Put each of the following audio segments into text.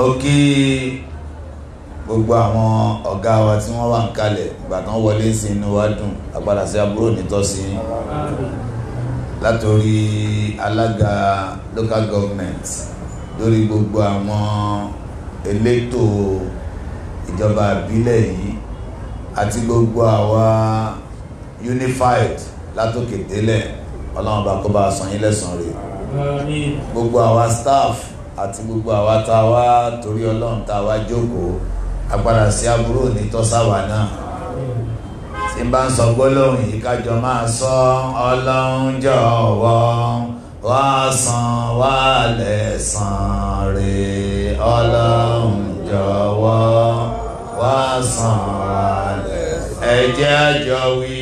mo kí gbogbo àwọn ọ̀gá wa tí wọ́n wà ń kalẹ̀ ìgbà tán wọlé sí inú wa dùn àgbàdà sí àbúrò nítòsí látòrí alága local government lórí gbogbo àwọn elétò ìjọba ìbílẹ̀ yìí àti gbogbo àwa unified látòkè délẹ̀ ọlọ́run bá kó bá san yín lẹ́san rẹ̀ gbogbo àwa staff àti gbogbo àwa tá a wá torí ọlọ́run tá a wá jókòó agbára sí àbúrò ní tọ́sáwà náà tí n bá ń sọ gbólóhùn yìí kájọ máa sọ ọlọ́run jọ̀wọ́ wá san wá lẹ̀san rè ọlọ́run jọ̀wọ́ wá san wá lẹ̀san. ẹ jẹ́ àjọ wí.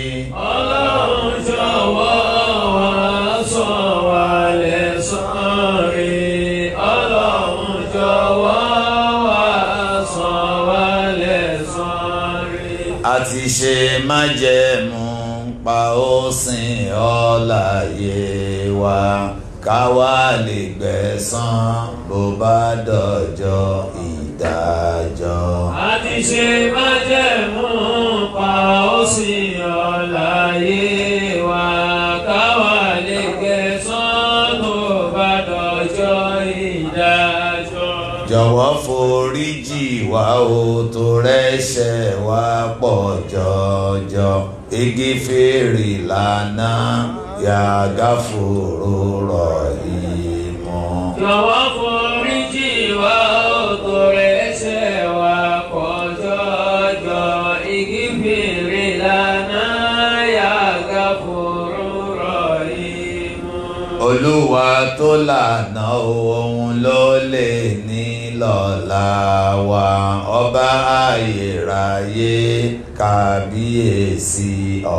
ṣe májẹ̀mú pa ó sìn ọ́ láàyè wa káwa lè gbẹ̀san bó bá dọjọ́ ìdájọ́. a ti ṣe májẹ̀mú pa ó sìn ọ́ láàyè wa káwa lè gbẹ̀san bó bá dọjọ́ ìdájọ́. jọ̀wọ́ foríjì ìwà òtò rẹ́ṣẹ̀ wá pọ̀ jọjọ igi fèrè lànà yàgá fòrò rọ̀ yìí mọ́. lọ́wọ́ foríjì wá òtò rẹ́ṣẹ̀ wá pọ̀ jọjọ igi fèrè lànà yàgá fòrò rọ̀ yìí mọ́. olúwa tó lànà òun ló lè ní lọ́la wa ọba ayérayé kábíyèsí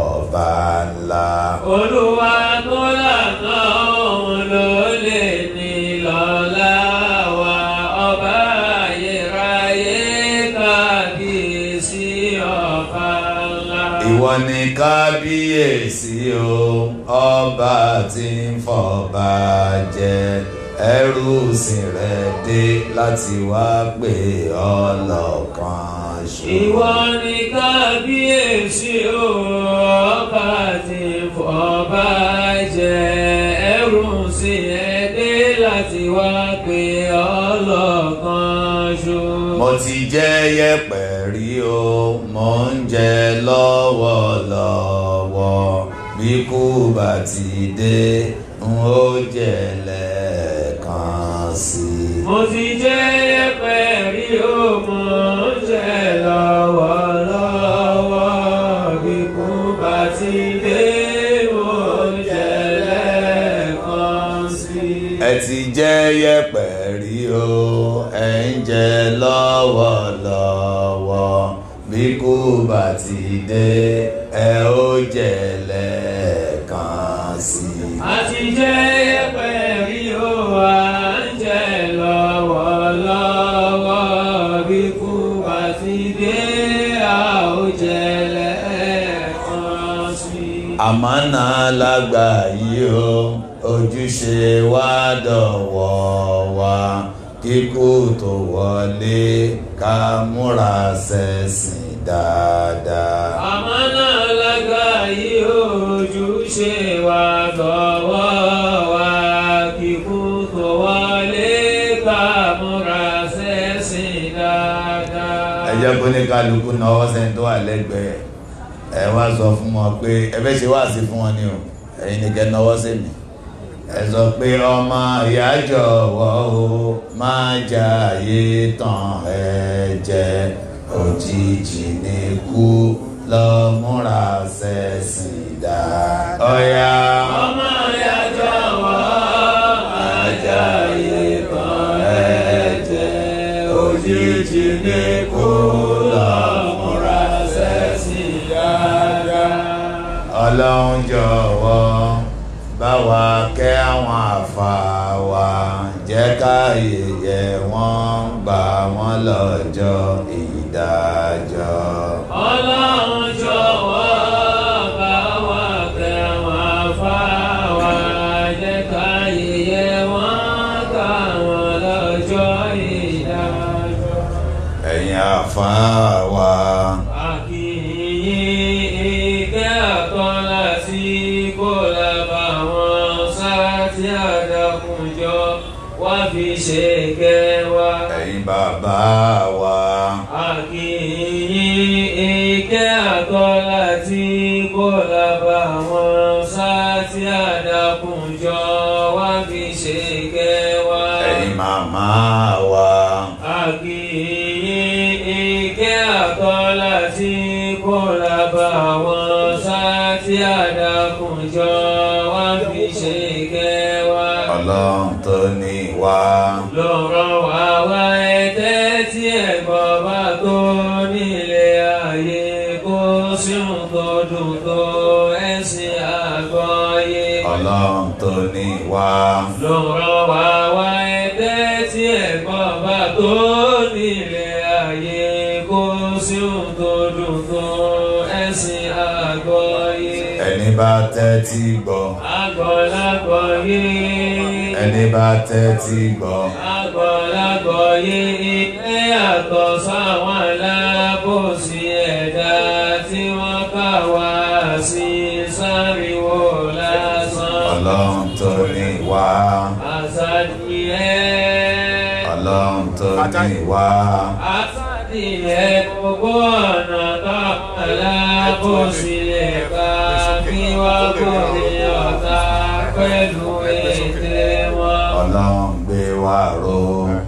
ọba ńlá. olúwa tó lọ́tọ̀ òun ló lè ní lọ́la wa ọba ayérayé kábíyèsí ọba ńlá. ìwọ ni kábíyèsí o ọba tí ń fọba jẹ ẹrú sìn rẹ dé láti wá pè ọ́ lọ́kàn ṣe. ìwọ ni kábíyèsí o ọba ti fọba jẹ ẹrú sìn ẹ dé láti wá pè ọ́ lọ́kàn ṣo. mo ti jẹ́ yẹ̀pẹ̀ rí o mo ń jẹ lọ́wọ́lọ́wọ́ bí kú bá ti dé n ó jẹ̀lẹ̀ sí. mo ti jẹ́ yẹpẹ̀ rí òmò oúnjẹ lọ́wọ́ lọ́wọ́ kíkún bá ti dé oúnjẹ lẹ́ẹ̀kan sí. ẹ ti jẹ́ yẹpẹ̀ rí o ẹ ń jẹ lọ́wọ́ lọ́wọ́ bí kò bá ti dé ẹ ó jẹ lẹ́ẹ̀kan sí. a ti jẹ́ yẹpẹ̀ rí o. àmánà lágbà yìí o ojúṣe wa dọ̀wọ́ wa kíkú tó wọlé ká múra ṣẹ̀sìn dáadáa. àmánà lágbà yìí o ojúṣe wa dọ̀wọ́ wa kíkú tó wọlé ká múra ṣẹ̀sìn dáadáa. ẹ jẹ́ kó ní kálukú náà ọ̀sẹ̀ tó wà lẹ́gbẹ̀ẹ́ ẹ wá sọ fún wọn pé ẹ ṣe wá sí fún wọn ni o ẹ̀yin nìkẹ́ náwó sí mi ẹ sọ pé ọmọ ìyá jọ̀wọ́ o máa jà yé tán ẹ jẹ òjijì ní kú lọ múra ṣẹ̀sìn dá ọ̀yà. ọmọ ìyá jọ̀wọ́ máa jà yé tán ẹ jẹ òjijì ní kú lọ. ọlọ́run jọ̀wọ́ bá wa kẹ́ àwọn àfà wa jẹ́ káyè yẹ wọ́n gbà wọ́n lọ́jọ́ ìdájọ́. ọlọ́run jọ̀wọ́ bá wa kẹ́ àwọn àfà wa jẹ́ káyè yẹ wọ́n gbà wọ́n lọ́jọ́ ìdájọ́. ẹ̀yin àfà. bàbá wa. àkìyìn ìkẹ́ àtọ́lá tí kò lábà wọn sá tí àdàkùnjọ wá fi ṣe kẹ́ wa. ẹ̀yin màmá wa. àkìyìn ìkẹ́ àtọ́lá tí kò lábà wọn sá tí àdàkùnjọ wá fi ṣe kẹ́ wa. ọlọ́run tó ní wa. lọ́rọ̀ wá wáyé. Ṣàngó ẹ̀sìn àgbọ́yé. ọlọ́run tó ní wá. ló rán wá wá ẹgbẹ́ tí ẹ̀gbọ́n bá tó nílẹ̀ ayé kó sí òun tó dùn tó ẹ̀sìn àgbọ́yé. ẹni bá tẹ́tí gbọ́. àgbọ̀lagbọ̀ yé. ẹni bá tẹ́tí gbọ́. àgbọ̀lagbọ̀ yé ilé àtọ̀sáwọn. àtọ́ ni wá. àtàdì ẹ̀ gbogbo ọ̀nà tó aláàbòsílẹ̀ bá kí wọ́n kò ní ọ̀tá pẹ̀lú ètè wọn. ọlọ́run gbé wa ró.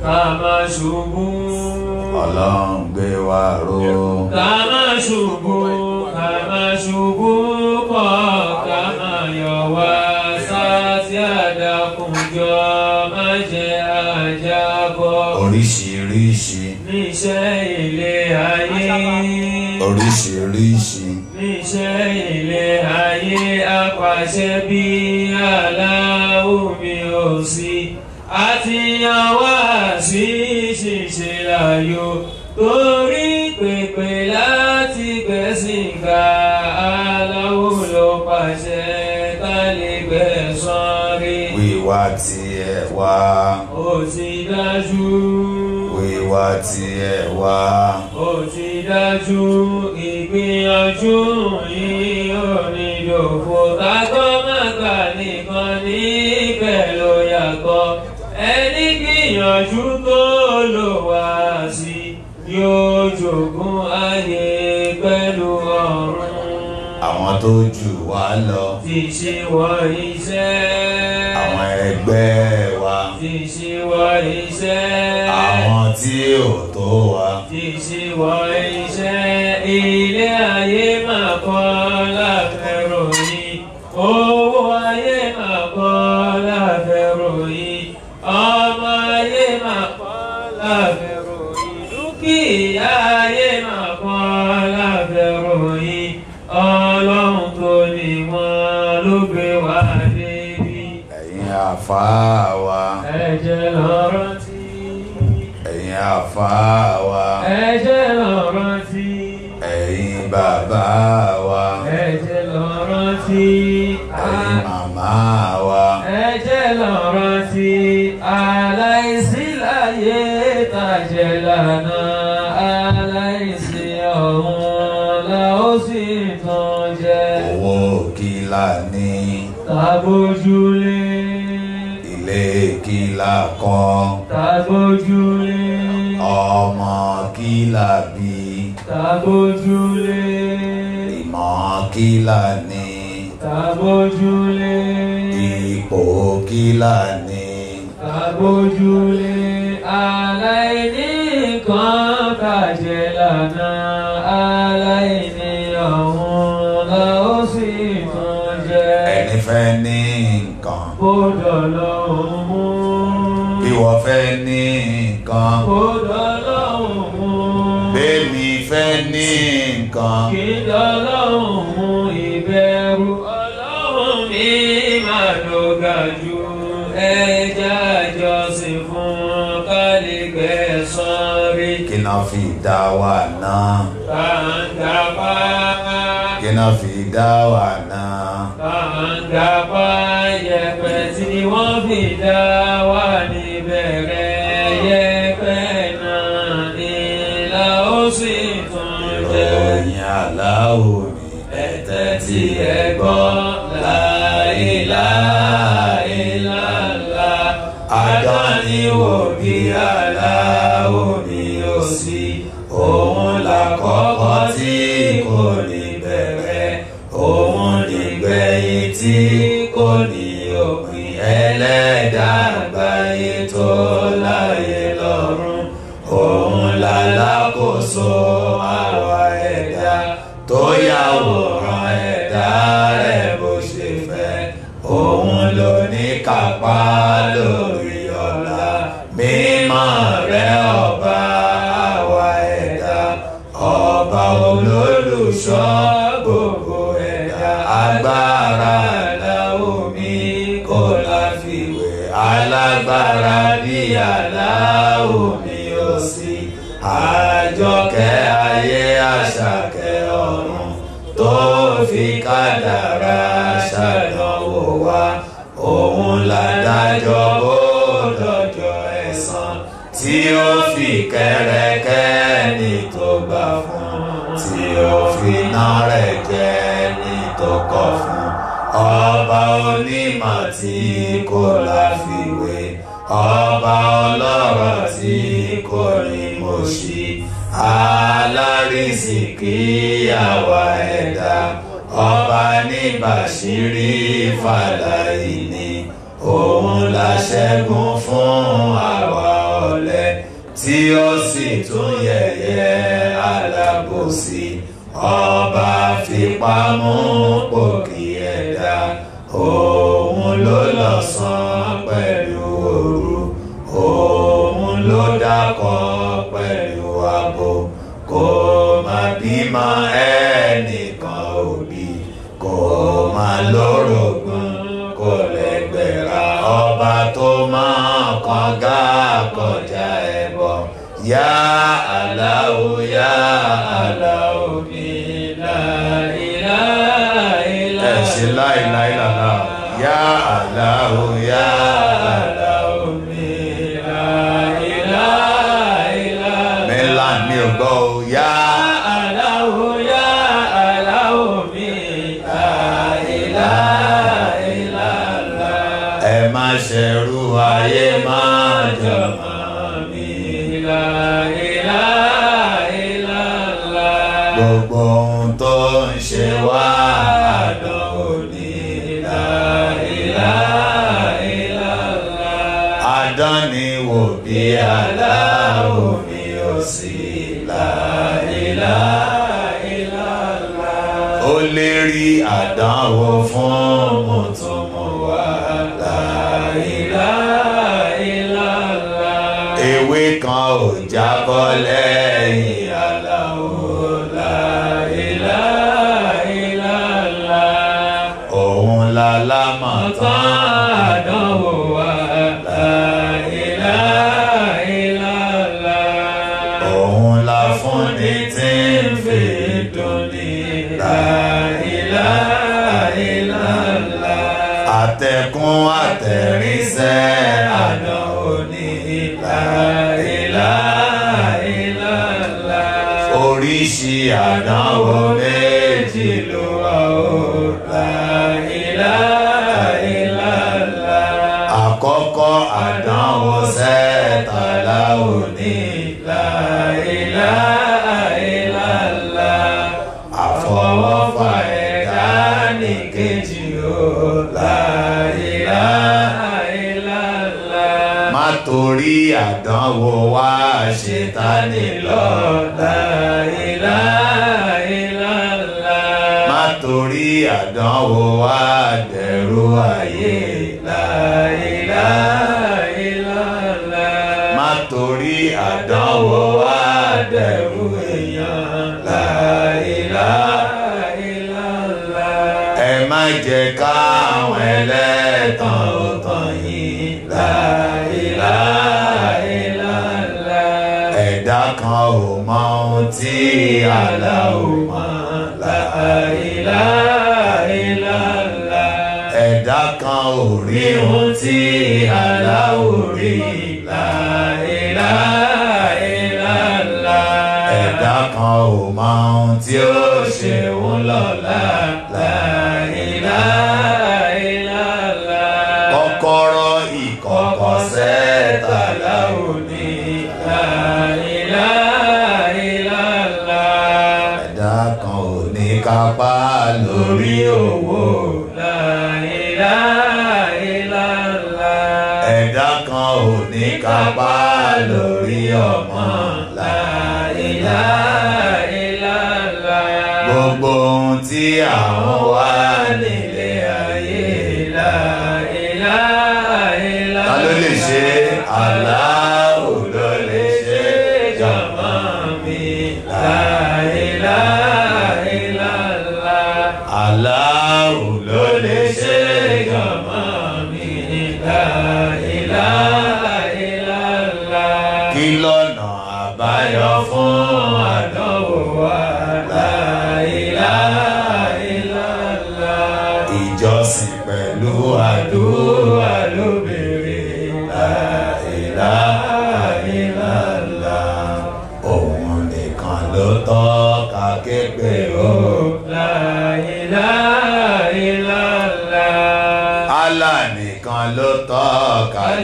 ká má ṣubú. ọlọ́run wa ró. ká má ṣubú ká má ṣubú pọ̀ ká má yọ̀ wá sá sí bọ̀. oríṣiríṣi. ní iṣẹ́ ilé ayé. oríṣiríṣi. ní iṣẹ́ ilé ayé apàṣẹ bí aláwọ̀ mi ò sí. àti yan wá sí ṣíṣe láàyò torí pèpè láti gbẹ̀sìn ká aláwọ̀ ló pàṣẹ ká lè gbẹ̀sán rí. wíwá tiẹ̀ wá dájú. Wíwá tí ẹ wá. Ó ti dájú ìgbìyànjú yìí ò ní dòfo kákọ́ màgbà nìkan níbẹ̀ ló yàgọ́. Ẹni gbìyànjú tó lò wá sí yóò jogún ayé pẹ̀lú ọ̀run. Àwọn tó jù wá lọ. Ti ṣe wọ iṣẹ́. Àwọn ẹgbẹ́ ti ṣíwọ́ iṣẹ́. àwọn tí ò tó wa. ti ṣíwọ́ iṣẹ́ ilé ayé máa kọ́ láfẹ́rò yìí owó ayé máa kọ́ láfẹ́rò yìí ọmọ ayé máa kọ́ láfẹ́rò yìí dúkìá ayé máa kọ́ láfẹ́rò yìí ọlọ́run tó ní wọn ló gbé wá débi. ẹ̀yin àfáà jẹ́ lọ rántí. ẹ̀yin àfáà wa. ẹ jẹ́ lọ rántí. ẹ̀yin bàbá wa. ẹ jẹ́ lọ rántí. ẹ̀yin màmá wa. ẹ jẹ́ lọ rántí. aláìsí láyé tàjẹ̀ lànà aláìsí ọ̀hún la ó sì tàn jẹ. owó kìlà ni. tàbójúlé lè kìlà kan. Tàgbójúlé. Ọmọ kìlà bí. Tàgbójúlé. Ìmọ̀ kìlà ni. Tàgbójúlé. Ipò kìlà ni. Tàgbójúlé. Aláìní kan kàjẹ́ lànà aláìní ọ̀hún lọ́wọ́ fẹ́ ní nǹkan. ó dọ̀lọ́ òun mú. bí wọ́n fẹ́ ní nǹkan. ó dọ̀lọ́ òun mú. bẹ́ẹ̀ni fẹ́ ní nǹkan. kí dọ̀lọ́ òun mú ìbẹ̀rù ọlọ́run mi máa lọ ga jù ẹja àjọsìn fún kálígbẹ́ sọ́rí. kí náà fi dá wa náà. kàńtà pa. kí náà fi dá wà náà. kàǹgà pa yẹ̀pẹ̀ tí wọ́n fi dá wà níbẹ̀rẹ̀ yẹ̀pẹ̀ náà ìlà ó sì tún jẹ́. ìròyìn aláwo mi ẹ̀tẹ́ tí ẹ gbọ́ láìlá ìlàlá adániwò bí àlá. kò ní òpin ẹlẹ́dàá onímọ̀ tí kò láfiwé ọba ọlọ́rọ̀ tí kò ní mo ṣe alárìsìkí àwa ẹ̀dá ọba níbàṣírí fàlà. àdánwò wá ṣètánì lọ láìláìláìlá. má torí àdánwò wá. Hello.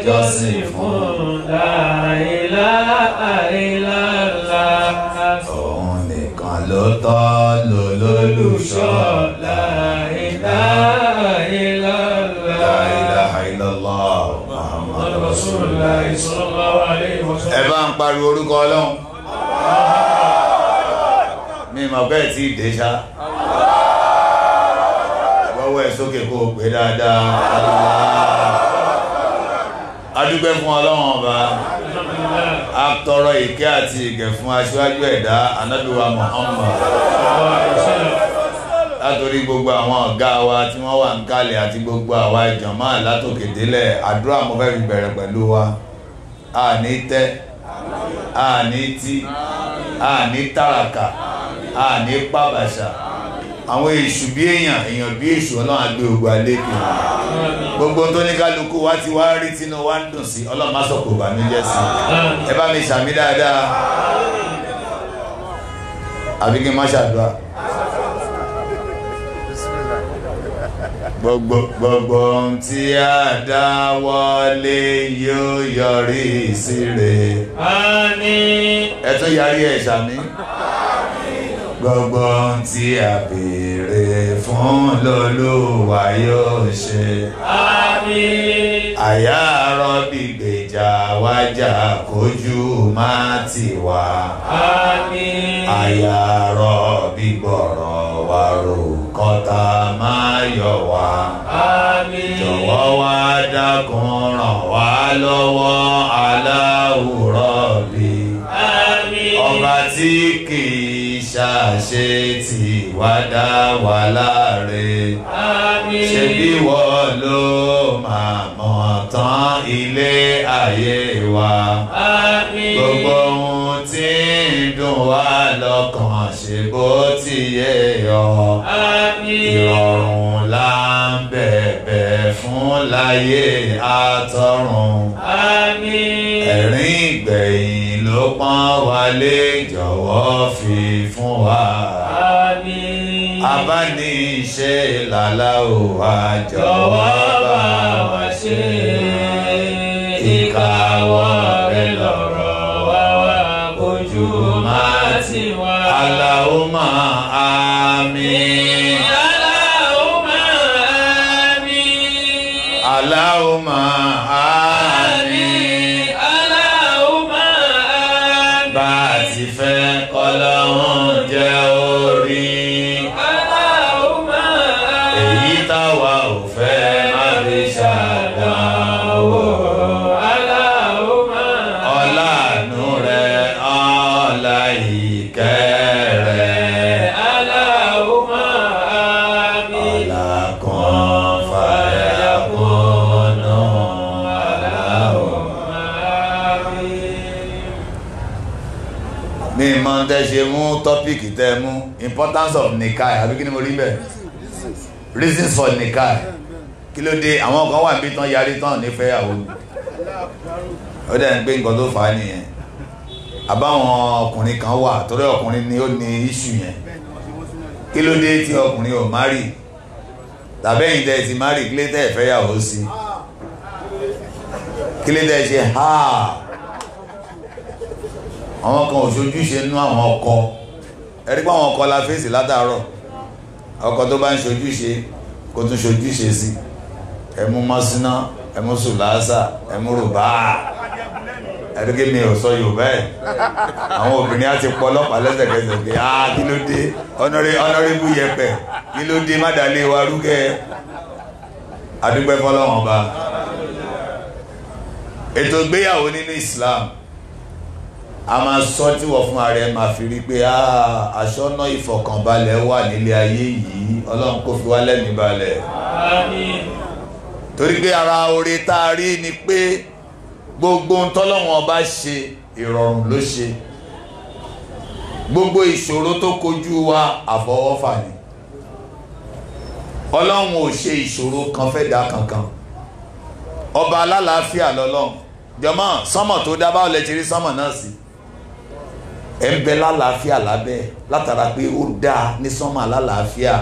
jọ́sìn fún la ilaha illallah. òun nìkan ló tọ́ ló lólùṣọ́ la ilaha illallah. la ilaha illallah muhammad rasulullah sallallahu alaihi ẹ bá ń pariwo orúkọ ọlọ́run. mi ma bẹ́ẹ̀ tí ì dé ẹ̀ sókè kó o pè dáadáa adúgbẹ́ fún ọlọ́wọ́n ọba àtọrọ ìkẹ́ àti ìgẹ̀ fún aṣíwájú ẹ̀dá anábíwa Muhammad látòrí gbogbo àwọn ọ̀gá wa tí wọ́n wà ń kalẹ̀ àti gbogbo àwa ìjọ̀mọ́ látòkè délẹ̀ àdúrà mo fẹ́ fi bẹ̀rẹ̀ pẹ̀lú wa àní tẹ́ àní tí àní tàràkà àní pàbàṣà àwọn èṣù bí èèyàn èèyàn bí èṣù ọlọ́run àgbé ogun àlékè gbogbo tó ní kálukú wá ti wá rí tinú wá ń dùn sí ọlọ́run má sọ̀kò bànújẹ́ sí ẹ bá mi sàmí dáadáa àbí kí n má ṣàdúrà gbogbo gbogbo tí a dá wọlé yóò yọrí sí rè. àmín. tún yarí ẹ sàmí gbogbo tí a béèrè fún lọ́lọ́wà yóò ṣe. àmín. àyà rọ́bì gbèjà wájà kójú má ti wá. àmín. àyà rọ́bì gbọ̀rọ̀ wà rò kọ́ta má yọ̀ wá. jọ̀wọ́ wá dákun ràn wá lọ́wọ́ aláwùrọ̀ bí. ọba tí kìí ṣàṣe tí wá dá wa láre. ṣe bí wọ́n ló máa mọ̀ tán ilé ayé wa. gbogbo ohun tí ń dùn wá lọ́kàn ṣe bó ti yé ọ. ìrọ̀rùn là ń bẹ̀bẹ̀ láyé àtọ̀run. àmín. ẹ̀rín ìgbẹ̀yìn ló pọ́n wálé jọ̀wọ́ fi fún wa. àmín. abániṣe làlá ò wá jọ̀wọ́ bá wa ṣe. ìkàwọ́ rẹ lọ́rọ̀ wá wá ojú má ti wá. àlàó máa. my. importance of nikai àbí kí ni mo rí bẹ́ẹ̀ reasons for nikai kí ló dé àwọn kan wà bí tán yarí tán nífẹ̀ẹ́yàwó ó dẹ̀ ń gbé nǹkan tó fà á nìyẹn àbáwọn ọkùnrin kan wà torí ọkùnrin ni ó ní iṣu yẹn kí ló dé tí ọkùnrin ò má rì tàbẹ́yìn tẹ́ ti má rì kí lè tẹ́ ẹ̀ fẹ́yàwó sí kí lè tẹ́ ẹ ṣe háà àwọn kan ò ṣojúṣe nínú àwọn ọkọ ẹ̀rí pé àwọn ọkọ la fèsì látàárọ̀ ọkọ tó bá ń ṣojúṣe kó tún ṣojúṣe sí ẹ̀mú mọ́síná ẹ̀mú sùlásà ẹ̀mú rùbá ẹ̀rí pé mi ò sọ Yorùbá ẹ̀ àwọn obìnrin á ti pọ̀ ọlọ́pàá lẹ́sẹ̀kẹsẹ̀ pé á kí ló dé ọ̀nọ́rẹ́bù yẹpẹ̀ kí ló dé má dalé wa rúkẹ́ adúgbẹ́fọ́lọ́wọ́n ba ètò ìgbéyàwó nínú Islam a máa sọ tí wọ́n fún ara ẹ̀ máa fi rí pé ah, aṣọ́nà ìfọ̀kànbalẹ̀ wà nílé ayé yìí ọlọ́run kò fi wá lẹ́mìí balẹ̀. torí pé ara oore tá a rí ni pé gbogbo ohun tọ́lọ́wọ́n bá ṣe ìrọ̀rùn ló ṣe gbogbo ìṣòro tó kojú wa àfọwọ́fà ni ọlọ́run ò ṣe ìṣòro kan fẹ́ dá kankan ọba alálàáfíà lọ́lọ́run jọmọ́ sánmọ̀ tó dá báwo lẹ ti rí sánmọ̀ náà sí. Si ẹ ń bẹ lálàáfíà lábẹ́ látara pé ó dáa ní sánmà lálàáfíà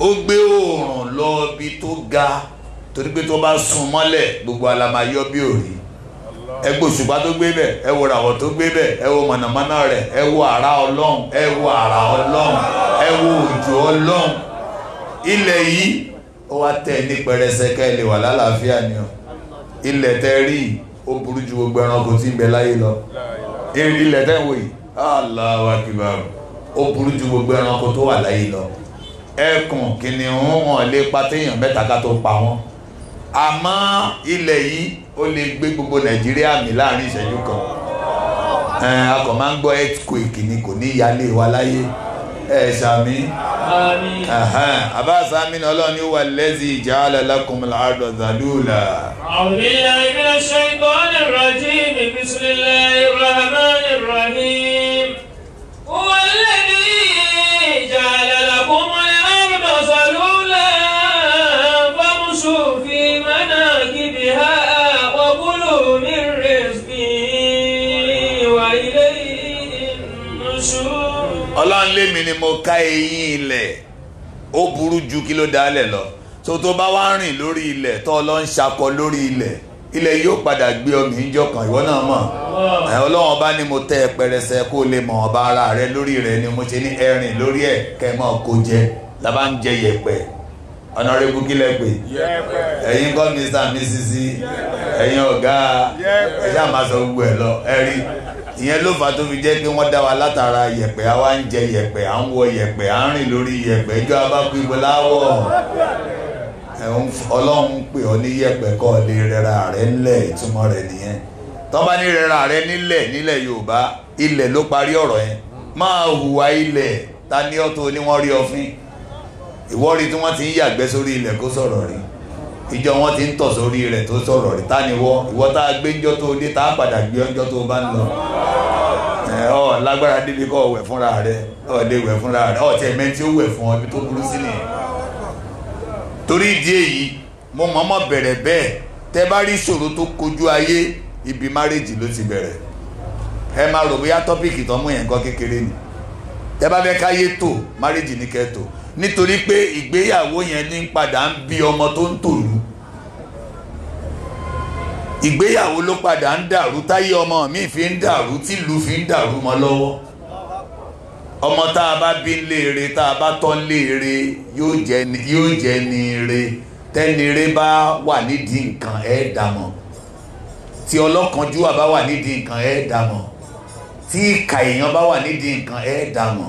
ó gbé oòrùn lọ ibi tó ga torí pé tó bá sùn mọ́lẹ̀ gbogbo alama yọ bí òrì ẹ gbọ́ òṣùpá tó gbé bẹ̀ ẹ wo ràwọ̀ tó gbé bẹ̀ ẹ wo mọ̀nàmọ́ná rẹ̀ ẹ wo àrá ọlọ́run ẹ wo àrá ọlọ́run ẹ wo òjò ọlọ́run ilẹ̀ yìí ó wá tẹ̀ ní pẹrẹsẹ ká ẹ lè wà lálàáfíà ni o ilẹ̀ tẹ́ rí ó burú ju gbogbo ẹranko tí ń bẹ láyé lọ ilẹ̀ tẹ́ wò yìí Allahu Akbar ó burú ju gbogbo ẹranko tó wà láyé lọ ẹkùn kìnìún wọn lè pa téèyàn mẹ́ta ká tó pa wọ́n àmọ́ ilẹ̀ yìí ó lè gbé gbogbo Nàìjíríà mì láàrin ìṣẹ́jú kan akọ̀ máa ń gbọ́ earthquake ni kò ní ìyálé wa láyé ẹ sàmì àbá sàmì náà ọlọ́run ní wà lẹ́sìn ìjà alẹ́lákùnmí làádọ́ zàdúlà. àwọn ilé ìgbẹ́ ṣe ń gbọ́ rajim bismillahir rahmanir rahim wọ́n ọlọ́run mi ni mo ká eyín ilẹ̀ ó burú ju kí ló dálẹ̀ lọ tó tó bá wá rìn lórí ilẹ̀ tó lọ ń ṣakọ lórí ilẹ̀ ilẹ̀ yóò padà gbé ọmọ ìjọ kan ìwọ náà mọ̀ ọlọ́run ọba ni mo tẹ ẹ pẹrẹsẹ kó lè mọ̀ ọba ara rẹ lórí rẹ ni mo ṣe ní lórí ẹ kó jẹ lábá ń jẹ ẹ̀yin kọ́ ìyẹn ló fà tó fi jẹ́ pé wọ́n dá wa látara yẹ̀pẹ̀ a wá ń jẹ yẹ̀pẹ̀ à ń wọ yẹ̀pẹ̀ à ń rìn lórí yẹ̀pẹ̀ ìjọ abákú ibo láwọ̀ ọlọ́run pè ọ́ ní yẹ̀pẹ̀ kọ́ lè rẹra rẹ nílẹ̀ ìtumọ̀ rẹ nìyẹn tó bá ní rẹra rẹ nílẹ̀ nílẹ̀ Yorùbá ilẹ̀ ló parí ọ̀rọ̀ yẹn máa hùwà ilẹ̀ ta ní ọ̀tọ̀ ni wọ́n rí ọfín ìwọ́rí tí wọ́n ti ń yàgbẹ́ sórí ilẹ̀ kó sọ̀rọ̀ rí ìjọ wọn ti ń tọ̀ sórí rẹ̀ tó sọ̀rọ̀ rẹ̀ ta ni wọ́ ìwọ tá a gbé ńjọ́ tó dé tá a padà gbé ńjọ́ tó bá ń lọ ọ lágbára débi kọ́ wẹ̀ fúnra rẹ̀ ọ lè wẹ̀ fúnra rẹ̀ ọ tẹ̀ mẹ́tí ó wẹ̀ fún ọ ibi tó burú sí nìyẹn torí ìdí èyí mo mọ̀ọ́mọ̀ bẹ̀rẹ̀ bẹ́ẹ̀ tẹ bá rí ìṣòro tó kojú ayé ibi márèjì ló ti bẹ̀rẹ̀ ẹ máa rò bóyá tọ́pìkì ni tẹ bá fẹ́ káyé tò márèjì ní nítorí pé ìgbéyàwó yẹn ní padà ń bí ọmọ tó ń tòlú ìgbéyàwó ló padà ń dàrú táyé ọmọ mi fi ń dàrú tìlú fi ń dàrú mọ́ lọ́wọ́ ọmọ tá a bá bí léèrè tá a bá tọ́ léèrè yóò jẹ́ ní ire tẹ́nire bá wà nídìí nǹkan ẹ̀ dàmọ́ tí ọlọ́kànjúwà bá wà nídìí nǹkan ẹ̀ dàmọ́ tí ìkà èèyàn bá wà nídìí nǹkan ẹ̀ dàmọ́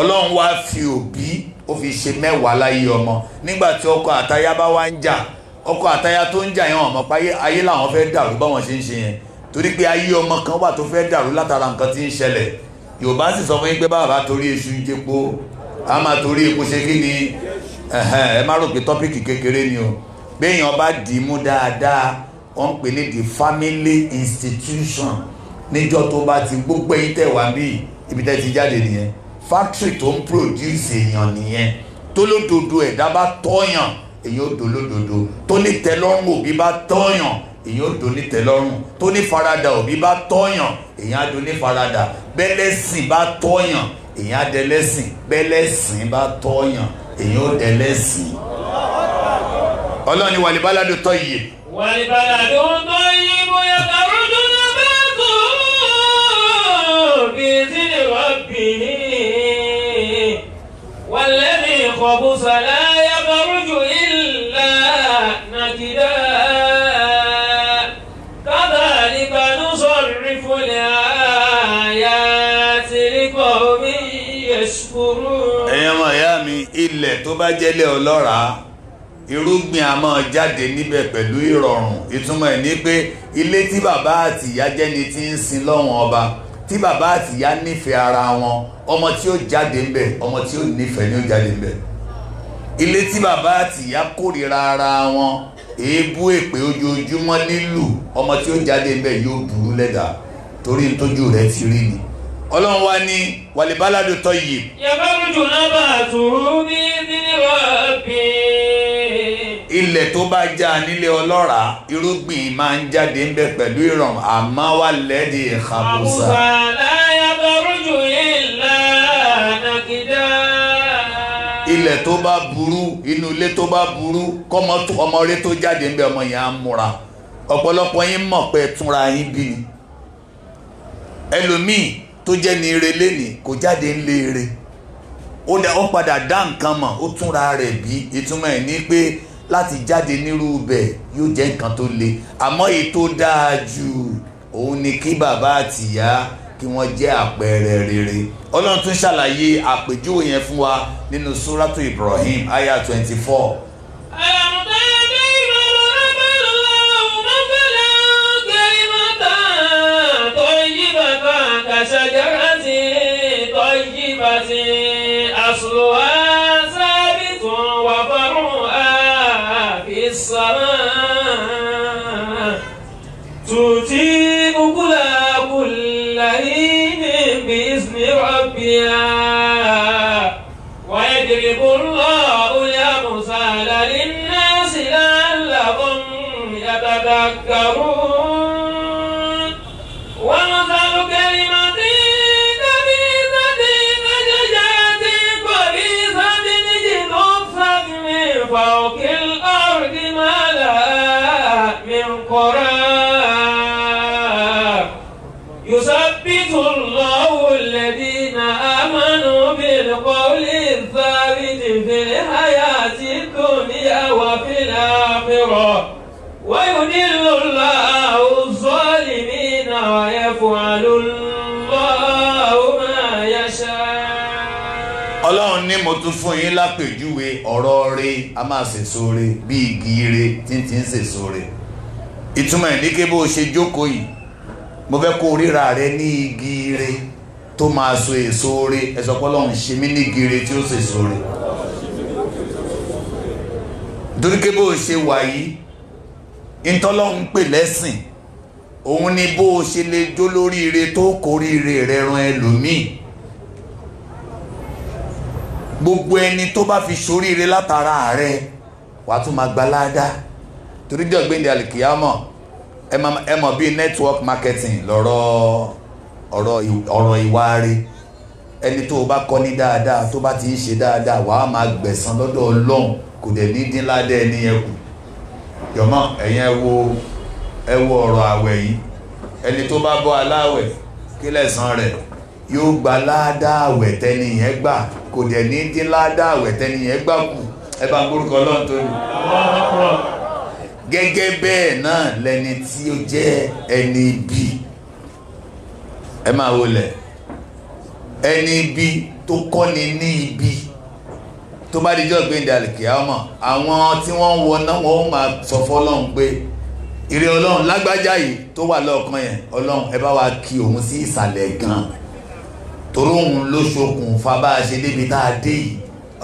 ọlọ́run wá fi òbí ó fi ṣe mẹ́wàá láyé ọmọ nígbà tí ọkọ àtayá bá wá ń jà ọkọ àtayá tó ń jà yẹn ọmọ pa ayé làwọn fẹ́ dàrú báwọn ṣe ń ṣe yẹn torí pé ayé ọmọ kan wà tó fẹ́ dàrú látara nǹkan tí ń ṣẹlẹ̀ yorùbá sì sọ fún yín pé bàbá torí iṣu jẹpo a máa torí epo ṣe kí ni ẹ má rò pé tọ́pìkì kékeré ni o béèyàn bá dì í mú dáadáa wọ́n ń pè ní the family institution níjọ́ tó bá ti gbogbo ẹ̀yìn tẹ̀ wá bí ibi tẹ́ ti jáde nìyẹn factory tó ń produce èèyàn nìyẹn tó lódodo ẹ̀dá bá tọ́yàn èyí ó do lódodo tó ní tẹ́lọ́rùn òbí bá tọ́yàn èyí ó do ní farada òbí bá tọ́yàn èyí á do farada bẹ́lẹ́sìn bá tọ́yàn èyí á dẹlẹ́sìn bẹ́lẹ́sìn bá tọ́yàn èyí ó dẹlẹ́sìn. ọlọ́ni wàlíbáládò tọ́ yìí. wàlíbáládò tọ́ yìí bóyá kàró dúró bá tó bí sílẹ̀ wá bì í. الذي خبث لا يخرج إلا نكدا كذلك نصرف الآيات لقوم يشكرون ẹ̀yin ọmọ ìyá mi ilẹ̀ tó bá jẹ́lẹ̀ ọlọ́ràá irúgbìn a máa jáde níbẹ̀ pẹ̀lú ìrọ̀rùn ìtumọ̀ ẹ̀ ní pé ilé tí bàbá àtìyá jẹ́ni tí ń sin lọ́wọ́n ọba tí bàbá àti ìyá nífẹ̀ẹ́ ara wọn ọmọ tí ó jáde ńbẹ̀ ọmọ tí ó nífẹ̀ẹ́ ni ó jáde ńbẹ̀ ilé tí bàbá àti ìyá kórìíra ara wọn èébú èpè ojoojúmọ́ nílù ọmọ tí ó jáde ńbẹ̀ yóò burú lẹ́dà torí tójú rẹ̀ ti rí ni ọlọ́run wa ní wàlíbáládò yìí. yẹ bá náà bá ní wàá bí ilẹ̀ tó bá já nílé ọlọ́ràá irúgbìn máa ń jáde ń bẹ pẹ̀lú ìrọ̀rùn àmọ́ wà lẹ́dí ìhàbùsà. àbùsà láyà bọ̀rùjù ìlà nàkìdá. ilẹ̀ tó bá burú inú ilé tó bá burú kọ́mọ ọmọ rẹ tó jáde ń bẹ ọmọ yẹn á múra ọ̀pọ̀lọpọ̀ yín mọ̀ pé túnra yín bí ni ẹlòmíì tó jẹ́ ní ire lénìí kò jáde ń ire ó padà dá nǹkan mọ̀ ó túnra rẹ̀ bí ìtumọ̀ ẹ̀ ní pé láti jáde nírú bẹ̀ yóò jẹ́ nǹkan tó le àmọ́ èyí tó dáa jù òun ni kí bàbá àtìyá kí wọ́n jẹ́ àpẹẹrẹ rere ọlọ́run tún ṣàlàyé àpèjúwe yẹn fún wa nínú suratu Ibrahim aya twenty four. شجرة السماء تؤتي أكلها كل حين بإذن ربها ويضرب الله الأمثال للناس لعلهم يتذكرون الفقراء يثبت الله الذين آمنوا بالقول الثابت في الحياة الدنيا وفي الآخرة ويدل الله الظالمين ويفعل الله ما يشاء ọlọ́run ní mo tún fún yín lápèjúwe ọ̀rọ̀ rẹ̀ a máa sèso rẹ̀ igi rẹ̀ tí ń ti ń sèso ìtumọ̀ ẹ̀ ní kí bó ṣe jókòó yìí mo fẹ́ kó ríra rẹ ní igi ire tó máa so èso re ẹ̀sọ́ pọ́lọ́run ṣe mí ní igi ire tí ó so èso re torí kí bó ṣe wà yìí ntọ́lọ́run pè lẹ́sìn òun ni bó ṣe lè jó lóríire tó kóríire rẹ ran ẹlòmíì gbogbo ẹni tó bá fi ṣoríire látara rẹ wàá tún máa gbaládàá toríjọ́ gbéǹde àlìkìyàmọ̀ ẹ mọ̀ bíi network marketing lọ́rọ̀ ọ̀rọ̀ ìwà rí ẹni tó o bá kọ́ ní dáadáa tó bá ti ń ṣe dáadáa wàá máa gbẹ̀san lọ́dọ̀ ọlọ́run kò dẹ̀ ní dín ládẹ́ ẹni yẹn kù jọ̀mọ́ ẹ̀yin ẹ wo ẹ wo ọ̀rọ̀ àwẹ̀ yìí ẹni tó bá bọ́ aláwẹ̀ kí lẹ̀san rẹ̀ yóò gba ládàá àwẹ̀ tẹ́ni yẹn gbà kò dẹ̀ ní dín ládàá àwẹ̀ tẹ́ni yẹn gbà kù ẹ bá ń gbórúkọ ọlọ́run tó ní gẹ́gẹ́ bẹ́ẹ̀ náà lẹni tí ó jẹ́ ẹni ibi ẹ máa wọlé ẹni ibi tó kọ́ni ní ibi tó bá dijọ́ gbẹ̀ndẹ̀ àlìkìyàmọ̀ àwọn tí wọ́n ń wọná wọn ó máa sọ fọ́lọ́hún pé ìrè ọlọ́run lágbájá yìí tó wà lọ́ọ̀kan yẹn ọlọ́run ẹ bá wa kí òun sí ìsàlẹ̀ gan-an torí òun ló ṣokùnfà bá a ṣe débi tá a dé yìí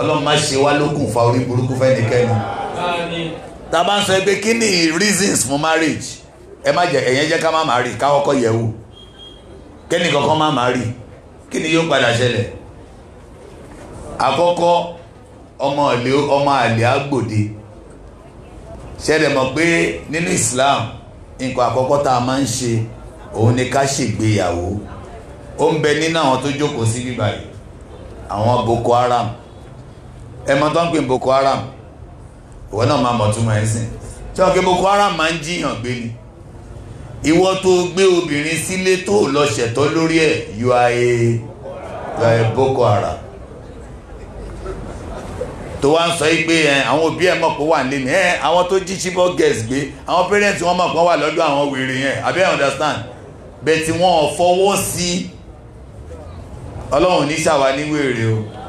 ọlọ́run má ṣe wá lókùnfà orí burúkú fẹ́nikẹ́ni tá a bá ń sọ pé kí ni reasons for marriage ẹ má jẹ ẹ̀yẹn jẹ́ ká má marry ká kọ́kọ́ yẹ̀ wò kẹ́ni kankan má marry kí ni yóò padà ṣẹlẹ̀ àkọ́kọ́ ọmọ àlè ọmọ àlè àgbòde ṣẹlẹ̀ mọ̀ pé nínú Islam nǹkan àkọ́kọ́ tá a máa ń ṣe òun ni ká ṣègbéyàwó ó ń bẹ nínú àwọn tó jókòó sí bíbáyìí àwọn Boko Haram ẹ mọ̀ tó ń pè Boko Haram ìwọ náà máa mọ̀ túmọ̀ ẹ̀ sìn tí wọn kí Boko Haram máa ń jiyàn gbé ni ìwọ tó gbé obìnrin sílé tó lọ ṣẹ̀tọ́ lórí ẹ̀ you are a you are a Boko Haram tó wá ń sọ yìí pé àwọn òbí ẹ̀ mọ̀ pé wà nílé ni àwọn tó jí chibok girls gbé àwọn parents wọn mọ̀ pé wà lọ́dọ̀ àwọn wèrè yẹn àbí ẹ̀ understand bẹ́ẹ̀ tí wọ́n fọwọ́ sí ọlọ́run ní ṣàwá ní wèrè o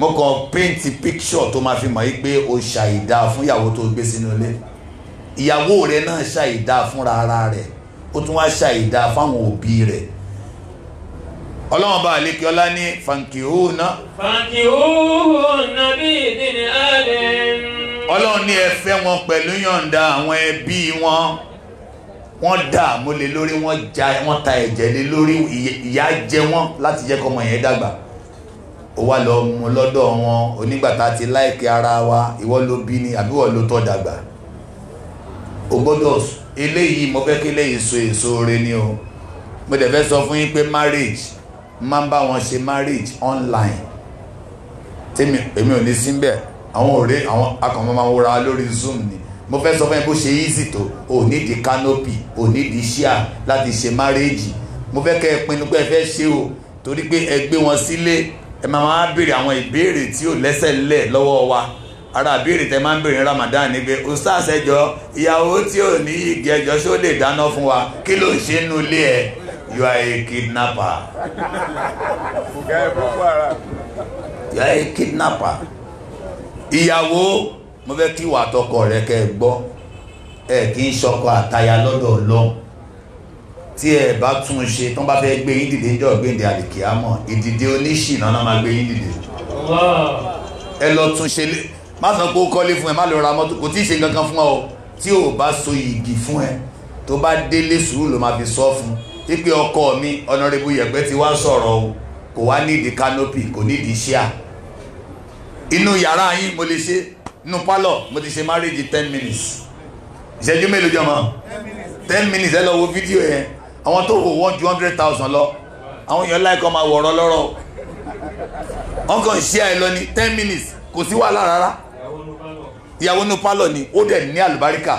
mo kàn péǹtì píkṣọ̀ tó máa fi mọ̀ yí pé o ṣàìdá fún ìyàwó tó gbé sínú ilé ìyàwó rẹ náà ṣàìdá fúnra ara rẹ̀ ó tún wá ṣàìdá fáwọn òbí rẹ̀ ọlọ́run bá àlékè ọlá ní fankihuna. fankihuna bí ìdíni alẹ́. ọlọ́run ní ẹ fẹ́ wọn pẹ̀lú yọ̀ǹda àwọn ẹbí wọn wọ́n dààmú lé lórí wọ́n ja wọ́n ta ẹ̀jẹ̀ lé lórí ìyà jẹ wọ́n láti jẹ́ kọ́mọ yẹn dàgbà ó wá lọ mú lọ́dọ̀ wọn onígbàtà ti láìkí ara wa ìwọ ló bí ni àbí wọ́n ló tọ́ dàgbà o gbọ́dọ̀ eléyìí mo fẹ́ kí eléyìí so èso rẹ ni o mo dẹ̀ fẹ́ sọ fún yín pé marriage máa ń bá wọn ṣe marriage online tèmi èmi ò ní síbẹ̀ àwọn ọ̀rẹ́ àwọn akọ̀mọ́ máa ń wúra lórí zoom ni mo fẹ́ sọ fún yín bó ṣe easy tó o ní di canopy o ní di share láti ṣe marriage mo fẹ́ kẹ́ ẹ pinnu pé ẹ fẹ́ ṣe o torí pé ẹ gbé wọn sílé. Si ẹ máa máa béèrè àwọn ìbéèrè tí ò lẹ́sẹ̀ ńlẹ̀ lọ́wọ́ wa ara ìbéèrè tẹ máa ń béèrè Ramadan ni pé ìyàwó tí ò ní igi ẹjọ ṣó lè dáná fún wa kí ló ń ṣe nínú ilé ẹ you are a kidnapper. you are a kidnapper. ìyàwó mo fẹ́ kí ìwà àtọkọ rẹ kẹ́ gbọ́ ẹ kì í ṣọkọ àtaya lọ́dọ̀ Ọlọ́run tí ẹ bá tún ṣe tó bá fẹ́ gbé yín dìde níjọ́ gbéǹde àlìkìámọ̀ ìdìde oníṣìnà náà máa gbé yín dìde. ẹ lọ tún ṣe má sọ pé ó kọ́lé fún ẹ má lọ ra mọ́tò kò tí ì ṣe kankan fún ọ tí ò bá so yìgì fún ẹ tó bá délé sùúrù ló máa fi sọ fún pípé ọkọ mi ọ̀nàrẹ́bù yẹ̀gbẹ́ ti wá sọ̀rọ̀ o kò wá nídìí canopy kò nídìí ṣíà inú yàrá yín mo lè ṣe inú pálọ̀ mo ti ṣe marriage ten minutes ìṣẹ́jú mélòó jọmọ ten minutes ẹ lọ wo fídíò yẹn àwọn tó hò wọ́n ju hundred thousand lọ àwọn èèyàn láìkọ́ máa wọ̀rọ̀ lọ́rọ̀ wọn kàn ṣí ẹ lọ ten minutes kò sí wàhálà rárá ìyàwó inú pálọ̀ ni ó dẹ̀ ní àlùbáríkà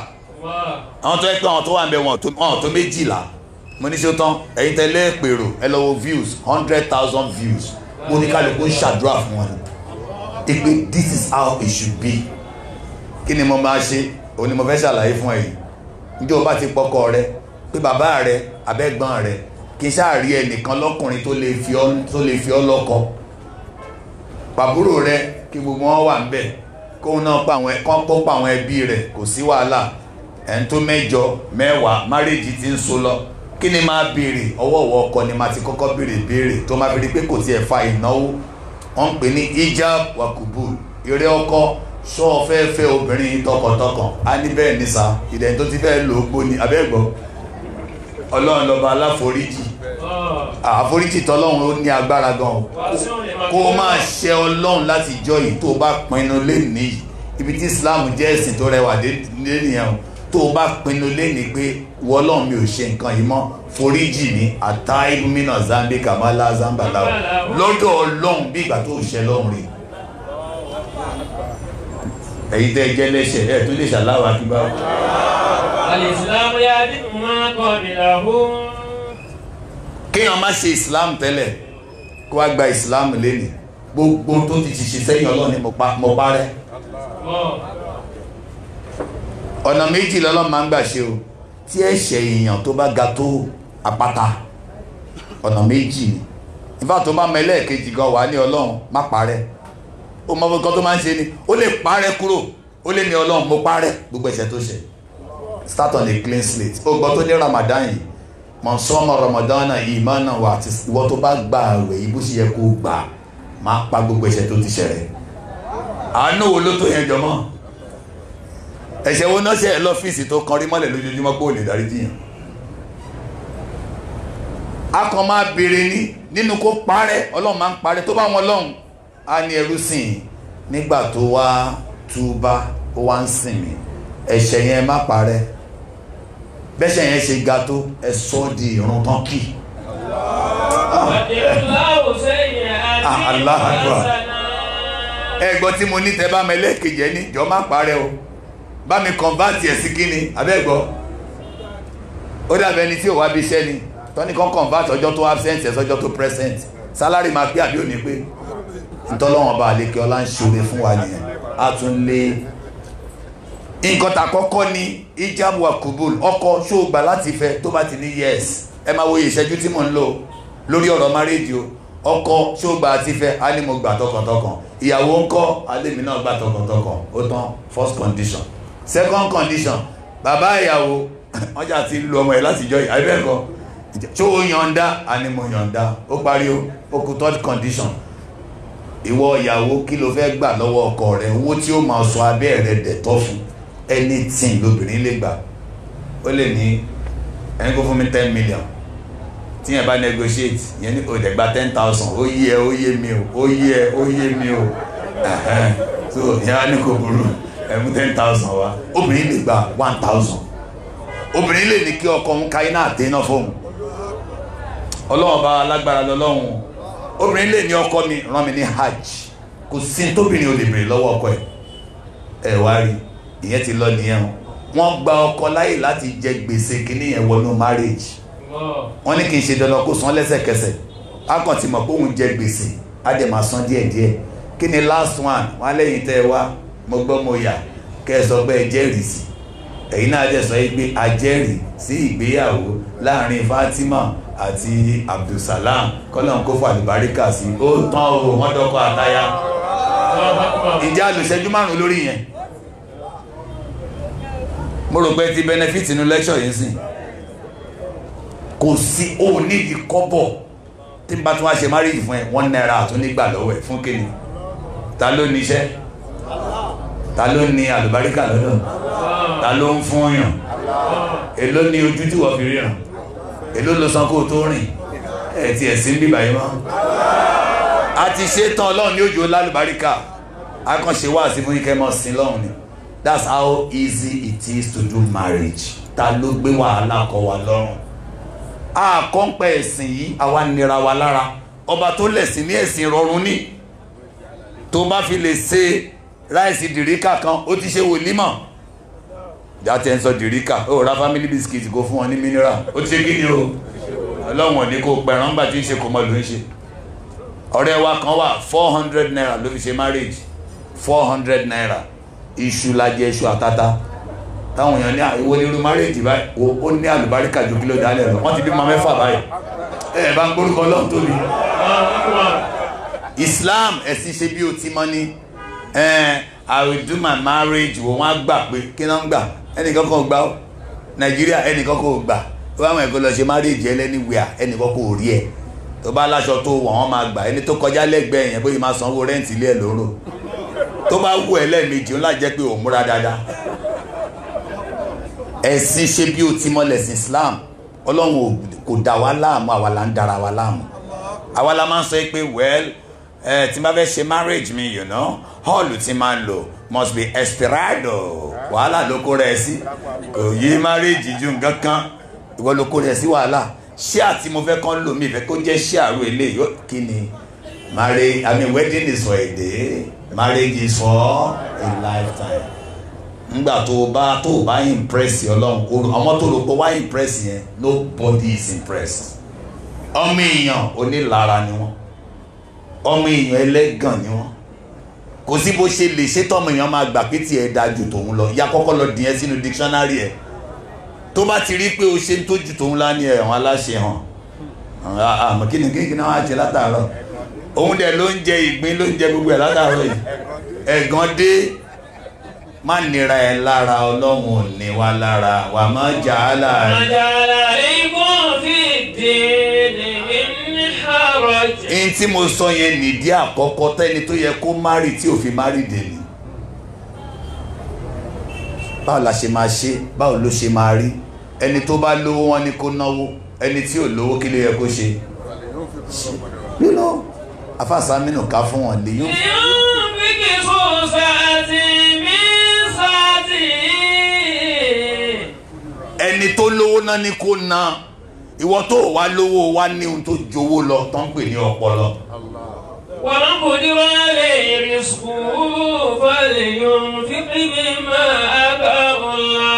àwọn tó yẹ pé àwọn tó wà ń bẹ wọn ọ̀ tó méjìlá mo ní ṣe tán ẹ̀yin tẹ́lẹ̀ pèrò ẹ lọ wo views hundred thousand views oníkálukú ń ṣàdúrà fún wọn ni pé this is how it should be kí ni mo máa ṣe òun ni mo fẹ́ ṣàlàyé fún ẹ̀yin níjọ́ bá ti pọkọ rẹ pé bàbá rẹ abẹ́gbọ́n rẹ̀ kí sáà rí ẹnìkan lọ́kùnrin tó lè fi ọ́ tó lè fi ọ́ lọ́kọ pàbúrò rẹ kí gbogbo wọn wà níbẹ̀ kóun náà pa àwọn kán kó pa àwọn ẹbí rẹ̀ kò sí wàhálà ẹni tó mẹ́jọ mẹ́wàá márèjì ti ń so lọ kí ni máa béèrè ọwọ́wọ́ ọkọ ni máa ti kọ́kọ́ béèrè béèrè tó máa fi rí pé kò tiẹ̀ fa ìnáwó wọ́n ń pè ní ijab wakubu eré ọkọ sọ fẹ́ fẹ́ obìnrin tọkàntọkàn á ní bẹ́ẹ̀ ní sa ìdẹ̀yìn tó ti fẹ́ lò ó gbóni abẹ́gbọ́n ọlọ́run lọ́ba aláforíjì ah. àforíjì tọ́lọ́run ó ní agbára gan o kó o máa ṣe ọlọ́run láti jọ yìí tó o bá pinnu lẹ́nìí yìí ibi tí Islam jẹ́ ẹ̀sìn tó rẹwà lẹ́nìyàn o tó bá pinnu lẹ́nìí pé wọ́lọ́run mi ò ṣe nǹkan yìí mọ́ foríjì ní ata ibùmínà zambi kamala zambala lọ́dọ̀ ọlọ́run bí ìgbà tó o ṣe lọ́run rèé èyí tẹ́ jẹ́ lẹ́sẹ̀ ẹ̀ tó lè ṣàláwà kí bá wù. alìsílámù yá bí qablahum. kéèyàn má ṣe islam tẹ́lẹ̀ kó wá gba islam lẹ́nìí gbogbo tó ti ṣiṣẹ́ sẹ́yìn ọlọ́run ni mo parẹ́ ọ̀nà méjì lọ́lọ́run máa ń gbà ṣe o tí ẹ̀ṣẹ̀ èèyàn tó bá ga tó àpáta ọ̀nà méjì ni ìfà tó bá mẹ́lẹ̀ kejì gan wà ní ọlọ́run má parẹ́ ó mọ nǹkan tó máa ń ṣe ni ó lè parẹ́ kúrò ó lè ní ọlọ́run mo parẹ́ gbogbo ẹ̀ṣẹ̀ tó ṣe start on a clean slate ó gbọ́ tó ní Ramadan yìí mọ̀nsọ́mọ̀ Ramadan ìmọ̀nà wà àti ìwọ tó bá gba àwẹ̀ yìí bó ṣe yẹ kó gbà máa pa gbogbo ẹ̀ṣẹ̀ tó ti ṣẹlẹ̀ àánú wo ló tó yẹn jọmọ́ ẹ̀ṣẹ̀ wo náà ṣe ẹ̀ lọ́fíìsì tó kan rí mọ́lẹ̀ lójoojúmọ́ pé ò lè dárí jiyàn a kàn máa béèrè ní nínú kó parẹ́ ọlọ́run máa ń parẹ́ tó bá wọn lọ́hùn á ní ẹrú sìn nígbà tó wá túbá ó wá ń sìn mí ẹ̀ṣẹ̀ yẹn má parẹ́ bẹ́sẹ̀ yẹn ṣe ga tó ẹ sọ di ìrun tán kì. Ah, ẹ gbọ́ tí mo ní tẹ bá mi lẹ́ẹ̀kejì ẹni jọ má parẹ́ o bá mi kọ̀ǹbáàtì ẹ̀ sí kíni abẹ́gbọ́ ó dàbẹ̀ ẹni tí ò wá bí iṣẹ́ ni tọ́ni kan convert ọjọ́ tó absent ẹ̀ sọ́jọ́ tó present salary máa pé àbí ò ní pé ntọ́lọ́wọ̀n bá àlekè ọlá ń ṣòro fún wa nìyẹn a tún lé nǹkan tà kọ́kọ́ ni ijab wa kubul ọkọ ṣóògbà láti fẹ́ tó bá ti ní yes ẹ máa wo ìṣẹ́jú tí mò ń lò lórí ọ̀rọ̀ márèèjì o ọkọ ṣóògbà àti fẹ́ á ní mo gbà tọkàntọkàn ìyàwó ń kọ́ alẹ́mi náà gbà tọkàntọkàn ó tán first condition second condition bàbá ìyàwó wọ́n jà ti lu ọmọ ẹ̀ láti jọ ìyá ẹgbẹ́ tó yọ̀ǹda á yọ̀ǹda ó parí o ó kù third condition ìwọ ìyàwó kí lo fẹ́ gbà lọ́wọ́ ọkọ rẹ owó tí ó máa sọ abẹ́ rẹ dẹ̀ tọ́ fún un anything lóbìnrin lè gbà ó lè ní ẹni kó fún mi ten million tí yẹn bá negotiate yẹn ní òde gba ten thousand ó yẹ ó yẹ mi o ó yẹ ó yẹ mi o so yẹn wá ní kò burú ẹmu ten thousand wa obìnrin lè gba one thousand obìnrin lè ní kí ọkọ ń ka iná àtẹná fóun ọlọ́run bá alágbára lọ́lọ́run obìnrin lè ní ọkọ mi rán mi ní hajj kò sí tóbìnrin ò lè béèrè lọ́wọ́ ọkọ ẹ̀ ẹ̀ wá rí i ìyẹn ti lọ nìyẹn wọ́n gba ọkọ láyè láti jẹ gbèsè kínní yẹn wọnú marriage wọ́n ní kì í ṣe dandan kó san lẹ́sẹ̀kẹsẹ̀ á kàn ti mọ̀ pé òun jẹ gbèsè á dẹ̀ máa san díẹ̀díẹ̀ kí ni last one wọ́n á lẹ́yìn tẹ́ ẹ wá mo gbọ́ mo yà kẹ́ ẹ sọ pé ẹ jẹ́rìí sí ẹ̀yin náà dẹ̀ sọ yìí pé a jẹ́rìí sí ìgbéyàwó láàrin Fatima àti Abdulsalam kọ́lọ́n kó fàlùbáríkà sí ó tán o wọ́n dọ́kọ̀ àtayá ìjà lòṣẹ́jú márùn-ún lórí yẹn mo rò pé ti benefit inú lecture yìí sìn kò sí ó ní ìkọ́bọ̀ tí n bá tún wá ṣe márìjì fún ẹ wọ́n náírà àtún nígbà lọ́wọ́ ẹ fún kíni ta ló ní iṣẹ́ ta ló ní àlùbáríkà lọ́dọ̀ ta ló ń fún yàn èló ní ojú tí wọ́n fi ríran èló ló san kó o tó rìn ẹ ti ẹ̀ sí ń bíbà yìí mọ́ a ti ṣe tán ọlọ́run ní òjò lálùbáríkà a kàn ṣe fún ikẹ́ mọ́ sí lọ́run ni. that's how easy it is to do marriage ta ló gbé wàhálà kọ wa lọ́rùn àkọ́ńpẹ́ ẹ̀sìn yìí àwa nira wa lára ọba tó lẹ̀sìn ní ẹ̀sìn rọrùn ni tó bá fi lè ṣe ráìsì dìríkà kan ó ti ṣe wòlímọ̀ jáde ń sọ dìríkà ó ra family biscuit kó fún wọn ní mineral ó ti ṣe kí ni o ọlọ́wọ̀n ní kó pẹ̀rán gbà tí ń ṣe kò mọ ló ń ṣe ọ̀rẹ́ wa kan wà four hundred naira ló fi ṣe marriage four hundred naira iṣu lajẹ iṣu àtàtà táwọn èèyàn ní àìwọ ní márèèjì báyìí ó ní àlùbáríkà ju kílò dálẹ̀ lọ wọ́n ti bímọ mẹ́fà báyìí ẹ bá ń gbórúkọ Ọlọ́run tóbi Islam ẹ̀sìn ṣe bí o ti mọ̀ ni I will do my marriage wọ́n á gbà pé kí náà ń gbà ẹnìkan kan gbà ó Nàìjíríà ẹnìkan kan gbà ó bá wọn ẹ̀kọ́ lọ ṣe márèèjì ẹlẹ́niwìà ẹnìkan kan ò rí ẹ tó bá láṣọ tó wọ̀ wọ́n máa gbà ẹni tó kọjá lẹ́gbẹ̀ẹ́ yẹn bóyá máa sanwó rẹ́ǹtì ilé ẹ̀ lóró tó bá wù ẹ́ lẹ́ẹ̀mejì ó lájẹ́ pé ò múra dáadáa ẹ̀sìn ṣe bí o ti mọ̀lẹ̀ sí Islam ọlọ́run kò dà wá láàmú àwa là ń dara wa láàmú àwa la máa ń sọ pé well ẹ tí n bá fẹ́ ṣe marriage mi you know hall ti máa ń lò must be esperado wàhálà ló kó rẹ̀ sí kò yí marriage ju nǹkan kan ìwọ ló kó rẹ̀ sí wàhálà ṣé àti mo fẹ́ kán lò mí ìfẹ́ kó jẹ́ ṣé àrò eléyìí kí ni. Marriage, I mean, wedding is for a day, marriage is for a lifetime. Ngbà tó o bá tó o bá impress Ọlọ́run ọmọ tó o kọ wá impress yẹn nobody is impressed. Ọmọ èèyàn onílara ni wọ́n. Ọmọ èèyàn ẹlẹ́gàn ni wọ́n. Kò sí bó ṣe lè ṣe tọ́mọ èèyàn máa gbà pé tiẹ̀ da ju tòun lọ. Ìyá kọ́kọ́ lọ dìyẹn sínú dictionary ẹ̀. Tó bá ti rí pé o ṣe ń tójú tòun lá ní ẹ̀wọ̀n aláṣẹ hàn. Àmọ́ ah, ah, kí ni kí ni wọ́n á ṣe látàárọ̀? òun dẹ̀ ló ń jẹ ìgbín ló ń jẹ gbogbo ẹ̀ látàárọ̀ yìí ẹ̀gàn dé má nira ẹ lára ọlọ́run ò ní wa lára wà má jà á láàrin. ọjà àlàyé kò fi dé ní ìhàrọ̀jì. ẹni tí mo sọ yẹn nìdí àkọ́kọ́ tẹ́ni tó yẹ kó márì tí ò fi márì dè ní. báwo la ṣe máa ṣe báwo ló ṣe máa rí ẹni tó bá lówó wọn ni kó náwó ẹni tí ò lówó kí ló yẹ kó ṣe. you know afáàsá mínú ká fún wọn lè yóò ẹni tó lówó náà ni kò na ìwọ tó wá lówó wá ní ohun tó jowó lọ tó pè ní ọpọlọ. wọ́n kò ní wọ́n lè rí sùkúù fọ́lẹ̀ yóò fi kí máa bá wọn lọ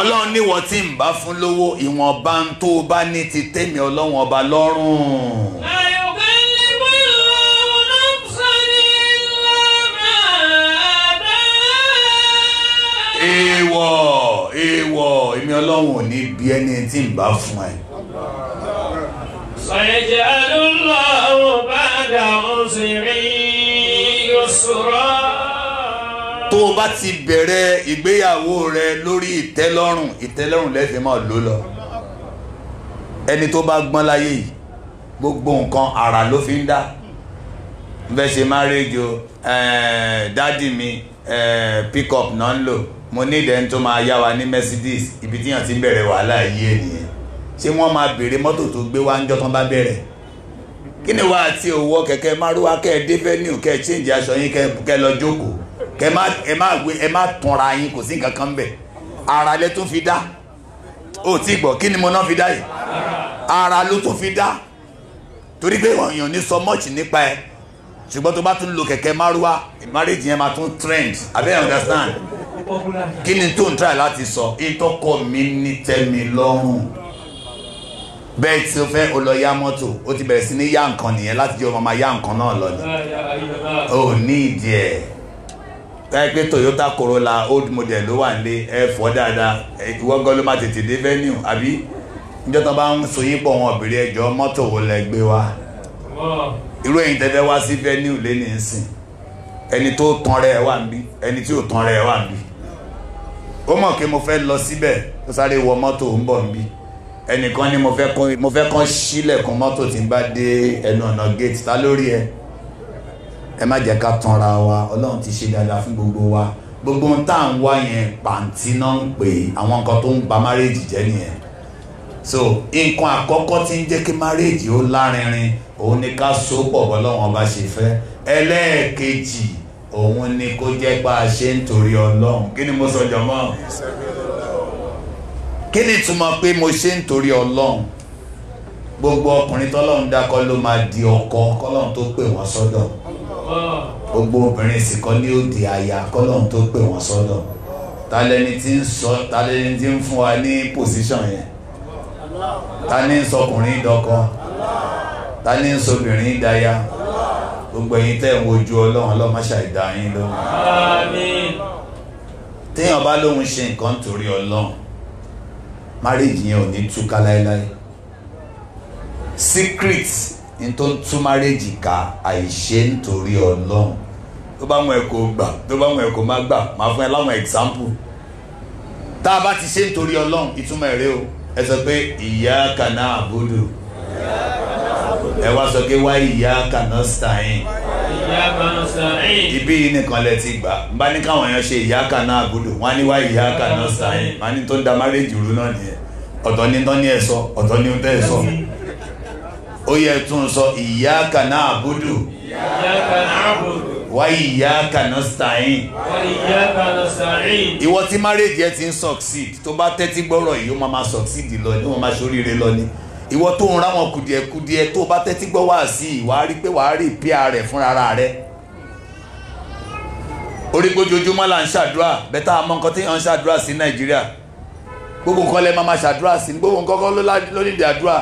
ọlọ́run níwọ̀n tí ń bá fún lówó ìwọ̀nba tó bá ní ti tẹ́mi ọlọ́run ọba lọ́rùn. ayọ̀ èèwọ̀ èèwọ̀ èmi ọlọ́run ò ní bí ẹni tí ń bá fún ẹ. sọ̀yẹ̀jẹ̀ alúlọ̀ ọ̀hún bá dà ọ̀hún sí rí yosùrọ̀. tó o bá ti bẹ̀rẹ̀ ìgbéyàwó rẹ lórí ìtẹ́lọ́rùn ìtẹ́lọ́rùn lẹ́fẹ̀ẹ́ máa lò lọ ẹni tó bá gbọ́n láyé yìí gbogbo nǹkan àrà ló fi ń dá bẹ́ẹ̀ ṣe máa rédíò dáàdì mi pick up náà ń lò mo ní ìdẹ́ni tó máa yá wa ní Mercedes ibi tíyàn ti ń bẹ̀rẹ̀ wàhálà yìí ènìyàn ṣé wọ́n máa béèrè mọ́tò tó gbé wá ń jọ́ tán bá bẹ̀rẹ̀ kí ni wàá ti òwò kẹ̀kẹ́ márúwá kẹ́ ẹ dé venue kẹ́ ẹ change aṣọ yín kẹ́ ẹ lọ jókòó kẹ́ ẹ má tanra yín kò sí nǹkan kan bẹ̀ ara lẹ tún fi dá ó ti gbọ́ kí ni mo náà fi dá yìí ara ló tún fi dá torí pé èèyàn ní sọ much nípa ẹ ṣùgbọ́n tó bá tún lo kẹ̀kẹ́ márúwá marriage yẹn máa tún trend abẹ́ understand Kini ni tó ń try láti sọ ìtọ́kọ mi ní tẹ́mi lọ́rùn bẹ́ẹ̀ tí o fẹ́ o lọ yá mọ́tò o ti bẹ̀rẹ̀ sí ní yá nǹkan nìyẹn láti jẹ́ o máa yá nǹkan náà lọ ni o ní ìdí ẹ̀ báyìí pé Toyota Corolla old model ló wà nílé ẹ fọ́ dáadáa ìwọ́gán ló má tètè dé venue àbí níjọ́ tán bá ń so pọ̀ wọn òbèrè ẹjọ́ mọ́tò wo lẹ gbé wa irú ẹ̀yin tẹ́tẹ́ wá sí venue lé ní ìsìn ẹni tó tán rẹ̀ wà níbí ẹni tí ò tán rẹ̀ wà níbí ó mọ̀ pé mo fẹ́ lọ síbẹ̀ ó sáré wọ mọ́tò ń bọ̀ níbí ẹnìkan ni mo fẹ́ kán sílẹ̀kùn mọ́tò tí n bá dé ẹnu ọ̀nà gate ta lórí ẹ ẹ má jẹ́ ká tanra wa ọlọ́run ti ṣe dáadáa fún gbogbo wa gbogbo ohun tá à ń wá yẹn pàǹtí náà ń pè é àwọn nǹkan tó ń ba márèèjì jẹ́ nìyẹn so nǹkan àkọ́kọ́ tí ń jẹ́ kí márèèjì ó lárinrin òun ni ká so pọ̀ bọ́lọ́wọ́n bá ṣe fẹ́ ẹlẹ́ẹ̀kejì òun ni kó jẹ́ pa ṣe ń torí ọlọ́run kí ni mo sọ jọmọ́ kí ni túmọ̀ pé mo ṣe ń torí ọlọ́run gbogbo ọkùnrin tọ́lọ́run dákọ́ ló máa di ọkọ kọ́lọ́run tó pè wọ́n sọ́dọ̀ gbogbo obìnrin sì kọ́ ní òdì àyà kọ́lọ́run tó pè wọ́n sọ́dọ̀ ta lẹni tí ń sọ ta lẹni tí ń fún wa ní pòsíṣàn yẹn ta ni ń sọkùnrin dọkọ ta ni ń sobìnrin daya gbogbo ẹ̀yin tẹ́ ń wojú ọlọ́run ọlọ́run má ṣàìdá yín lóhùn. téèyàn bá lóhun ṣe nǹkan nítorí ọlọ́run marriage yẹn ò ní túká láéláé secret ní tó ń tú marriage ká àìṣe nítorí ọlọ́run tó bá mú ẹ kó gbà tó bá mú ẹ kó má gbà máa fún ẹ láwọn example tá a bá ti ṣe nítorí ọlọ́run ìtumọ̀ ẹ̀rẹ́ o ẹ sọ pé ìyá kaná àbúdù. ìyá kaná àbúdù ẹ wá sọ pé wá ìyá kanastain ìyá ibi yìí nìkan lẹ ti gbà n bá ní káwọn èèyàn ṣe ìyá kaná àbúdò wọn á ní wá ìyá kanastain wọn á ní tó ń da márèjì rú náà nìyẹn ọ̀tọ̀ ní tán ní ẹ̀ sọ ọ̀tọ̀ ní tẹ́ ẹ̀ sọ ó yẹ tún sọ ìyá kaná àbúdò ìyá kaná àbúdò ìwọ tí marriage yẹn ti ń succeed tó bá tẹ́tí gbọ́rọ̀ yìí ó máa máa succeed lọ ni ó máa máa ṣoríire lọ ni ìwọ tó ń ráwọn kùdìẹ̀kùdìẹ̀ tó bá tẹ́tí gbọ́ wá sí i wàá rí pé wàá rí ìpíà rẹ̀ fúnra rẹ̀ orí gbójoojúmọ́ là ń ṣàdúrà bẹ́tà àmọ́ nǹkan tí yàn ń ṣàdúrà sí nàìjíríà gbogbo nǹkan lẹ́ máa ma ṣàdúrà sí gbogbo nǹkan kan ló ní ìdí àdúrà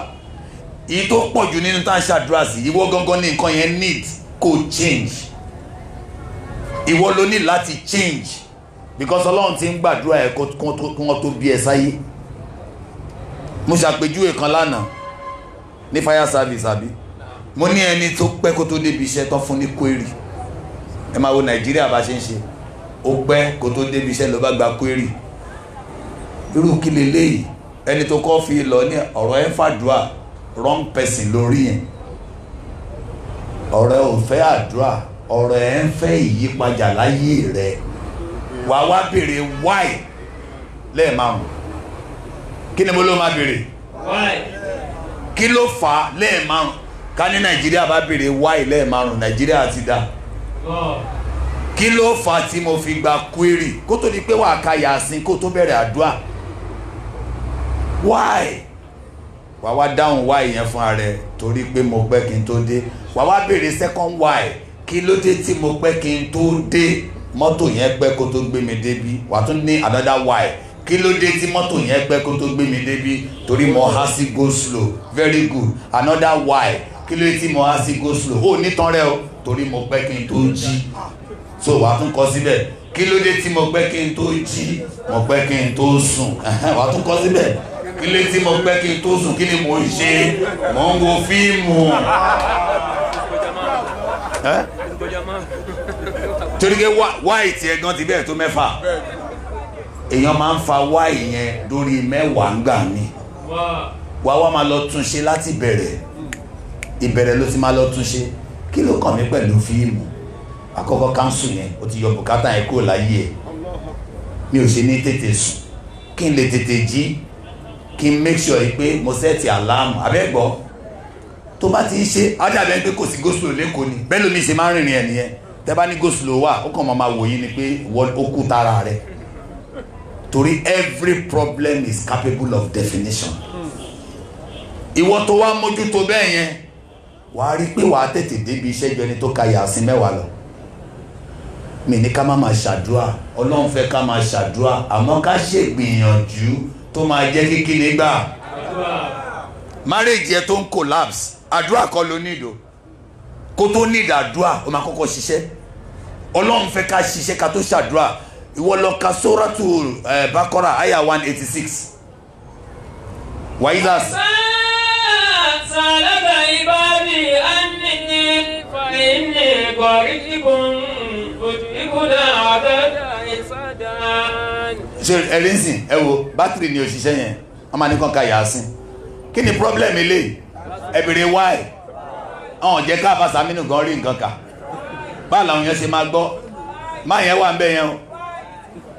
èyí tó pọ̀ jù nínú tá à ń ṣàdúrà sí ìwọ gangan ní nǹkan yẹn need kò change ìwọ ló ní láti change because ọlọ́run ti ń gbàdúrà ẹ̀ kó wọ́n tó bí ẹ sáyé mo ṣàpèjúwe kan lánàá ní fire service àbí mo ní ẹni tó pẹ́ kó tó débi iṣẹ́ tán fún ní query ẹ máa wo nàìjíríà bá ṣe ń ṣe ó pẹ́ kó tó débi iṣẹ́ ló bá gba query irú kí leléyìí ẹni tó kọ́ fi lọ ní ọ̀rọ̀ ẹ fàdúrà wrong person lórí yẹn ọ̀rọ̀ ẹ ò fẹ́ àdúrà ọ̀rọ̀ ẹ ń fẹ́ ìyípadà láyé rẹ wàá wá béèrè why lẹ́ẹ̀ márùn-ún kí ni mo ló máa béèrè kí ló fà á lẹ́ẹ̀márùn ká ní nàìjíríà bá béèrè wáì lẹ́ẹ̀márùn nàìjíríà ti dá kí ló fà á tí mo fi gba query kó tó di pé wàá ka yàsín kó tó bẹ̀rẹ̀ àdúrà wáì wàá wá dáhùn wáì yẹn fúnra rẹ torí pé mo pẹ́ kí n tó dé wàá wá béèrè second wáì kí ló dé tí mo pẹ́ kí n tó dé mọ́tò yẹn pẹ́ kó tó gbé mi débi wàá tún ní another wáì kí ló dé tí mọ́tò yẹn pẹ́ kó tó gbé mi débi torí mo há sí go slow very good another why kí ló dé tí mo há sí go slow ó nítan rẹ o torí mo pẹ́ kí n tó jí so wàá tún kọ síbẹ̀ kí ló dé tí mo pẹ́ kí n tó jí mo pẹ́ kí n tó sùn wàá tún kọ síbẹ̀ kí ló dé tí mo pẹ́ kí n tó sùn kí ni mò ń ṣe mò ń wo fíìmù torí pé wáìtì ẹ̀gán ti bẹ́ẹ̀ tó mẹ́fà èèyàn máa ń fa wáì yẹn lórí mẹ́wàá ń gbà mí wá wá máa lọ túnṣe láti bẹ̀rẹ̀ ìbẹ̀rẹ̀ ló ti máa lọ túnṣe kí ló kàn mí pẹ̀lú fíìmù àkọ́kọ́ káńsù yẹn ó ti yọ bùkátà yẹn kúrò láyé ẹ̀ mi ò ṣe ní tètè sùn kí n lè tètè jí kí n make sure pé mo sẹ́ẹ̀tì àlámù abẹ́gbọ́ tó bá ti ń ṣe ájàbẹ́ pé kò sí gòsùlò lẹ́kọ̀ọ́ ni bẹ́ẹ̀ ló ní ṣe máa ń rìnrìn ẹ̀ nìyẹn tẹ́ bá ní gòsùlò wà ó kàn máa wòye ni pé ó kú tara rẹ̀ torí every problem is capable of definition ìwọ tó wá mójútó bẹ́ẹ̀ yẹn wàá rí pé wàá tètè débi iṣẹ́ ju ẹni tó ka yàásín mẹ́wàá lọ mi ní ká má máa ṣàdúrà ọlọ́run fẹ́ ká máa ṣàdúrà àmọ́ ká ṣe gbìyànjú tó máa jẹ́ kíkíni gbà marriage yẹn tó ń collapse àdúrà kọ́ ló nílò kó tó nílò àdúrà ó máa kọ́kọ́ ṣiṣẹ́ ọlọ́run fẹ́ ká ṣiṣẹ́ ká tó ṣàdúrà ìwọ lọ ka sóràtù bákọ́rà àyà one eighty six wàyíṣà. sàlẹ́bà ìbáàdì ànínní ìní kọ̀rí kíkún ìkúdà àbẹ́dà ìsádàn. ṣe ẹ̀rí sìn ẹ wo bátìrì ni òṣìṣẹ́ yẹn wọ́n máa ní kàn ká yàá sìn kí ni problem eléyìí ẹ̀bìrì wáì ọ̀hún jẹ́ ká àfàsàmínú gan rí nǹkan kà báà làwọn yẹn ṣe máa gbọ́ máa yẹn wà ń bẹ̀ yẹn o.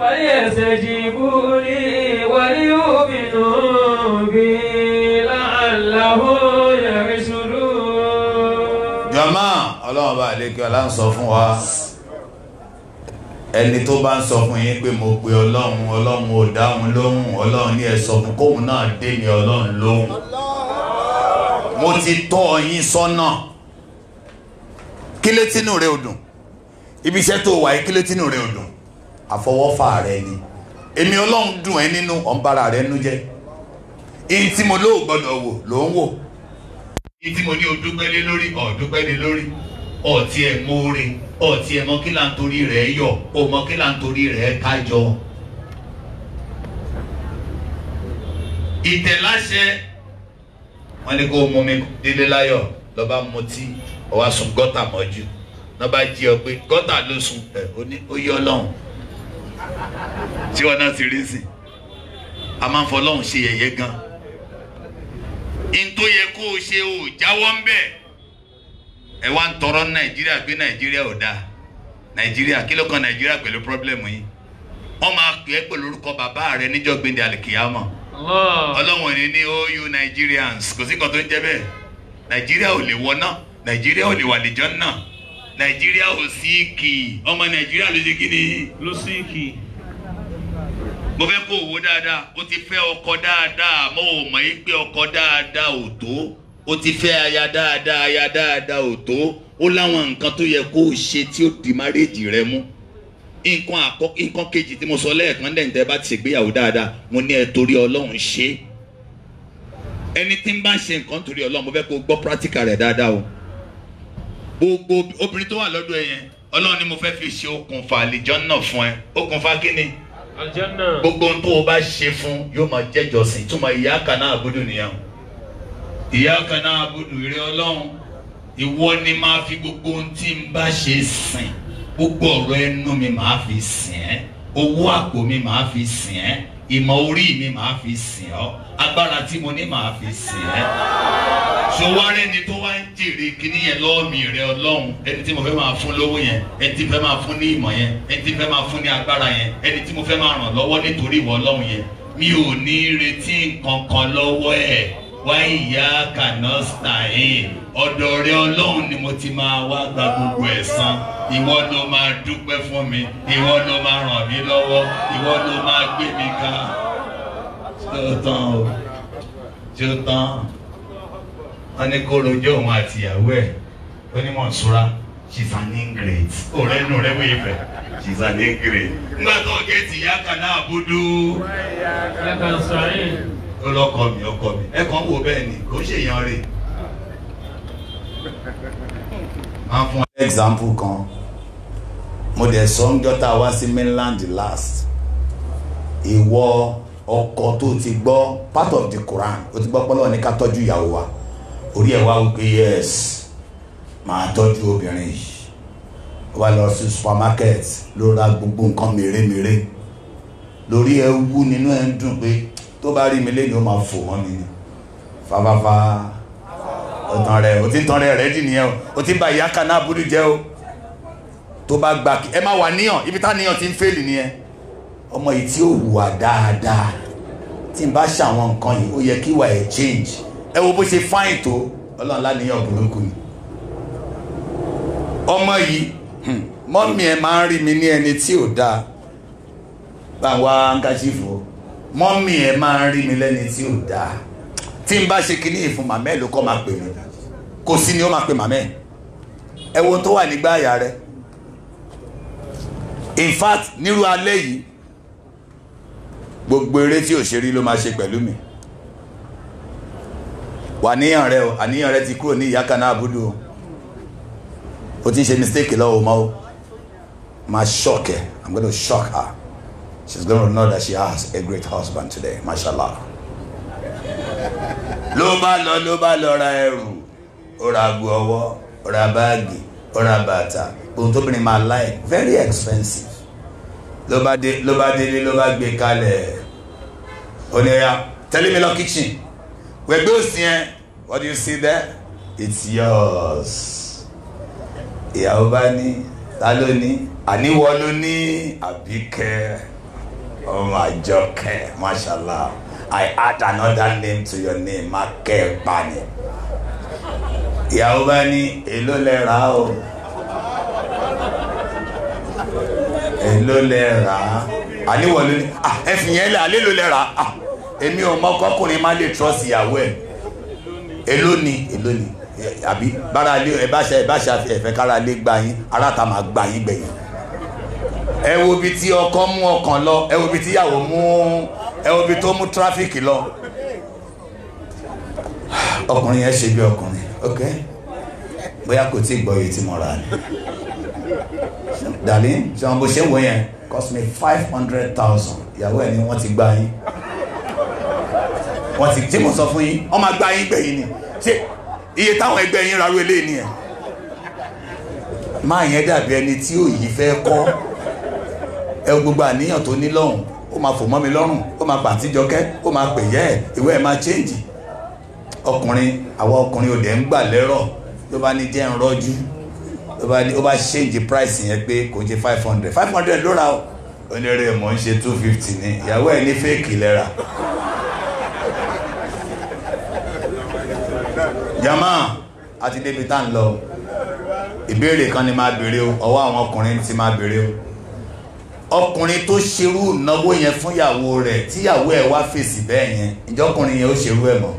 فليستجيبوا لي وليؤمنوا بي لعلهم يرشدون. jàmáà ọlọ́run bá àlékè ọlá ń sọ fún wa ẹni tó bá ń sọ fún yín pé mo pe ọlọ́run ọlọ́run ò dáhùn lóhùn ọlọ́run ní ẹ sọ fún kóhùn náà dé ní ọlọ́run lóhùn mo ti tọ́ yín sọ́nà kílétínú rẹ ò dùn ibiṣẹ́ tó wà yìí kílétínú rẹ ò dùn àfọwọ́fà rẹ ni èmi ọlọ́run dùn ẹ́ nínú ọ̀nbara rẹ nú jẹ́ èyí tí mo lóò gbọ́dọ̀ wò ló ń wò èyí tí mo ní o dúpẹ́ lé lórí ọ̀ dúpẹ́ lé lórí ọtí ẹ mọre ọtí ẹ mọ kí là ń torí rẹ̀ yọ̀ o mọ kí là ń torí rẹ̀ kájọ. ìtẹ̀láṣẹ wọn ní kó o mú mi délé láyọ̀ lọ́ba mutí ọwọ́ sùn gọ́tà mọ́jú lọ́ba jí ọ pé gọ́tà ló sùn ẹ̀ ó yọ ọlọ́run tí wọn náà ti rí sìn a máa ń fọlọ́hún ṣe yẹ̀yẹ́ gan n tó yẹ kó o ṣe o jáwọ́ ń bẹ̀ ẹ wá ń tọrọ nàìjíríà pé nàìjíríà ò dáa nàìjíríà kí ló kan nàìjíríà pẹ̀lú pírọ́blẹ̀mù yìí wọ́n máa pè é pẹ̀lú orúkọ bàbá rẹ níjọ́ gbẹ̀ndẹ̀ àlìkìyàmọ̀ ọlọ́wọ̀n ni ní oh, ou nigerians kò sí kan tó ń jẹ́ bẹ́ẹ̀ nàìjíríà ò lè wọ náà nàìjíríà ò lè wà lè jọ náà nàìjíríà ò síìkì ọmọ nàìjíríà ló ṣe kíni. ló síìkì. mo fẹ́ kó owó dáadáa ó ti fẹ́ ọkọ dáadáa mo ò mọ̀ yín pé ọkọ dáadáa ò tó ó ti fẹ́ aya dáadáa aya dáadáa ò tó ó láwọn nǹkan tó yẹ kó o ṣe tí ó di márèèjì rẹ mú nǹkan àkọ́ nǹkan kejì tí mo sọ lẹ́ẹ̀kan lẹ́yìn bá ti ṣègbéyàwó dáadáa mo ní ẹ torí ọlọ́run ṣe ẹni tí ń bá ṣe nǹkan torí ọlọ́run mo fẹ́ kó o gbọ́ practical rẹ̀ dáadáa o gbogbo obìnrin tó wà lọ́dọ̀ ẹ yẹn ọlọ́run ni mo fẹ́ fi ṣe okùnfà àlìjọ́nà fún ẹ okùnfà kíni gbogbo ohun tó o bá ṣe fún yóò máa jẹ́jọ́sìn túmọ̀ ìyá kaná àbúdù nìyẹn ìyá kaná àbúdù ire ọlọ́run ìwọ ni máa fi gbogbo ohun tí n bá ṣe sìn gbogbo ọ̀rọ̀ ẹnu mi máa fi sìn ẹ́ owó àpò mi máa fi sìn ẹ́ ìmọ̀ orí mi màá fi sìn ọ́ agbára tí mo ní màá fi sìn ẹ́ sowárẹ́ ni tó wá ń jèrè kíní yẹn lọ́ọ̀mì rẹ ọlọ́run ẹni tí mo fẹ́ máa fún lówó yẹn ẹni tí mo fẹ́ máa fún ní ìmọ̀ yẹn ẹni tí mo fẹ́ máa fún ní agbára yẹn ẹni tí mo fẹ́ máa ràn lọ́wọ́ nítorí ìwọ ọlọ́run yẹn mi ò ní retí nǹkan kan lọ́wọ́ ẹ̀ wáyé ìyá kanostain ọ̀dọ̀ rẹ ọlọ́run ni mo ti máa wá gba gbogbo ẹ̀san ìwọ ló máa dúpẹ́ fún mi ìwọ ló máa ràn mí lọ́wọ́ ìwọ ló máa gbé mi ká ṣé ó tán o ṣé ó tán wọn ní kó rojọ́ òun àti ìyàwó ẹ̀ ó ní she's an ingrate ọ̀rẹ́ inú rẹ wọ́n ibẹ̀ she's an ingrate nígbà tó géètì ìyá kan náà búdú. ẹ kàn sọ yìí. ó lọkọ mi ọkọ mi ẹ kàn bẹ́ẹ̀ ni kò ń ṣèyàn rè é fún example kan mo dẹ̀ sọ ń jọ́ta wá sí mainland last ìwọ ọkọ tó ti gbọ́ part of the Quran o ti gbọ́ pọ́lọ́ ní ká tọ́jú ìyàwó wa orí ẹ̀ wá wípé yes máa tọ́jú obìnrin yìí wá lọ sí supermarket ló ra gbogbo nǹkan mèremère lórí ẹ wú nínú ẹ ń dùn pé tó bá rí mi lẹ́yìn ó máa fò wọ́n mi fáfáfá ọ̀tàn rẹ̀ o ti ń tọrẹ rẹ̀ dì nìyẹn o o ti ń ba ìyáka náà burú jẹ́ o tó bá gba ẹ má wà níyàn ibi tá níyàn ti ń fèlì nìyẹn ọmọ yìí tí ó hùwà dáadáa tí n bá ṣàwọn nǹkan yìí ó yẹ kí ìwà ẹ̀ change ẹ wo bó ṣe fáìn tó ọlọ́run láníyàn burúkú ni ọmọ yìí hmm, mọ́mí ẹ̀ máa ń rí mi ní ẹni tí ò dáa bá wa ń káṣífò mọ́mí ẹ̀ máa ń rí mi lẹ́ni tí ò dáa tí n bá ṣe kinní ìfún màmẹ́ ló kọ́ máa pè mí kò sí ni ó máa pè màmẹ́ ẹ tó wà nígbà àyà rẹ in fact nírú alẹ́ yìí gbogbo eré tí ò ló máa ṣe pẹ̀lú mi wà níyàn rẹ o àníyàn rẹ ti kúrò ní ìyá kaná àbúdù o o ti ṣe mistake lọ́wọ́ ma o ma shock her i'm gonna shock her she's gonna know that she has a great husband today mashallah ló bá lọ ló bá lọ ra ẹrù ó ra ọwọ́ ó ra báàgì ó ra bàtà ohun máa like very expensive ló bá dé ló bá délé ló bá gbé kalẹ̀ oníyà tẹ́lẹ̀ mi lọ kitchen wẹ̀gbẹ́ òsì yẹn what do you see there it's yours ìyàwó bá ní ta ló ní àníwọ̀ ló ní àbíkẹ́ ọmọ àjọkẹ́ mashallah. I add another name to your name Makẹ́bani. Ìyàwó bá ní èló lẹ rà o. Èló lẹ rà á. Àníwọ̀ ló ní ah, ẹ fi yẹn lẹ̀ àlélo lẹ rà á. Ah, èmi ò mọ kọ́kùnrin lè trust ìyàwó ẹ̀. Èló ni èló ni àbí bára ilé ẹ bá ṣe ẹ bá ṣe ẹ̀fẹ̀ kára gbà yín aráta máa gbà yín gbẹ̀yìn ẹ wo ibi tí ọkọ mú ọkàn lọ ẹ wo ibi tí ìyàwó mú ẹ wo ibi tó mú tráfíkì lọ ọkùnrin yẹn ṣe bí ọkùnrin ok bóyá kò tí ì gbọ́ iye tí mo rà ni dàlí ṣọwọ́n bó ṣe ń yẹn cost me five hundred thousand ìyàwó ẹ̀ ni wọ́n ti gbá yín wọ́n ti tí mo sọ fún yín wọ́n máa gbá yín gbẹ̀yìn ni ṣé iye táwọn ẹgbẹ́ yín rárú eléyìí nìyẹn máa yẹn dàbí ẹni tí òyì fẹ́ kọ́ ẹ gbogbo àníyàn tó ní lọ́hùn ó máa fò mọ́ mi lọ́rùn ó máa pàǹtí jọkẹ́ ó máa pè yẹ́ ẹ̀ ìwé ẹ̀ máa change ọkùnrin àwa ọkùnrin òde ń gbà lẹ́rọ̀ ló bá ní jẹ́ ń rọ́jú ó bá change price yẹn pé kò jẹ́ five hundred five hundred ló ra o onírè mò ń ṣe two fifty ni ìyàwó ẹ̀ ní fẹ́ẹ̀kì lẹ́ra. jama àti débi tá à ń lọ ìbéèrè kan ni máa béèrè o ọwọ́ àwọn ọkùnrin ti máa béèrè o ọkùnrin tó ṣerú ìnáwó yẹn fúnyàwó rẹ̀ tíyàwó ẹ̀ wá fèsì bẹ́ẹ̀ yẹn ìjọkùnrin yẹn ó ṣerú ẹ̀ mọ́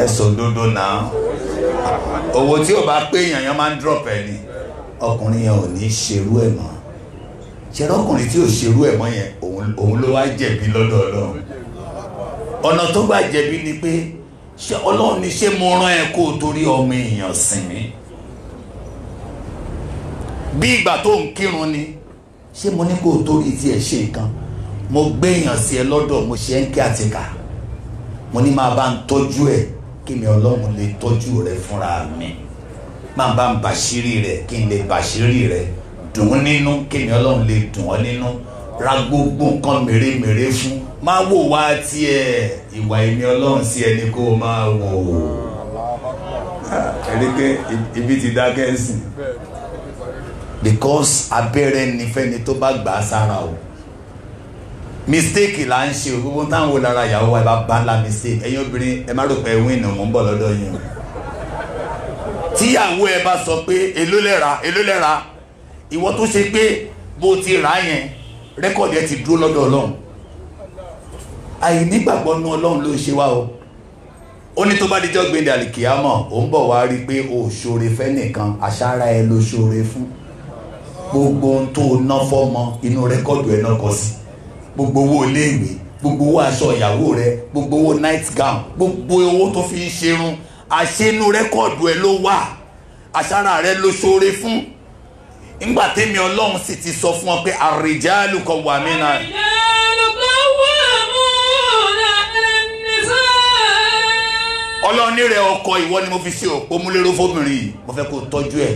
ẹ sọ dodo náà owó tí ò bá pé èèyàn yẹn máa ń drop ẹ ni ọkùnrin yẹn ò ní ṣerú ẹ̀ mọ́ ṣẹlẹ ọkùnrin tí ò ṣerú ẹ̀ mọ́ yẹn òun ló wá jẹ̀bi lọ́dọ̀ Ọlọ́run ọ̀nà tó gbà jẹ̀bi ni pé ṣé Ọlọ́run ni ṣé mo rán ẹ kó o torí ọmọ èèyàn sìn mí bí ìgbà tó ń kírun ni ṣé mo ní kó o torí tiẹ̀ ṣe nǹkan mo gbé èèyàn sí ẹ lọ́dọ̀ mo ṣe ń kí àtìkà mo ní máa bá ń tọ́jú ẹ kí mi ọlọ́run lè tọ́jú rẹ fúnra mi máa bá ń bàṣírí rẹ kí n lè bàṣírí rẹ dùn ún nínú kí mi ọlọ́run lè dùn ọ́ nínú ra gbogbo nǹkan mèremère fún máa wò wá tiẹ̀ ìwà ẹ̀mí ọlọ́run sí ẹni kó o máa wò ó. ẹ̀rí pé ibi ti dákẹ́ sí i because abẹ́rẹ́ ni fẹ́ni tó bá gbà á sára o mistake la ń ṣe gbogbo táwọn wo lára ìyàwó wa bá bá la mistake ẹ̀yin obìnrin ẹ má rò pé ẹ̀wìn ìnà mò ń bọ̀ lọ́dọ̀ yín o tíyàwó ẹ bá sọ pé èló lẹ́ra èló lẹ́ra ìwọ tó ṣe pé bó ti rà á yẹn rẹ́kọ̀dì ẹ ti dúró lọ́dọ̀ ọlọ́run àìnígbàgbọ́ nu ọlọ́run ló ṣe wá o ó ní tó bá dijọ́ gbẹ̀ndẹ̀ àlìkìyàmọ̀ ó ń bọ̀ wá rí i pé o ò ṣoore fẹ́ nìkan àṣàrà ẹ ló ṣoore fún gbogbo ohun tó ná fọ́mọ inú rẹ́kọ̀dù ẹ̀ náà kọ sí gbogbo owó iléèwé gbogbo owó aṣọ ìyàwó rẹ gbogbo owó night gown gbogbo owó tó fi ń ṣerun àṣẹnu rẹ́kọ̀dù ẹ̀ ló wà àṣàrà rẹ ló ṣoore fún ńgbà tẹ́mi ọlọ́run sì ti sọ fún ọ pé àrèjálù kan wà mí náà. ọlọ́ọ̀ni rẹ̀ ọkọ ìwọ ni mo fi ṣe òpómúlérò fóbìnrin yìí mo fẹ́ kó tọ́jú ẹ̀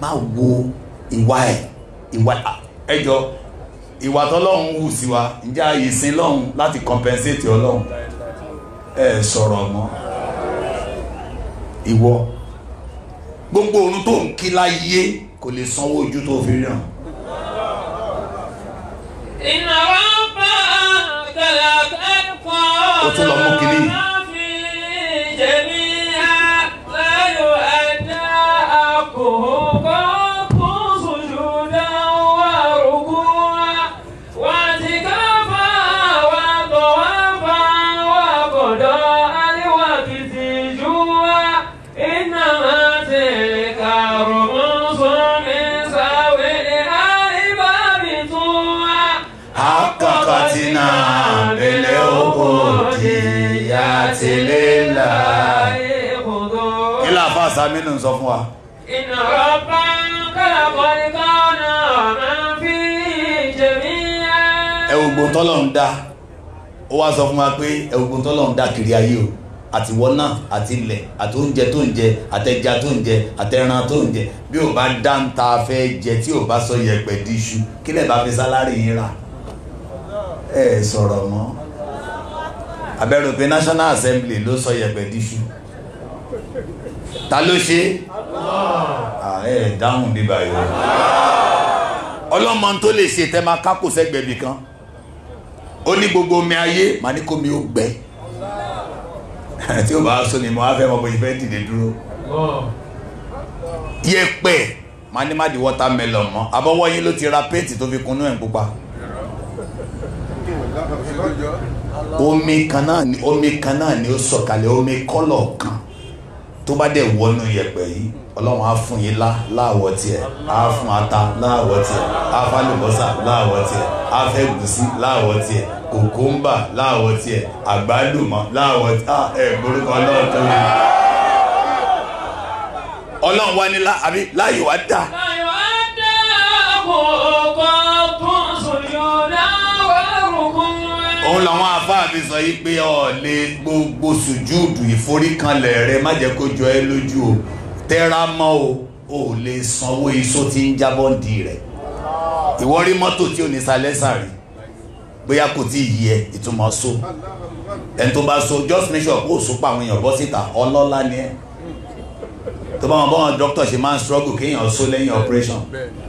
má wo ìwà ẹ̀ ìwà ẹjọ́ ìwà tọ́lọ́hún hù sí wa ǹjẹ́ ààyè sin lọ́hún láti compensate ọlọ́hún ẹ sọ̀rọ̀ mọ́ ìwọ gbogbo orun tó ń kí láyé kò lè sanwó ojú tó fi ràn. ìnáwó bá tẹ̀lé akẹ́kọ̀ọ́ lọ́wọ́ fi jẹ̀mí. ìlélà ilé àfa àsámínú ń sọ fún wa. ìnàrọ̀ bá ń kẹ́kọ̀ọ́ ní kọ́nà máa fi jẹ̀mí ẹ̀. ẹ̀wùgbò tọ́lọ̀ ń dá ó wá sọ fún wa pé ẹ̀wùgbò tọ́lọ̀ ń dá kiri ayé o àtiwọ́ náà àti ilẹ̀ àti oúnjẹ tó ń jẹ àtẹja tó ń jẹ àtẹran tó ń jẹ bí o bá dá ń ta fẹ́ jẹ tí o bá sọ yẹpẹ̀ di kílẹ̀ bá fi sálárì yín rà ẹ sọ̀rọ̀ mọ́ abẹ́rù pé national assembly ló sọ yẹ̀pẹ̀ díṣu ta ló ṣe ẹ dáhùn bí báyìí ọlọ́mọ tó lè ṣe tẹ́ máa kákò sẹ́gbẹ̀ẹ́ bì kan ó ní gbogbo omi ayé màá ní kó mi ó gbẹ tí ó bá sọ ni mo á fẹ́ mọ bó ṣe fẹ́ dìde dúró yẹ̀pẹ̀ màá ní má di watermelon mọ́ abọ́wọ́ yín ló ti ra péètì tó fi kunú ẹ̀ ń pupa omi kan ni omi kan náà ni ó sọ̀kalẹ̀ omi kọ́lọ̀ kan tó bá dẹ̀ wọnú yẹ̀pẹ̀ yìí ọlọ́run á fún yín lá láàwọ̀ tiẹ̀ á fún ata láàwọ̀ tiẹ̀ á fálùbọ́sà láàwọ̀ tiẹ̀ á fẹ́ gùsí láàwọ̀ tiẹ̀ kòkóńbà láàwọ̀ tiẹ̀ àgbálùmọ̀ láàwọ̀ tiẹ̀ ẹ̀ borúkọ ọlọ́run tó yẹ. ọlọ́run wá ní láàbí láyé wá dáa. òun làwọn afáàfin sọ yìí pé ọ̀ọ́lé gbogbo sùjúùdù ìforíkanlẹ̀ rẹ má jẹ́ kó jọ ẹ́ lójú o tẹ́ra mọ́ o ò lè sanwó iṣó tí ń jábọ́ ǹdí rẹ̀ ìwọ rí mọ́tò tí ò ní salẹ́sà rí bóyá kò tí ì yí ìtumọ̀ so ẹni tó bá so just make sure kó o so pa àwọn èèyàn bọ́ síta ọlọ́lá ni ẹ tó bá wọn bá wọn dókítà ṣe máa ń struggle kéèyàn so lẹ́yìn operation. Bẹ́ẹ̀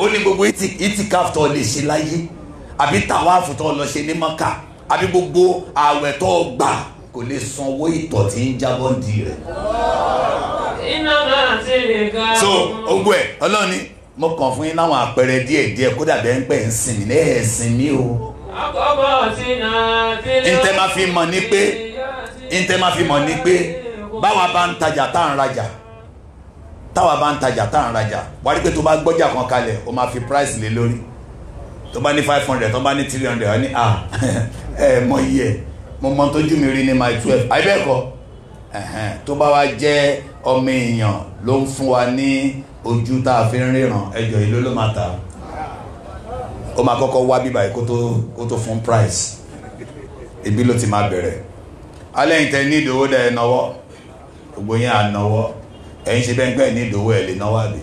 ó ní gbogbo itikaf lè ṣe láyé àbí tàwáàfù tó lọ ṣe ní maka àbí gbogbo ààwẹ̀ tó gbà kò lè sanwó ìtọ̀ tí ń jábọ́ di rẹ̀. iná máa ti lè ga. so ogbó ẹ ọlọ́ni mo kàn fún yín láwọn àpẹẹrẹ díẹ̀díẹ̀ kódà bẹ́ẹ̀ ń pẹ́ ń sìn mí ní ẹ̀sìn mi o. àkọ́kọ́ sí náà ti lọ. máa fi mọ̀ ni pé ntẹ́ máa fi mọ̀ ni pé báwa bá ń tajà tá à ń rajà táwa bá ń tajà tá à ń rajà wà pé tó bá gbọ́jà kan kalẹ̀ o máa fi price lé lórí tó bá ní five hundred tó bá ní three hundred wọ́n ní à ah, ẹ mọ iye mo mọ tójú mi rí ní my twelve àìbẹ́ẹ̀kọ́ tó bá wa jẹ́ ọmọ èèyàn ló ń fún wa ní ojú tá a fi ń ríran ẹjọ́ ìlú ló máa ta ó máa kọ́kọ́ wá bíbáyìí kó tó fún price ibi ló ti máa bẹ̀rẹ̀ alẹ́yìn tẹ ní ìdòwò dẹ̀ ẹ náwó gbogbo yẹn à náwó ẹ̀yin ṣe bẹ́ẹ̀ pẹ́ ní ìdòwò ẹ̀ lè náwó àbí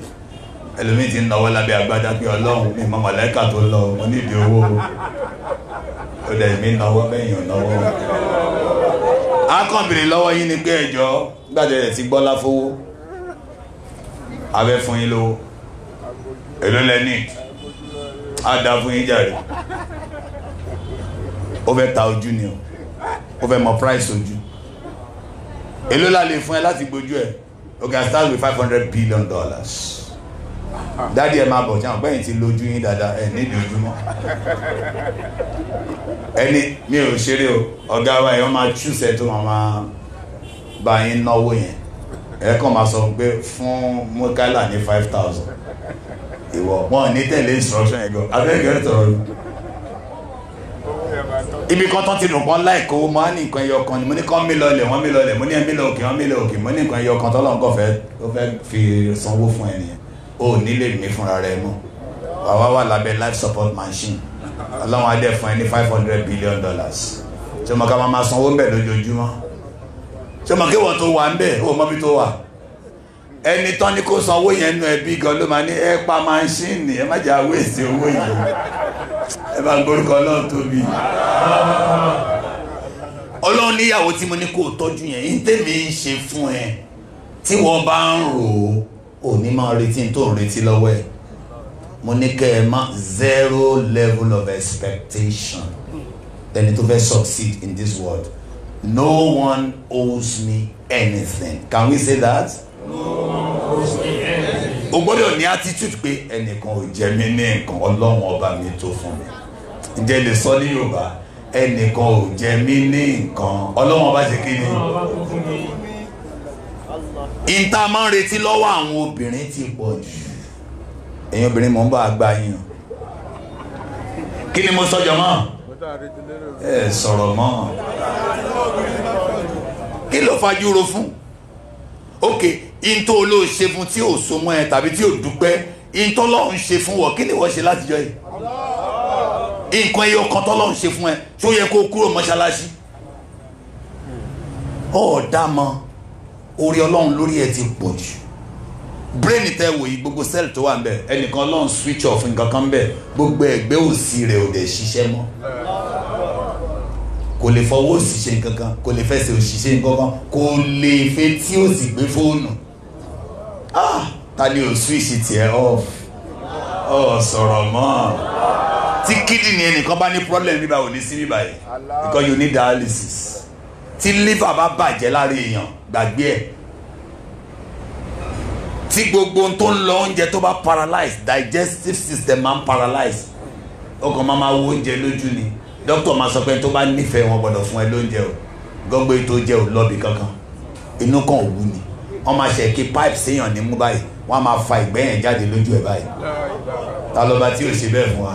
ẹlòmíì ti ń náwó lábẹ́ agbádá pé ọlọ́run ní mọ́ mọ̀lẹ́kà tó lọ mo ní ìdòwò ó dẹ̀ mí náwó bẹ́yìn náwó. akọ́bìrì lọ́wọ́ yín ni pé ẹ̀jọ́ gbàdé rẹ̀ ti gbọ́ láfowó abẹ́ fún yín lówó èló lẹ́ni á dá fún yín jàre ó fẹ́ ta ojú ni o ó fẹ́ mọ price ojú èló la lè fún ẹ láti gbójú ẹ o can start with five hundred billion dollars dáàdi ẹ máa bọ̀ tí àwọn gbẹ̀yìn ti lójú yín dáadáa ẹ nídìí ojúmọ́ ẹni mi ò ṣeré o ọ̀gá wa ẹ̀ wọ́n máa túṣẹ̀ tó máa máa bá yín náwó yẹn ẹ kàn máa sọ pé fún mọ́kálà ní five thousand ìwọ̀ wọn ò ní tẹ̀lé instruction yẹn gan abẹ́rẹ́ gẹ́rẹ́ tọ̀rọ̀ ibi kan tó ti dùn kan láìkó mo á ní nǹkan ẹyọ kan ni mo ní kán mi lọlẹ̀ wọ́n mi lọlẹ̀ mo ní ẹ mi lọ òkè wọ́n mi lọ òkè mo ní nǹkan ẹyọ kan tọ́lọ́ nǹkan fẹ́ ó fẹ́ fi sanwó fún ẹ o nílé mi fúnra rẹ mọ́ àwa wà lábẹ́ life support machine ọlọ́run adé fún ẹ ní five hundred billion dollars ṣé mo ká máa sanwó ń bẹ̀ lójoojúmọ́ ṣé mo kí wọ́n tó wà ń bẹ̀ ó mọ́bí tó wà ẹni tán ní kó sanwó yẹn nú ẹbí gan ló máa ní ẹ pa máṣíìnì ẹ má jà wéèsì owó yìí ẹ bá gbórúkọ ọlọ́run tóbi ọlọ́run níyàwó tí mo ní kó tọ́jú yẹn ní tèmi ń ṣe fún ẹ tí wọ́n bá ń rò ó òní máa retí tó ń retí lọ́wọ́ ẹ̀ mo ní kẹ́ ẹ má zero level of expectation ẹni tó fẹ́ succeed in this world no one owes me anything can we say that o gbọ́dọ̀ ní attitude pé ẹnìkan ò jẹ mí ní nǹkan ọlọ́run ọba mi tó fún mi ǹjẹ́ lè sọ ní yorùbá ẹnìkan ò jẹ mí ní nǹkan ọlọ́run ọba ṣe kí ni. ìta máa ń retí lọ́wọ́ àwọn obìnrin ti pọ̀ jù ẹ̀yin obìnrin mò ń bá a gba yín o kí ni mo sọ jọmọ́ ẹ sọ̀rọ̀ mọ́ kí ló fajúro fún ok ìntò ló ṣe fún tí ò so mọ́ ẹ tàbí tí ò dúpẹ́ ìntò lọ́hùn ṣe fún wọ kí ni wọ́n ṣe látijọ́ yìí nǹkan ẹyọ kan tọ́lọ́hùn ṣe fún ẹ tó yẹ kó kúrò mọ́ṣáláṣí ọ̀ọ́dá orí ọlọ́run lórí ẹ ti pọ̀ jù brain tẹ wò yí gbogbo cell tó wà ń bẹ ẹnìkan ọlọ́run switch off nǹkan kan ń bẹ gbogbo ẹgbẹ́ òsì rẹ̀ ò dẹ̀ ṣiṣẹ́ mọ́ kò lè fọwọ́ òsì ṣe nǹkan kan kò lè fẹsẹ̀ òsì ṣe nǹkan kan kò lè fetí òsì gbé fóònù ah ta ni o switch tiẹ̀ off ọ sọ̀rọ̀ mọ́ tí kídìní ẹnìkan bá ní problem bíbá ò ní sí bíbá yìí because you need dialysis tí liver bá bàjẹ́ lára èèyàn gbàgbé ẹ̀ tí gbogbo ohun tó ń lọ oúnjẹ tó bá paralyze digestive system máa ń paralyze ọkàn máa ma wo oúnjẹ lójú ni dókítà máa sọ pé tó bá nífẹ̀ẹ́ wọn gbọ́dọ̀ fún ẹ lóúnjẹ o gbọ́gbé tó jẹ́ ò lọ́bì kankan inú kan ò wú ni wọ́n máa ṣe kí pipe séèyàn ní mú báyìí wọ́n máa fa ìgbẹ́ yẹn jáde lójú ẹ̀ báyìí ta ló bá tí ò ṣe bẹ́ẹ̀ fún wa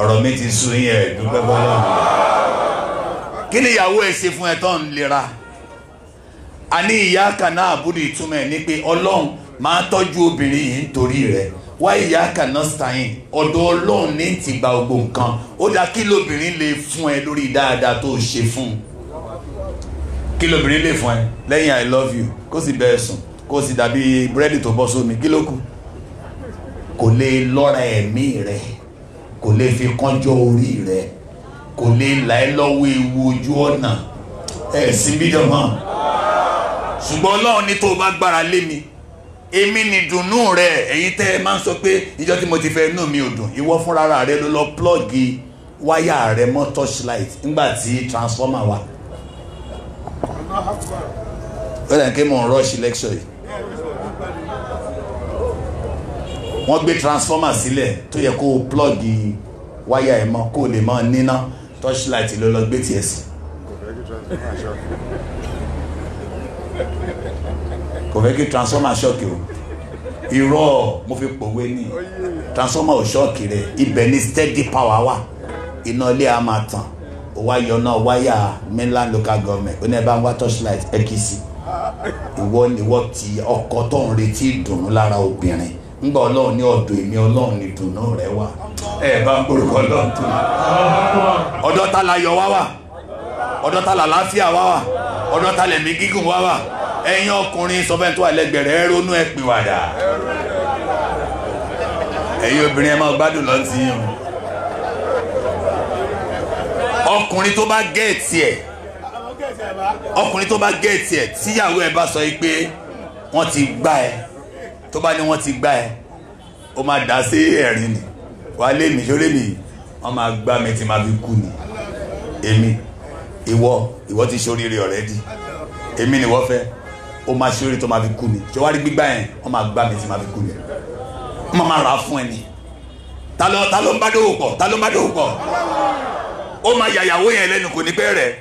ọ̀rọ̀ mi ti sú yín ẹ̀ dúpẹ́ bọ́lá mi. kí ni ìyàwó ẹ ṣe fún ẹ tó ń lera a ní ìyá kaná àbúrò ìtumọ̀ ẹ̀ ní pé ọlọ́run máa tọ́jú obìnrin yìí nítorí rẹ̀ wá ìyá kaná stein ọ̀dọ̀ ọlọ́run ní ti gba gbogbo nǹkan ó dá kí lóbìnrin lè fún ẹ lórí dáadáa tó ṣe fún un kí lóbìnrin lè fún ẹ lẹ́yìn i love you kó sì bẹ́ẹ̀ sùn kó sì dàbí búrẹ́dì tó bọ́ sómi kí ló kù kò lè lọ́ra ẹ̀mí rẹ kò lè fi kánjọ orí rẹ kò lè là ẹ́ lọ́wọ́ ewu ojú ọ̀nà ẹ̀ síbí jọmọ́ ṣùgbọ́n ọlọ́run ní tó o bá gbára lé mi èmi ni dùnnú rẹ èyí tẹ́ ẹ máa ń sọ pé ìjọ tí mo ti fẹ́ inú mi ò dùn ìwọ fúnra rẹ ló lọ plọ́ọ̀gì wáyà rẹ mọ́ torchlight nígbà tí transformer wà wọ́n dàn kí mò ń rush election yìí wọ́n gbé transformer sílẹ̀ tó yẹ kó plug wáyà ẹ̀ mọ́ kó o lè mọ́ níná torchlight ló lọ gbé tiẹ̀ sí. kò fẹ́ kí transformer shock o irọ́ mo fi pòwe ní transformer ò ṣọ́ọ̀kì rẹ̀ ibẹ̀ ni steady power wà iná ilé a máa tàn wáyọ náà waya mainland local government ó bá ń wá torchlight ẹkìsì ìwọ ìwọ ti ọkọ tó ń retí ìdùnnú lára obìnrin ńgbà ọlọ́run ní ọ̀dọ̀ èmi ọlọ́run ní ìdùnnú rẹ wà ẹ bá ń gbórúkọ ọlọ́run tó ọ̀dọ̀ ta la yọ wá wà ọ̀dọ̀ ta la láfíà wá wà ọ̀dọ̀ ta lẹ̀mí gígùn wá wà ẹ̀yin ọkùnrin sọfẹ́ntì wà lẹ́gbẹ̀rẹ́ ẹ ronú ẹ pìwàdà ẹ̀yin obìnrin ẹ máa gbádùn lọ́ntì yìí ọkùnrin tó bá gẹ̀ẹ́tì ẹ̀ ọkùnrin tó bá gẹ̀ẹ́tì ẹ̀ tíyàwó ẹ̀ bá sọ yìí pé wọ́n ti gbá ẹ tó bá ní wọ́n ti gbá ẹ ó máa dá sí ẹ̀rín ni wàá lé mi lórí mi wọ́n máa gbá mi tí máa fi kú ni èmi ìwọ ìwọ ti ṣoríire already èmi ni wọ́n fẹ́ ó máa ṣoríire tó máa fi kú ni ṣé wàá rí gbígbá yẹn wọ́n máa gbá mi tí máa fi kú ni wọ́n máa rà á fún ẹ ni ta ló ń bá dòwò pọ̀ ta ló ń bá dòwò pọ̀ ó máa yàyàwó yẹn lẹ́nu kò ní pẹ́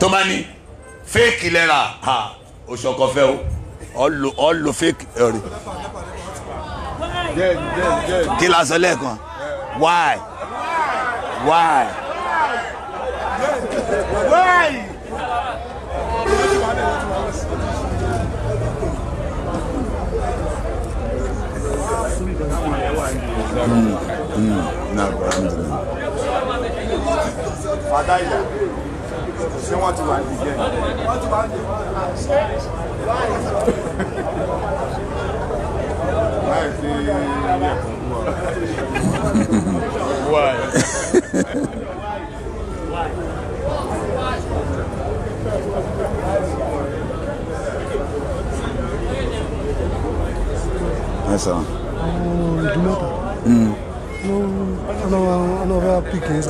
tó bá ní fake lẹ́ra oṣù ọkọ fẹ́ o ọ lo fake ẹ̀rí kí la sọ lẹ́ẹ̀kan why why why. Mm. Fadaiya, ṣé wọ́n ti wà ní ìgbẹ́ láì sí Vai. Essa. Oh, do mata. Mm. Hum.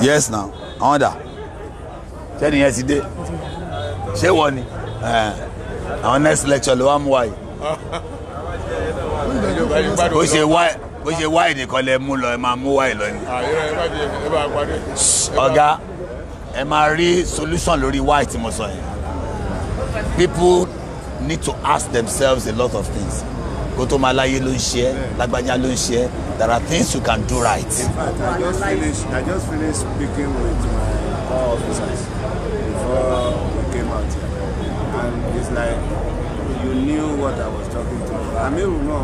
yes now àwọn dà sẹ́ni yẹn ti dé ṣé wọ́n ni àwọn next lecture ló wá mú wa yìí bó ṣe wá bó ṣe wá ìnìkan lẹ mú lọ ẹ máa mú wá ìlọ ni. ọ̀gá ẹ máa rí solution lórí wá ìtìmọ̀sán yẹn people need to ask themselves a lot of things kó tó ló ń ṣe ẹ́ lágbájá ló ń ṣe ẹ́ there are things you can do right. in fact i just finish i just finish speaking with my core officers before we came out here and it's like you knew what i was talking to amiru náà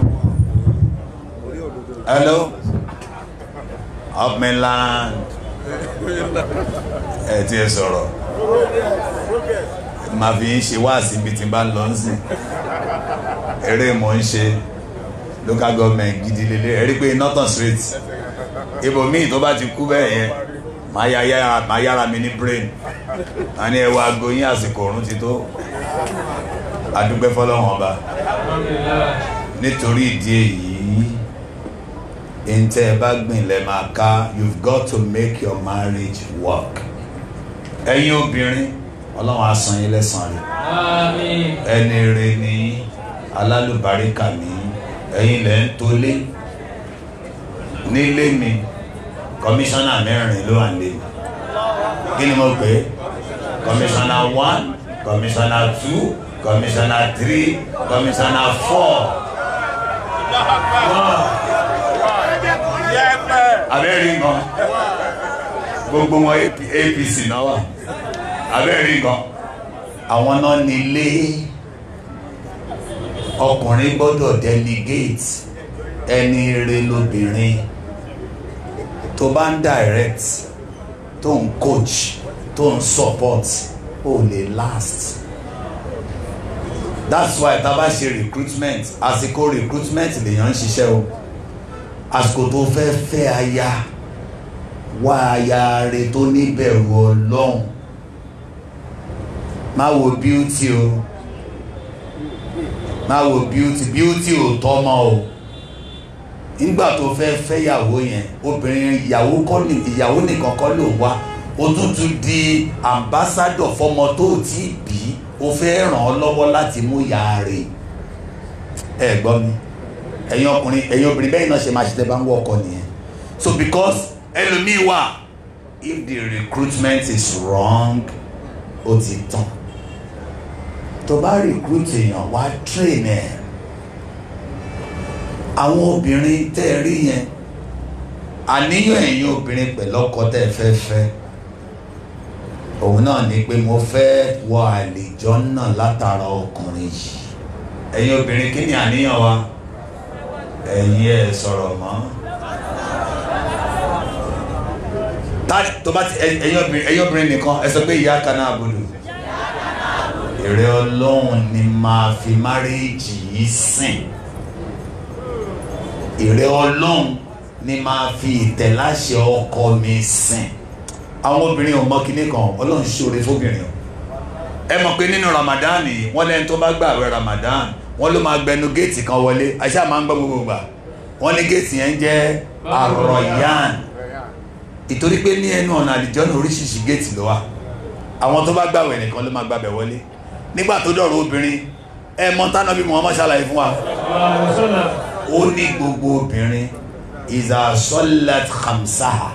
orí òdodo. hello up mainland ẹ ti ẹ sọ̀rọ̀ màá fi ń ṣe wáàsí ibi tí n bá ń lọ ń eré mò ń ṣe local government gidi lélẹ̀ ẹ pé northern street ibòmíì tó bá ti kú bẹ́ẹ̀ yẹn màá yára mi ní brain àní ẹ wá aago àsìkò ọ̀run ti tó adúgbẹ́ fọlọ́wọ́n ọba nítorí ìdí èyí ntẹ bá gbìn lẹ máa ká you've got to make your marriage work ẹ̀yin obìnrin ọlọ́run á san yín lẹ́san rẹ̀ ẹni rẹ̀ nìyí alálùbáríkà ní ẹ̀yin lẹ́ ń tolé nílé mi kọmíṣánná mẹ́rin ló wà lé mi kí ni mo pè kọmíṣánná one kọmíṣánná two kọmíṣánná three kọmíṣánná four. abẹ́rẹ́ nǹkan gbogbo wọn APC náà wà abẹ́rẹ́ nǹkan àwọn náà nílé ọkùnrin gbọ́dọ̀ delegate ẹni rẹ lóbìnrin tó bá ń direct tó ń coach tó ń support ó lè last that's why tá a bá ṣe recruitment àsìkò recruitment lèèyàn ń ṣiṣẹ́ o àsìkò tó fẹ́ fẹ́ aya wá aya rẹ tó níbẹ̀rù ọlọ́run má wo beauty o máa wo beauty beauty ò tọ́ mọ́ o nígbà tó fẹ́ fẹ́ ìyàwó yẹn obìnrin ìyàwó kọ́ ni ìyàwó nìkan kọ́ ló wá o tún tún di ambassador fọmọ tó ti bí o fẹ́ ràn ọ́ lọ́wọ́ láti mú ìyá rẹ̀ ẹ gbọ́ mi ẹ̀yin ọkùnrin ẹ̀yin obìnrin bẹ́ẹ̀ náà ṣe máa ṣe bá ń wọ ọkọ nìyẹn so because ẹlòmíì wà if the recruitment is wrong ó ti tán tó bá recruit èèyàn wá train ẹ̀ àwọn obìnrin tẹ́ ẹ rí yẹn àníyàn ẹ̀yin obìnrin pẹ̀lú ọkọ tẹ́ ẹ fẹ́ fẹ́ òun náà ni pé mo fẹ́ wọ àlejò náà látara ọkùnrin yìí ẹ̀yin obìnrin kí ni àníyàn wa ẹ̀yin ẹ̀ sọ̀rọ̀ mọ́ ẹ̀yin obìnrin nìkan ẹ sọ pé ìyá kan náà bodò èrè ọlọ́run ni màá fi márẹ́jì yìí sìn èrè ọlọ́run ni màá fi ìtẹ̀láṣẹ ọkọ mi sìn àwọn obìnrin ò mọ kinní kan ọlọ́run ṣoore fóbìnrin o ẹ mọ̀ pé nínú Ramadan yìí wọ́n lẹ́ni tó bá gbààwẹ̀ Ramadan wọ́n ló máa gbẹnu géètì kan wọlé àṣà máa ń gbọ́ gbogbo gbà wọ́n ní géètì yẹn jẹ́ àrọ̀yàn ìtorí pé ní ẹnu ọ̀nà àlìjọ́nà oríṣiríṣi géètì ló wà àwọn tó bá gbààwẹ̀ nìkan ló máa gbàbẹ̀ wọlé nígbà tó dọ̀rọ̀ obìnrin ẹ mọ tánà bí Muhammad ṣàlàyé fún wa ó ní gbogbo obìnrin ìzàsọ́lẹ̀t hamsaha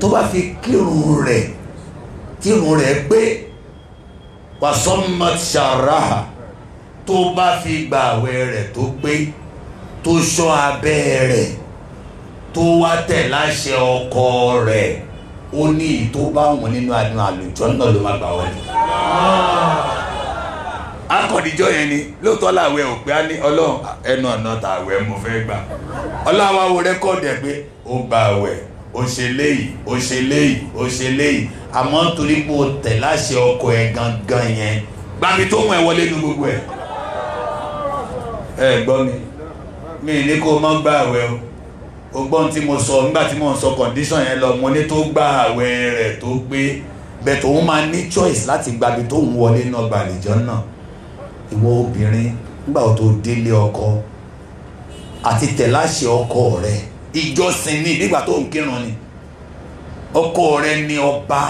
tó bá fi kírun rẹ̀ kírun rẹ̀ pé wàsọ́mọ̀t ṣàráhà tó bá fi gbààwẹ̀ rẹ̀ tó pé tó ṣọ́ abẹ́ rẹ̀ tó wá tẹ̀ láṣẹ ọkọ rẹ̀ ó ní ìtó bá wọn nínú àdúrà àlùjọ náà ló má gbà wọlé akọ̀dìjọ́ yẹn ni lóòótọ́ làwẹ̀ ò pé á ní ọlọ́run ẹnu ọ̀nà tàwẹ̀ mo fẹ́ gbà ọlọ́run awo rẹ́kọ̀dì ẹ̀ pé ó gba àwẹ̀ ó ṣe léyìí ó ṣe léyìí ó ṣe léyìí àmọ́ nítorí pé o tẹ̀ láṣẹ ọkọ̀ ẹ̀ gangan yẹn gbàmí tó mọ̀ ẹ̀ wọlé nu gbogbo ẹ̀ ẹ gbọ́ mi mi ní kó má gba àwẹ̀ o o gbọ́n tí mo sọ nígbà tí mo sọ condition yẹn lọ mo ní tó gba àwẹ̀ rẹ̀ tó gbé bẹ̀ tòun máa ní choice láti gbàgbé tóun wọlé náà gbàlejò náà ìwọ obìnrin nígbà tó délé ọkọ àti tẹ̀láṣẹ ọkọ rẹ ìjọsìn ni nígbà tó ń kírun ni ọkọ rẹ ni ọba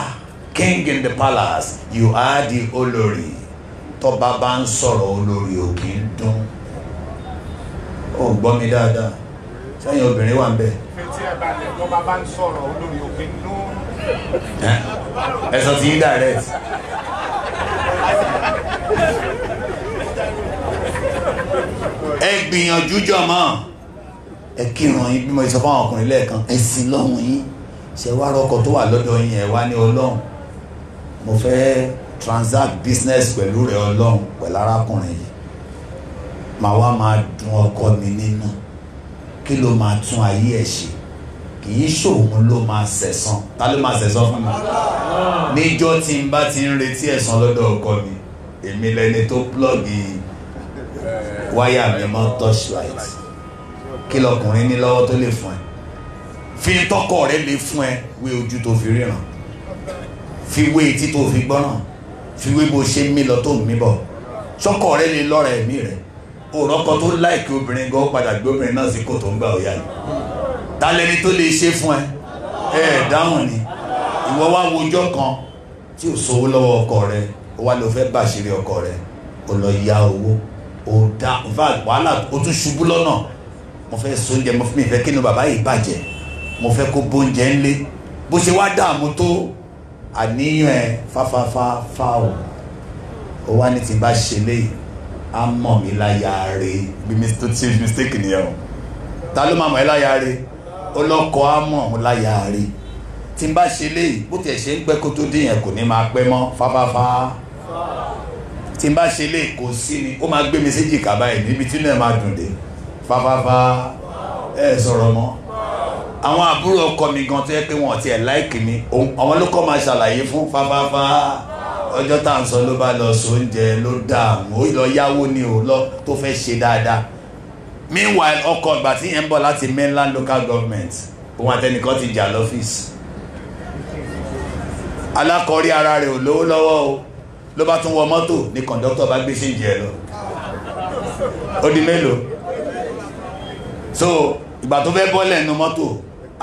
king in the palace you are the olórí tọba bá ń sọ̀rọ̀ olórí ò kì dún ó gbọ́ mi dáadáa sẹ́yìn obìnrin wà ń bẹ̀. ẹ sọ ti yín direct ẹ gbìyànjú jọmọ ẹ kírun yín bí mo sọ fún àwọn ọkùnrin lẹ́ẹ̀kan ẹ sìn lọ́hùn yín ṣe wá rọkọ tó wà lọ́dọ̀ yín ẹ wá ní ọlọ́run mo fẹ́ transact business pẹ̀lú rẹ ọlọ́run pẹ̀lú arákùnrin yìí màá wá máa dùn ọkọ mi nínú kí ló máa tún ayé ẹ̀ ṣe kì í ṣòun ló máa ṣẹ̀san ta ló máa ṣẹ̀san fún mi níjọ́ tí n bá ti ń retí ẹ̀san lọ́dọ̀ ọkọ mi èmi lẹni tó plọ́ọ̀gì yìí wáyà mi mọ́ torchlight kí lọkùnrin ní lọ́wọ́ tó lè fún ẹ fi tọkọ rẹ lè fún ẹ wé ojú tó fi ríran fi wé etí tó fi gbọ́ràn fi wé bó ṣe mí lọ tó mí bọ̀ sọkọ rẹ lè lọ́ra ẹ̀mí rẹ òrọ́kọ tó láìkí obìnrin gan padà gbé obìnrin náà sí kò tó ń gbà ọ̀yà yìí ta tó lè ṣe fún ẹ ẹ dáhùn ni ìwọ wá wojọ́ kan tí ò sówó lọ́wọ́ ọkọ rẹ ó wá lọ fẹ́ bàṣírí ọkọ rẹ ó lọ yá owó o da val fact wàhálà o tún ṣubú lọ́nà mo fẹ́ so oúnjẹ mo fún mi fẹ́ kí ni bàbá yìí bàjẹ́ mo fẹ́ kó bóúnjẹ ń lé bó ṣe wá dààmú tó àníyàn ẹ fáfáfáfá o ó wá ní tí bá ṣe léyìí á mọ̀ mí láyà rè bí mistake nìyẹn o ta ló máa mọ̀ ẹ́ láyà rè ọlọ́kọ̀ á mọ̀ ọ́ láyà rè tí n bá ṣe léyìí bó tiẹ̀ ṣe ń pẹ́ kó tó yẹn kò ní máa pẹ́ mọ́ fáfáfá tí n bá ṣe lè kó sí ni ó máa gbé mi séjì kàbá ẹ̀ níbi tí náà máa dùn dé fáfáfá ẹ sọ̀rọ̀ mọ́ àwọn àbúrò ọkọ mi gan tó yẹ pé wọn ti ẹ̀ láìkì mi àwọn ló kọ́ máa ṣàlàyé fún fáfáfá ọjọ́ tá à ń sọ ló bá lọ sọ oúnjẹ ló dààmú lọ yáwó ni ò lọ tó fẹ́ ṣe dáadáa meanwhile ọkọ ìgbà tí yẹn ń bọ̀ láti mainland local government òun àtẹnìkan ti jà lọ́fíìsì alákọ̀ọ́rí ara rẹ̀ ò lówó lọ́wọ́ o ló bá tún wọ mọ́tò ní kọ̀ǹdọ́tọ̀ bá gbé ṣéǹjì ẹ̀ lọ ó di mélòó so ìgbà tó fẹ́ bọ́lẹ̀ nínú mọ́tò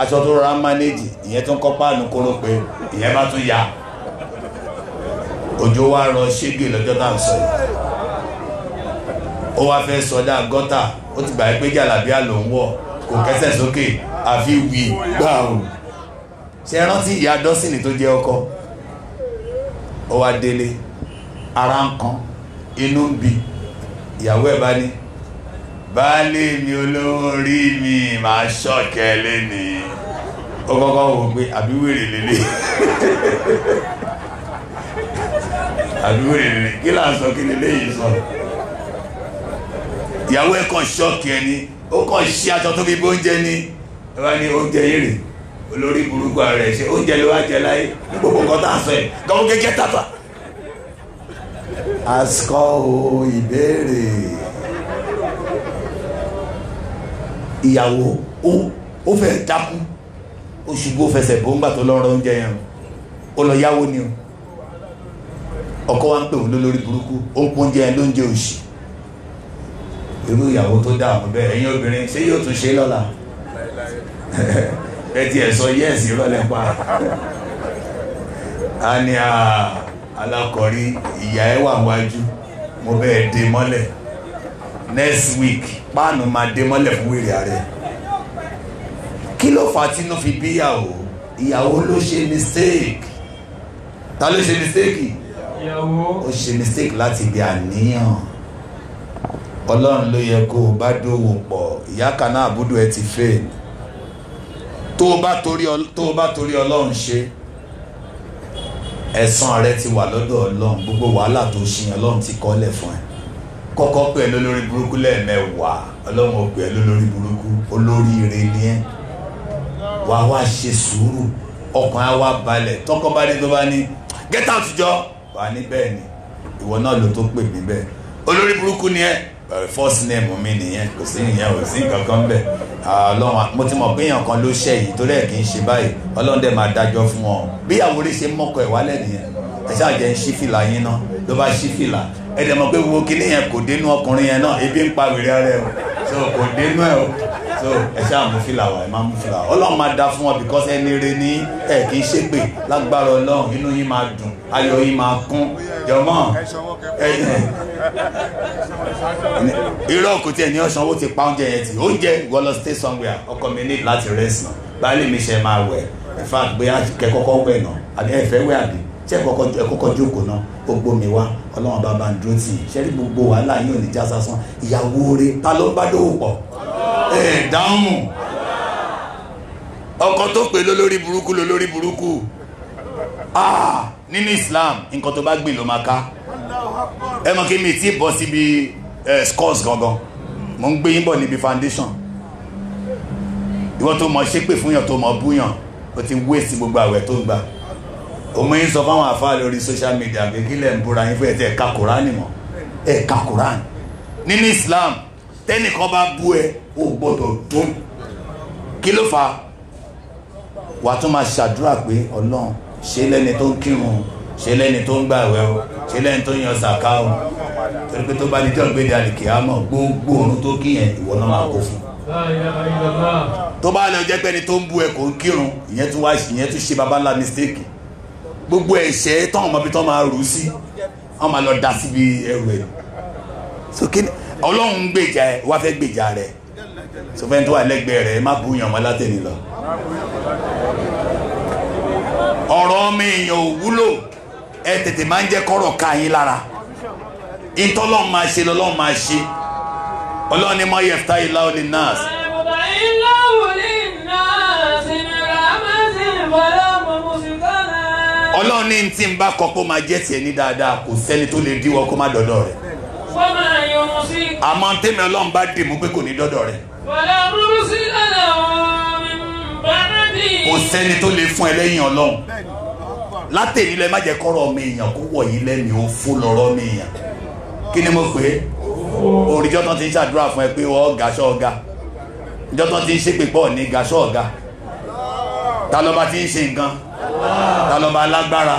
aṣọ tó rọra mánéjì ìyẹn tó ń kọ́ páànù kóró pé ìyẹn bá tún ya òjò wa rọ ṣégi lọ́jọ́ tá à ń sọ yìí ó wá fẹ́ sọdá gọ́tà ó ti gbà pé jàlábíà ló ń wọ̀ kò kẹ́sẹ̀ sókè àfi wì gbàù ṣe rántí ìyá dọ́sìnì tó jẹ́ ọkọ ó wá délé ara ń kan inú ń bi ìyàwó ẹ̀ bá ní baálé mi olówó orí mi máa ṣọ̀kẹ́ lẹ́ni ó kọ́kọ́ wò pé àbí wèrè lélẹ̀ àbí wèrè lélẹ̀ kí là ń sọ kí lélẹ̀ yìí sọ ìyàwó ẹ̀ kàn ṣọ̀kẹ́ ẹni ó kàn ṣe aṣọ tó fi bó ń jẹ ní ẹ bá ní oúnjẹ yìí rè olórí burúkú ààrẹ ṣe oúnjẹ ló wá jẹ láyé ní gbogbo nǹkan tá a sọ ẹ gbọ́n gẹ́gẹ́ tàbá àsìkò ìbéèrè ìyàwó ó fẹ́ o ó ṣubú fẹsẹ̀ bó ń gbà tó lọ́rọ̀ oúnjẹ yẹn ó lọ yáwó ni o ọkọ wa ń pè wọn lórí burúkú ó ń pọ oúnjẹ yẹn lóúnjẹ òṣì irú ìyàwó tó dààmú bẹ́ẹ̀ ẹ̀yin obìnrin ṣé yóò tún ṣe lọ́la ẹ tiẹ̀ sọ yẹ́ẹ̀sì rọ́lẹ́ pa á ní àá. Ah, alákọ̀rí ìyá ẹ wà wájú mo bẹ́ẹ̀ dé mọ́lẹ̀ next week páànù máa dé mọ́lẹ̀ fún wèrè ààrẹ kí ló fà á tínú fi bíyàwó ìyàwó ló ṣe mistake ta ló ṣe mistake ìyàwó ó ṣe mistake láti bí àníyàn ọlọ́run ló yẹ kó o bá dòwò pọ̀ ìyá kaná àbúdó ẹ ti fail tó o bá torí ọlọ́run ṣe ẹ̀san rẹ ti wà lọ́dọ̀ ọlọ́run gbogbo wàhálà tó ṣìyàn ọlọ́run ti kọ́lẹ̀ fún ẹ kọ́kọ́ pè lólórí burúkú lẹ́ẹ̀mẹ́wàá ọlọ́run ò pè lólórí burúkú olóríire ni ẹ wà á wá ṣe sùúrù ọkàn á wá balẹ̀ tọkọ bá ní tó bá ní get out jọ wà á ní bẹ́ẹ̀ ni ìwọ náà ló tó pè mí bẹ́ẹ̀ olórí burúkú ni ẹ first name mi nìyẹn kò sí ìyẹn ò sí nǹkan bẹ́ẹ̀ ọlọ́run mo ti mọ̀ pé èèyàn kan ló ṣẹ̀ yìí torí ẹ̀ kì í ṣe báyìí ọlọ́run dẹ̀ máa dájọ́ fún wọn bí àwọn orí ṣe mọ́kọ ẹ̀ wálẹ̀ nìyẹn ẹ ṣáà jẹ́ ń ṣí fìlà yín náà ló bá ṣí fìlà ẹ dẹ̀ mọ̀ pé wo kíní yẹn kò dénú ọkùnrin yẹn náà ebi ń pa wèrè rẹ o so kò dénú ẹ o so ẹ ṣáà mú fìlà wá ẹ má mú fìlà wá ọlọ́run máa da fún wọn because ẹni re ní ẹ kì í ṣépè lágbára ọlọ́run inú yín máa dùn ayọ̀ yín máa kún jọmọ irọ́ kò tiẹ̀ ní ọ̀sán owó ti pa oúnjẹ yẹn ti oúnjẹ wọ́n stay somewhere ọkọ mi ní láti rest náà báyìí mi ṣe máa wẹ̀ in fact bóyá kẹ́kọ́kọ́ wẹ̀ náà àbí ẹ̀fẹ́ wẹ̀ àbí tí ẹ kọ́kọ́ ẹ kọ́kọ́ jókòó náà gbogbo mi wá ọlọ́run bá bá ń dúró tì í ṣẹ́rí gbogbo wàhálà yín ò ní já sásán ìyàwó rẹ̀ ta ló ń bá dówó pọ̀ ẹ eh, dáhùn ọkọ tó pè lólórí burúkú lólórí burúkú ah nínú Islam nǹkan tó bá gbìn ló máa ká ẹ kí mi ti bọ́ síbi eh, scores gangan mo ń gbé yín níbi foundation ìwọ tó mọ ṣépè fún yàn tó mọ búyàn o ti waste gbogbo àwẹ̀ tó ń gbà òun yín sọ fáwọn àfáà lórí social media pé kílẹ̀ ń búra yín fún ẹ̀ tẹ́ ẹ̀ ka Kùránì mọ́ ẹ̀ nínú Islam tẹ́nìkan bá bú ẹ o gbọ́dọ̀ dún kí ló fà wàá tún máa ṣàdúrà pé ọlọ́run ṣe lẹ́ni tó ń kírun ṣe lẹ́ni tó ń gbàwẹ̀ o ṣe lẹ́ni tó ń yan sàká o torí pé tó bá ní tẹ́lẹ̀ gbéde àlìkè àmọ́ gbogbo òrun tó kí yẹn ìwọ náà máa kó fún tó bá lọ jẹ́ pé ẹni tó ń bú ẹ kò ń kírun ìyẹn tún wá ìyẹn tún ṣe babalá mistake gbogbo ẹ̀ṣẹ̀ tán ọmọ tán máa rù sí wọ́n lọ da síbi ẹrù ẹ̀ ọlọ́run gbèjà ẹ wá fẹ́ gbèjà rẹ sọfẹ́ntì wà lẹ́gbẹ̀ẹ́ rẹ má bu yànmọ́ látẹ̀ni lọ. ọ̀rọ̀ ọmọ èèyàn ò wúlò ẹ tètè máa ń jẹ́ kọ́rọ̀ ká yín lára ìtọ́lọ́run máa ṣe lọ́lọ́run máa ṣe ọlọ́run ni mọ́ yẹ̀fta ìlà òlì nas. ọlọ́run ní ti ń bá kọ́ pé ó máa jẹ́ tiẹ̀ ní dáadáa kò sẹ́ni tó lè díwọ́ kó má dọ́dọ̀ rẹ̀ fọmọ ayọ̀hún sí. àmọ́ tèmi ọlọ́run bá dì mú pé kò ní dọ́dọ̀ rẹ̀. wàlá rúrú sí àlà òun bàrẹ́ kò sẹ́ni tó lè fún ẹ lẹ́yìn ọlọ́run látẹ̀lí lẹ má jẹ́ kọ́rọ̀ mi èèyàn kó wọ̀nyí lẹ́nu ó fún lọ́rọ́ mi èèyàn kí ni mo pè é òrìjọ́ tán ti ń ṣàdúrà fún ẹ pé wọ́n gàṣọ́ ọ̀gá ìjọ́ tán ti ń ṣépè pọ̀ ní gàṣọ́ ọ̀gá ta lọ́ba ti ń ṣe nǹkan ta lọ́ba alágbára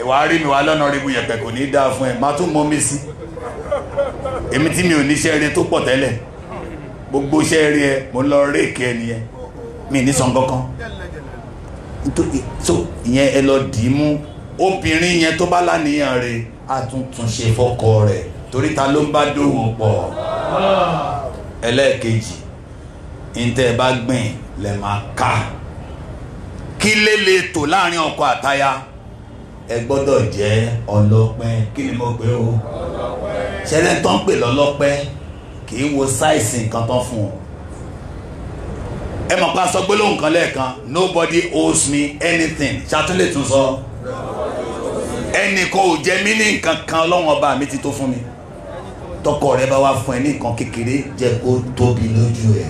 ìwà rí mi wà lọ́nà rí mu yẹ̀pẹ̀ kò ní í dáa fún ẹ má tún mọ́ mi sí i èmi tí mi ò ní iṣẹ́ eré tó pọ̀ tẹ́lẹ̀ gbogbo iṣẹ́ eré ẹ mo lọ réèkì ẹ nìyẹn mi ní san kankan nítorí so ìyẹn ẹ lọ dì í mú obìnrin yẹn tó bá lánìyàn rẹ̀ á tún tún ṣe fọ́kọ rẹ̀ torí ta ló ń bá dòwò pọ̀ ẹlẹ́ẹ̀kejì ntẹ́ bá gbìn lè ká kí lè lè tò láàrin ọkọ àtaya ẹ gbọ́dọ̀ jẹ́ ọlọ́pẹ́ kí ni mo pè o ṣẹlẹ̀ tó pè lọ́lọ́pẹ́ kì í wo sáìsì nǹkan tán fún un ẹ mọ̀ pa sọ gbólóhùn kan lẹ́ẹ̀kan nobody owes me anything ṣàtúnlẹ̀ tún sọ ẹnì kan ò jẹ mí ní nǹkan kan ọlọ́run ọba mi ti tó fún mi tọkọ rẹ bá wá fún ẹ ní nǹkan kékeré jẹ́ kó tóbi lójú ẹ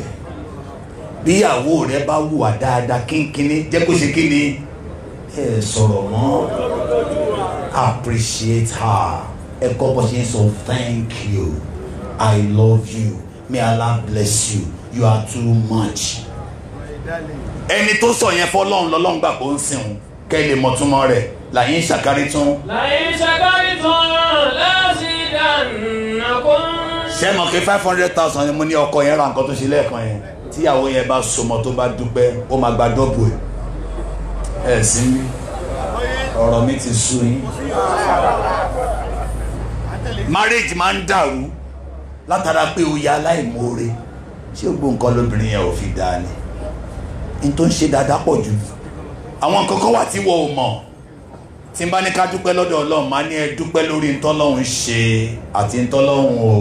bíyàwó rẹ bá wùwà dáadáa kínkínní jẹ́ kó ṣe kínní ẹ sọ̀rọ̀ mọ́ appreciate her ẹ kọ́ bó ṣe ń sọ thank you i love you may allah bless you you are too much. ẹni tó sọ yẹn fọlọ́run lọ́lọ́run gbà kó ń sìn un kẹ́ lè mọ túmọ̀ rẹ̀ làyín ṣàkárí tún. làyín ṣàkárí tún láti dànù ṣé mo kí five hundred thousand ni mo ní ọkọ yẹn ra nǹkan tó ṣe lẹ́ẹ̀kan yẹn tíyàwó yẹn bá sọmọ tó bá dúpẹ́ ó máa gba dọ́bù ẹ̀ ẹ̀ sí mi ọ̀rọ̀ mi ti sú yín. marriage máa ń dàrú látara pé o ya aláìmoore ṣé o gbọ́ nǹkan lóbìnrin yẹn ò fi dáa ni n tó ń ṣe dáadáa pọ̀ jù àwọn kankan wà tí wọ́n ò mọ̀ tí n bá ní ká dúpẹ́ lọ́dọ̀ ọlọ́run máa ní ẹ dúpẹ́ lórí ntọ́lọ́run ṣe àti ntọ́lọ́run ò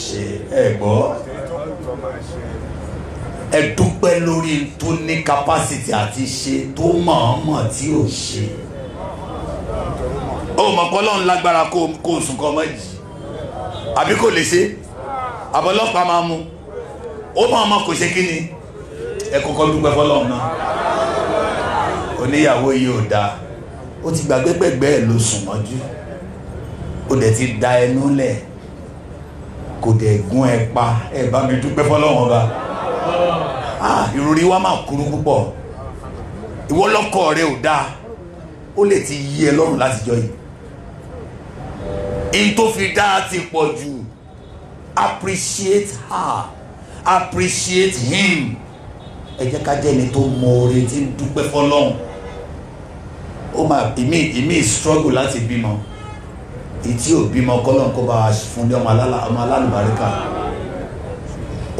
ṣe ẹ gbọ́ ẹ dúpẹ́ lórí tó ní capacity àti ṣe tó mọ̀ọ́mọ̀ tí ò ṣe mọ̀ pé ọlọ́run lágbára kó kó sùn kọ́ ọmọ yìí àbí kò lè ṣe àbọ̀lọ́pàá máa mú ó mọ̀ ọmọ kò ṣe kí ni ẹ kọ́kọ́ dúpẹ́ fọlọ́run náà oníyàwó yìí ò dáa ó ti gbàgbé pẹ̀gbẹ́ ẹ̀ ló sùn mọ́jú ó dẹ̀ ti da ẹnu lẹ̀ kò dẹ̀ gún ẹ pa ẹ bá mi dúpẹ́ fọlọ́run ọba ìròrí wa máa kúrú púpọ̀ ìwọ lọ́kọ rẹ ò dáa ó lè ti yí ẹ lọ́rùn látijọ́ yìí èyí tó fi dáa ti pọ̀ jù appreciate her appreciate him ẹ jẹ́ ká jẹ́ ẹni tó mọ oore tí ń dúpẹ́ fọlọ́hún ó máa ìmí ìmí struggle láti bímọ ìtí ò bímọ kọ́lọ́n kó bá a fún ní ọmọ alálùbáríkà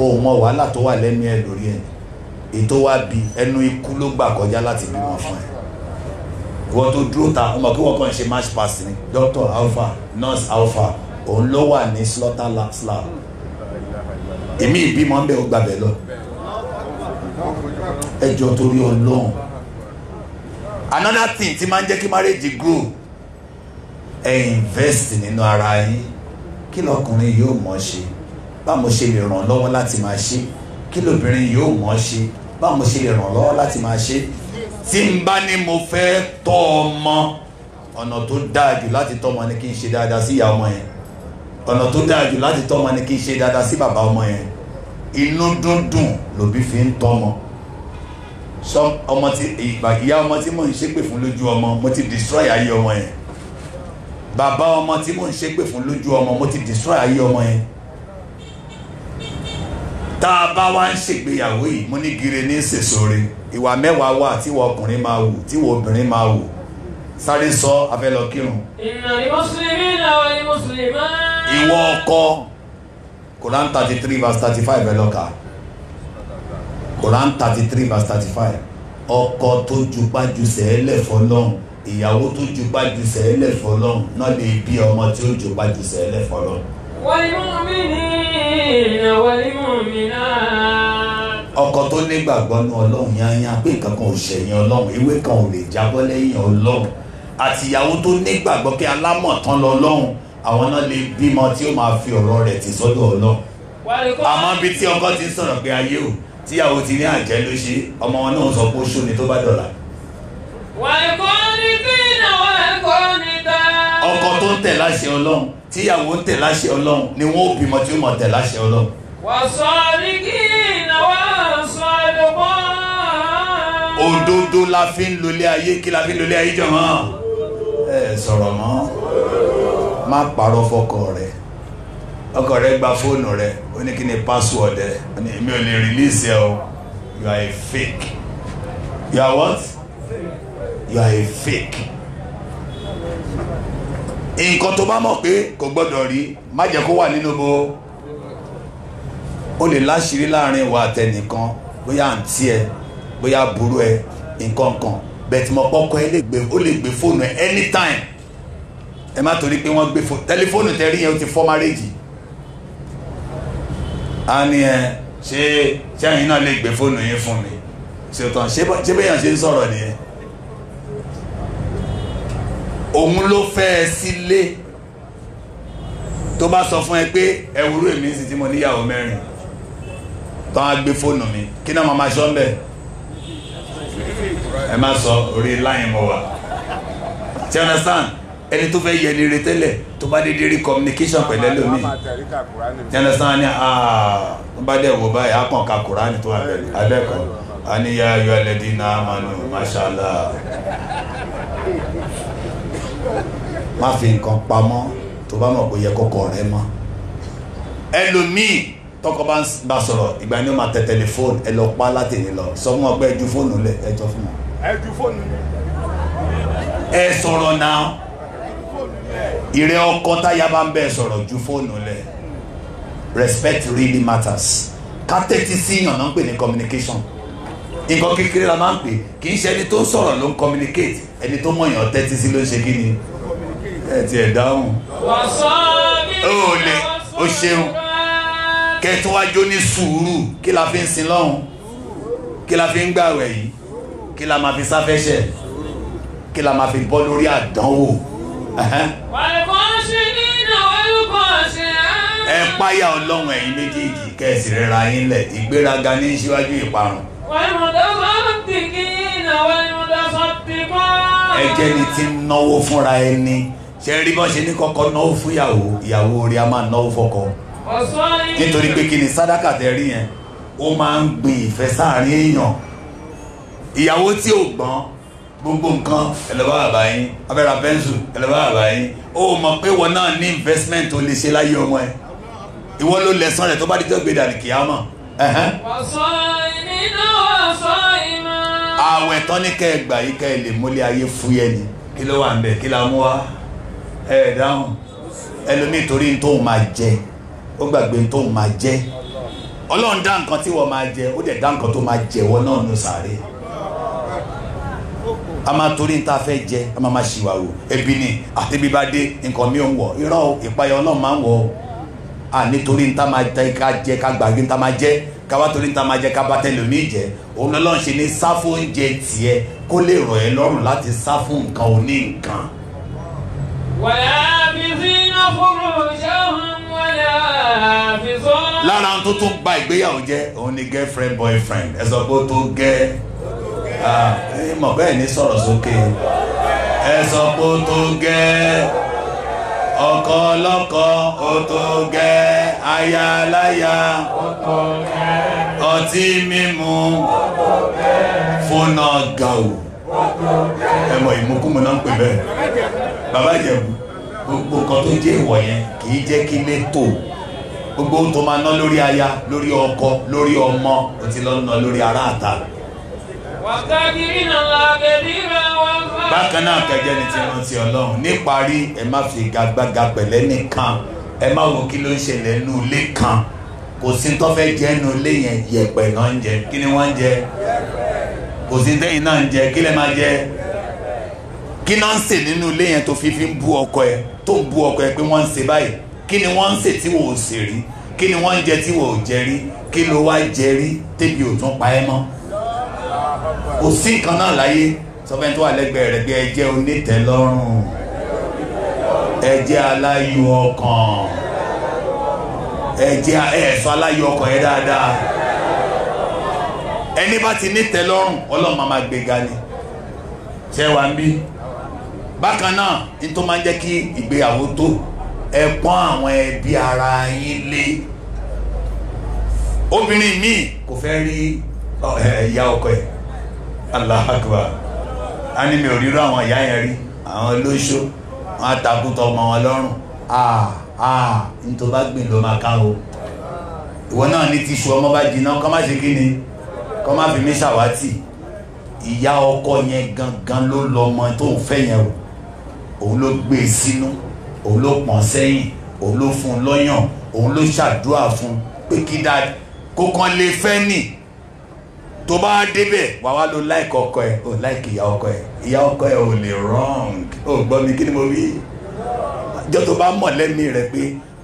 òun mọ wàhálà tó wà lẹ́nu ẹ lórí ẹ ètò wa bí ẹnu ikú ló gbà kọjá láti bímọ fún ẹ wọ́n tó dúró ta ọmọ kí wọ́n kàn ṣe match pass doctor alpha nurse alpha òun ló wà ní slaughter slab èmi ìbímọ ń bẹ ó gbàbẹ lọ ẹjọ torí Ọlọ́run another thing ti máa ń jẹ́ kí marriage grow ẹ invest nínú ara yín kí lọkùnrin yóò mọ̀ ṣe báwo ṣe lè ràn lọ́wọ́ láti máa ṣe kí lóbìnrin yóò mọ̀ ṣe báwo ṣe lè ràn lọ́wọ́ láti máa ṣe tí n bá ní mo fẹ́ tọ́ ọmọ ọ̀nà tó dáa jù láti tọ́ ọmọ ni kí n ṣe dáadáa sí ìyá ọmọ yẹn ọ̀nà tó dáa jù láti tọ́ ọmọ ni kí n ṣe dáadáa sí bàbá ọmọ yẹn inú dúndùn lòbí fi ń tọ́ ọmọ sọ ọmọ tí ìyá ọmọ tí mò ń ṣépè fún lójú ọmọ mo ti destroy ayé ọmọ yẹn bàbá ọmọ tí mò ń ṣépè fún lójú ọmọ mo ti destroy ayé ọmọ yẹn tá a bá wá ń ṣègbéyàwó yìí mo ní gire ní sèṣore ìwà mẹ́wàá wà tíwọ ọkùnrin máa wù tíwọ obìnrin máa wù sáré sọ abẹ́lọ kírun. ìnà mùsùlùmí náà ni mùsùlùmí. ìwọ ọkọ Quran thirty three verse thirty five ẹ lọ kà Quran thirty three verse thirty five ọkọ tó jupájú sẹ́ẹ̀lẹ̀ fọlọ́hún ìyàwó tó jupájú sẹ́ẹ̀lẹ̀ fọlọ́hún náà lè bí ọmọ tí ó jupájú sẹ́ẹ̀lẹ̀ fọlọ́hún ọkọ tó nígbàgbọ́ ní ọlọ́run yányá pé nǹkan kan ò ṣẹ̀yìn ọlọ́run ewé kan ò lè jábọ́ lẹ́yìn ọlọ́run àtìyàwó tó nígbàgbọ́ pé alámọ̀tán lọ́lọ́run àwọn náà lè bímọ tí ó máa fi ọ̀rọ̀ rẹ̀ tì sọ́dọ̀ ọlọ́run àmọ́ bí tí ọkọ ti ń sọ̀rọ̀ pé ayé o tíyàwó ti ní àjẹ́ ló ṣe ọmọ wọn náà sọ pé ó ṣó tó bá dọ̀la. ọkọ tó ń tẹ̀ láṣẹ ọlọ́run tíyàwó ń tẹ̀ láṣẹ ọlọ́run ni wọ́n ò bímọ tí ó mọ̀ tẹ̀ láṣẹ ọlọ́run. wàsọ́ọ̀lì kí ìnáwó sọ ẹ̀dọ̀gbọ́. òdodo la fi ń lólé ayé kí la fi ń lólé ayé jọ mọ́. ẹ sọ̀rọ̀ mọ́ má parọ́ fọkọ rẹ̀ ọkọ rẹ̀ gba fóònù rẹ̀ ó ní kí ni password ẹ̀ mi ò lè release ẹ o you are a fake you are what you are a fake nǹkan tó bá mọ̀ pé kò gbọ́dọ̀ rí má jẹ́ kó wà nínú bo o lè láṣìírí láàrin ìwà àtẹnìkan bóyá àǹtí ẹ bóyá burú ẹ nǹkan kan bẹ̀tì mọ̀ pọ́kọ ẹ lè gbé ó lè gbé fóònù ẹ anytime ẹ má torí pé wọ́n gbé fóònù tẹlifóònù tẹ rí yẹn ó ti fọ́ márèjì á ní ẹ ṣé ṣé ẹ̀yin náà lè gbé fóònù yín fún mi ṣètò ṣé bẹ́ẹ̀ yàn ṣe ń sọ̀rọ̀ nìyẹn òun ló fẹ́ ẹ sílé tó bá sọ fún ẹ pé ẹ èmi sì tí mo níyàwó mẹ́rin tó wá gbé fóònù mi kí náà mo máa ń bẹ̀ ẹ má sọ orí láyìn mo wà ṣé understand ẹni tó fẹ́ yẹ ni re tó bá dédé rí communication pẹ̀lú ẹlòmíì ṣé understand ni tó ah, bá dẹ̀ wò báyìí á kàn ka Kùránì tó wà bẹ̀rẹ̀ abẹ́ẹ̀kọ́ àníyá ayọ̀ ẹlẹ́dínà àmàlù mashallah má fi nǹkan pamọ́ tó bá mọ̀ pé yẹ kọ́kọ́ rẹ mọ́ ẹlòmíì tọkọ bá sọ̀rọ̀ ìgbà ni ó máa tẹ tẹlifóònù ẹ lọ pa láti èyí lọ sọ fún wọn pé ẹ fóònù lẹ ẹ fún wọn. ẹ fóònù lẹ. ẹ sọ̀rọ̀ náà ìrẹ́ ọkọ táyà bá ń bẹ̀ sọ̀rọ̀ ju fóònù lẹ respect really matters ká tẹ́tí sí ìyànnà pè ní communication nǹkan kékeré la máa ń pè kì í ṣe ẹni tó ń sọ̀rọ̀ ló ń communicate ẹni tó mọ̀yàn tẹ́tí sí ló ń ṣe kí ni ẹ tiẹ̀ dáhùn. ó lè ó ṣeun kẹtù wájú ní sùúrù kí la fi ń sin lọ́hùn kí la fi ń gbàwẹ̀ yìí kí la máa fi sáfẹ́ṣẹ̀ kí la máa fi bọ́ lórí àdánwò. wàlùkọ́ ṣe nínú olùkọ́ ṣe á. ẹ páyà ọlọ́run ẹ̀yin méjèèjì kẹ́sì rẹ̀ ra yín lẹ̀ ìgbéraga ní síwájú ìparun ẹ jẹ́ ni tí ń náwó fúnra ẹni ṣe rí bọ́ ṣe ní kọ́kọ́ náwó fún ìyàwó ìyàwó orí a máa náwó fọ́kọ nítorí pé kí ni sádàkà tẹ rí yẹn ó máa ń gbin ìfẹ́ sáàrin èèyàn ìyàwó tí ò gbọ́n gbogbo nǹkan ẹlẹ́wà bàbá yín abẹ́ra pẹ́ńsù ẹlẹ́wà bàbá yín ó mọ̀ pé wọn náà ní investment tó lè ṣe láyé ọmọ ẹ ìwọ ló lẹ̀san rẹ̀ tó bá dé tó gbé dàrí Uh-huh. àwẹ̀ tán ní kẹ́ ẹ gbà yìí kẹ́ ẹ lè múlẹ̀ ayé ni kí ló wà ń bẹ̀ kí la mú wa ẹ dáhùn ẹlòmíì torí tóun máa jẹ ó gbàgbé tóun máa jẹ ọlọ́run dá nǹkan tí wọ́n máa jẹ ó dẹ̀ dá nǹkan tó máa jẹ wọ́n náà ní sàárè a torí ní ta fẹ́ jẹ a máa máa ṣìwà ebi ni àti bí dé nǹkan mi ò ń wọ̀ irọ́ ìpayà ọlọ́run máa ń wọ̀ ọ́ à nítorí níta máa jẹ ká jẹ ká gbàgbé níta máa jẹ káwá torí níta máa jẹ ká bá tẹlẹmí jẹ òun lọ́lọ́run ṣe ní sá fún oúnjẹ tiẹ̀ kó lè rọ̀ ẹ́ lọ́rùn láti sá nǹkan òní nǹkan. wàlá fi sínú kúrò ṣẹ́hùn wàlá fi lára tó tún ba ìgbéyàwó jẹ́ òun ni girlfriend boyfriend ẹ sọ pé ó tó gẹ́ ẹ mọ̀ bẹ́ẹ̀ ni sọ̀rọ̀ sókè ẹ sọ pé ó tó gẹ́ ọkọ lọ́kọ ó tó gẹ́ aya láya ó tó gẹ́ ọtí mímu ó tó gẹ́ fúnà gàù ó tó gẹ́ ẹ mọ̀ ìmúkúmu náà ń pè bẹ́ẹ̀ bàbá ìjẹ̀bù gbogbo nǹkan tó jẹ́ ìwọ̀ yẹn kì í kí ilé tò gbogbo tó máa ná lórí aya lórí ọkọ lórí ọmọ ó ti lórí aráàta bákan náà kẹjẹ ni ti rántí Ọlọ́run níparí ẹ má fi gagbága pẹ̀lẹ́ nìkan ẹ má wo kí ló ń ṣẹlẹ̀ nù ilé kan kò sí tó fẹ́ jẹ nù ilé yẹn yẹ̀pẹ̀ náà ń jẹ kí ni wọ́n ń jẹ kò sí tẹ̀yìn náà ń jẹ kí lẹ máa jẹ kí náà ń sè nínú ilé yẹn tó fi fi ń bu ọkọ ẹ tó ń bu ọkọ ẹ pé wọ́n ń sè báyìí kí ni wọ́n ń sè tí wò ó sè rí kí ni wọ́n ń jẹ tí wò ó jẹ rí kí ló wá jẹ rí tébi ò tún pa ẹ́ mọ́ kò sí nǹkan náà láyé sọfẹ́ni tó wà lẹ́gbẹ̀ẹ́ rẹ̀ bí ẹ jẹ́ onítẹ̀lọ́rùn ẹ jẹ́ aláyọ̀ ọkàn ẹ jẹ́ ẹ̀sọ́ aláyọ̀ ọkàn yẹn dáadáa ẹni bá ti nítẹ̀lọ́rùn ọlọ́run máa gbéga ni ṣé wà ń bí bákan náà ní máa ń jẹ́ kí ìgbéyàwó tó ẹ àwọn ẹbí ara yín lé obìnrin míì kò fẹ́ rí ìyá ọkọ ẹ̀ Allahu Akbar a ní mi ò rírọ àwọn ìyá yẹn rí àwọn olóṣó wọn àtàkùtọ̀ ọmọ wọn lọ́rùn àà àà nítorí bá gbìn ló máa ká o ìwọ náà ní tíṣù ọmọ bá jiná kọ́ má ṣe kí ni kọ́ má fi mí ṣàwátì ìyá ọkọ yẹn gangan ló lọ ọmọ tó ń fẹ́ yẹn o òun ló gbé e sínú òun ló pọ̀n sẹ́yìn òun ló fún un lọ́yàn òun ló ṣàdúrà fún un pé kí dáa kó lè fẹ́ nì tó bá débẹ̀ wà wá lo láìkì ọkọ ẹ o láìkì ìyá ọkọ ẹ ìyá ọkọ ẹ ò lè wrong o gbọ́ mi kí ni mo wí jọ tó bá mọ̀ lẹ́mí rẹ pé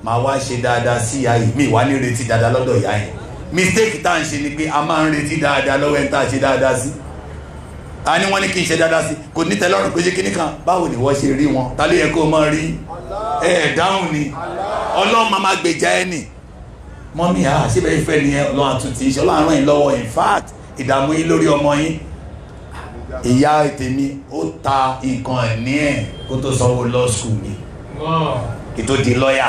màá wá ṣe dáadáa sí ìyá yìí mi wá ní retí dáadáa lọ́dọ̀ ìyá yìí mistake tá à ń ṣe ni pé a máa ń retí dáadáa lọ́wọ́ ẹni tá a ṣe dáadáa sí a ní wọ́n ní kí n ṣe dáadáa sí kò ní tẹ́lọ́rùn pé ṣé kíní kan báwo ni wọ́n ṣe rí wọn ta ló yẹ kó o máa rí ẹ dáhùn ni ọlọ́run máa máa gbèjà ẹni mọ́mí à síbẹ̀ ìfẹ́ nìyẹn ọlọ́run àtúntì ìṣẹ́ ọlọ́run yìí lọ́wọ́ in fact ìdààmú yín lórí ọmọ yín ìyá tèmi ó ta nǹkan ẹ̀mí ẹ̀ kó tó sanwó law school mi kí tó di lọ́ọ̀yà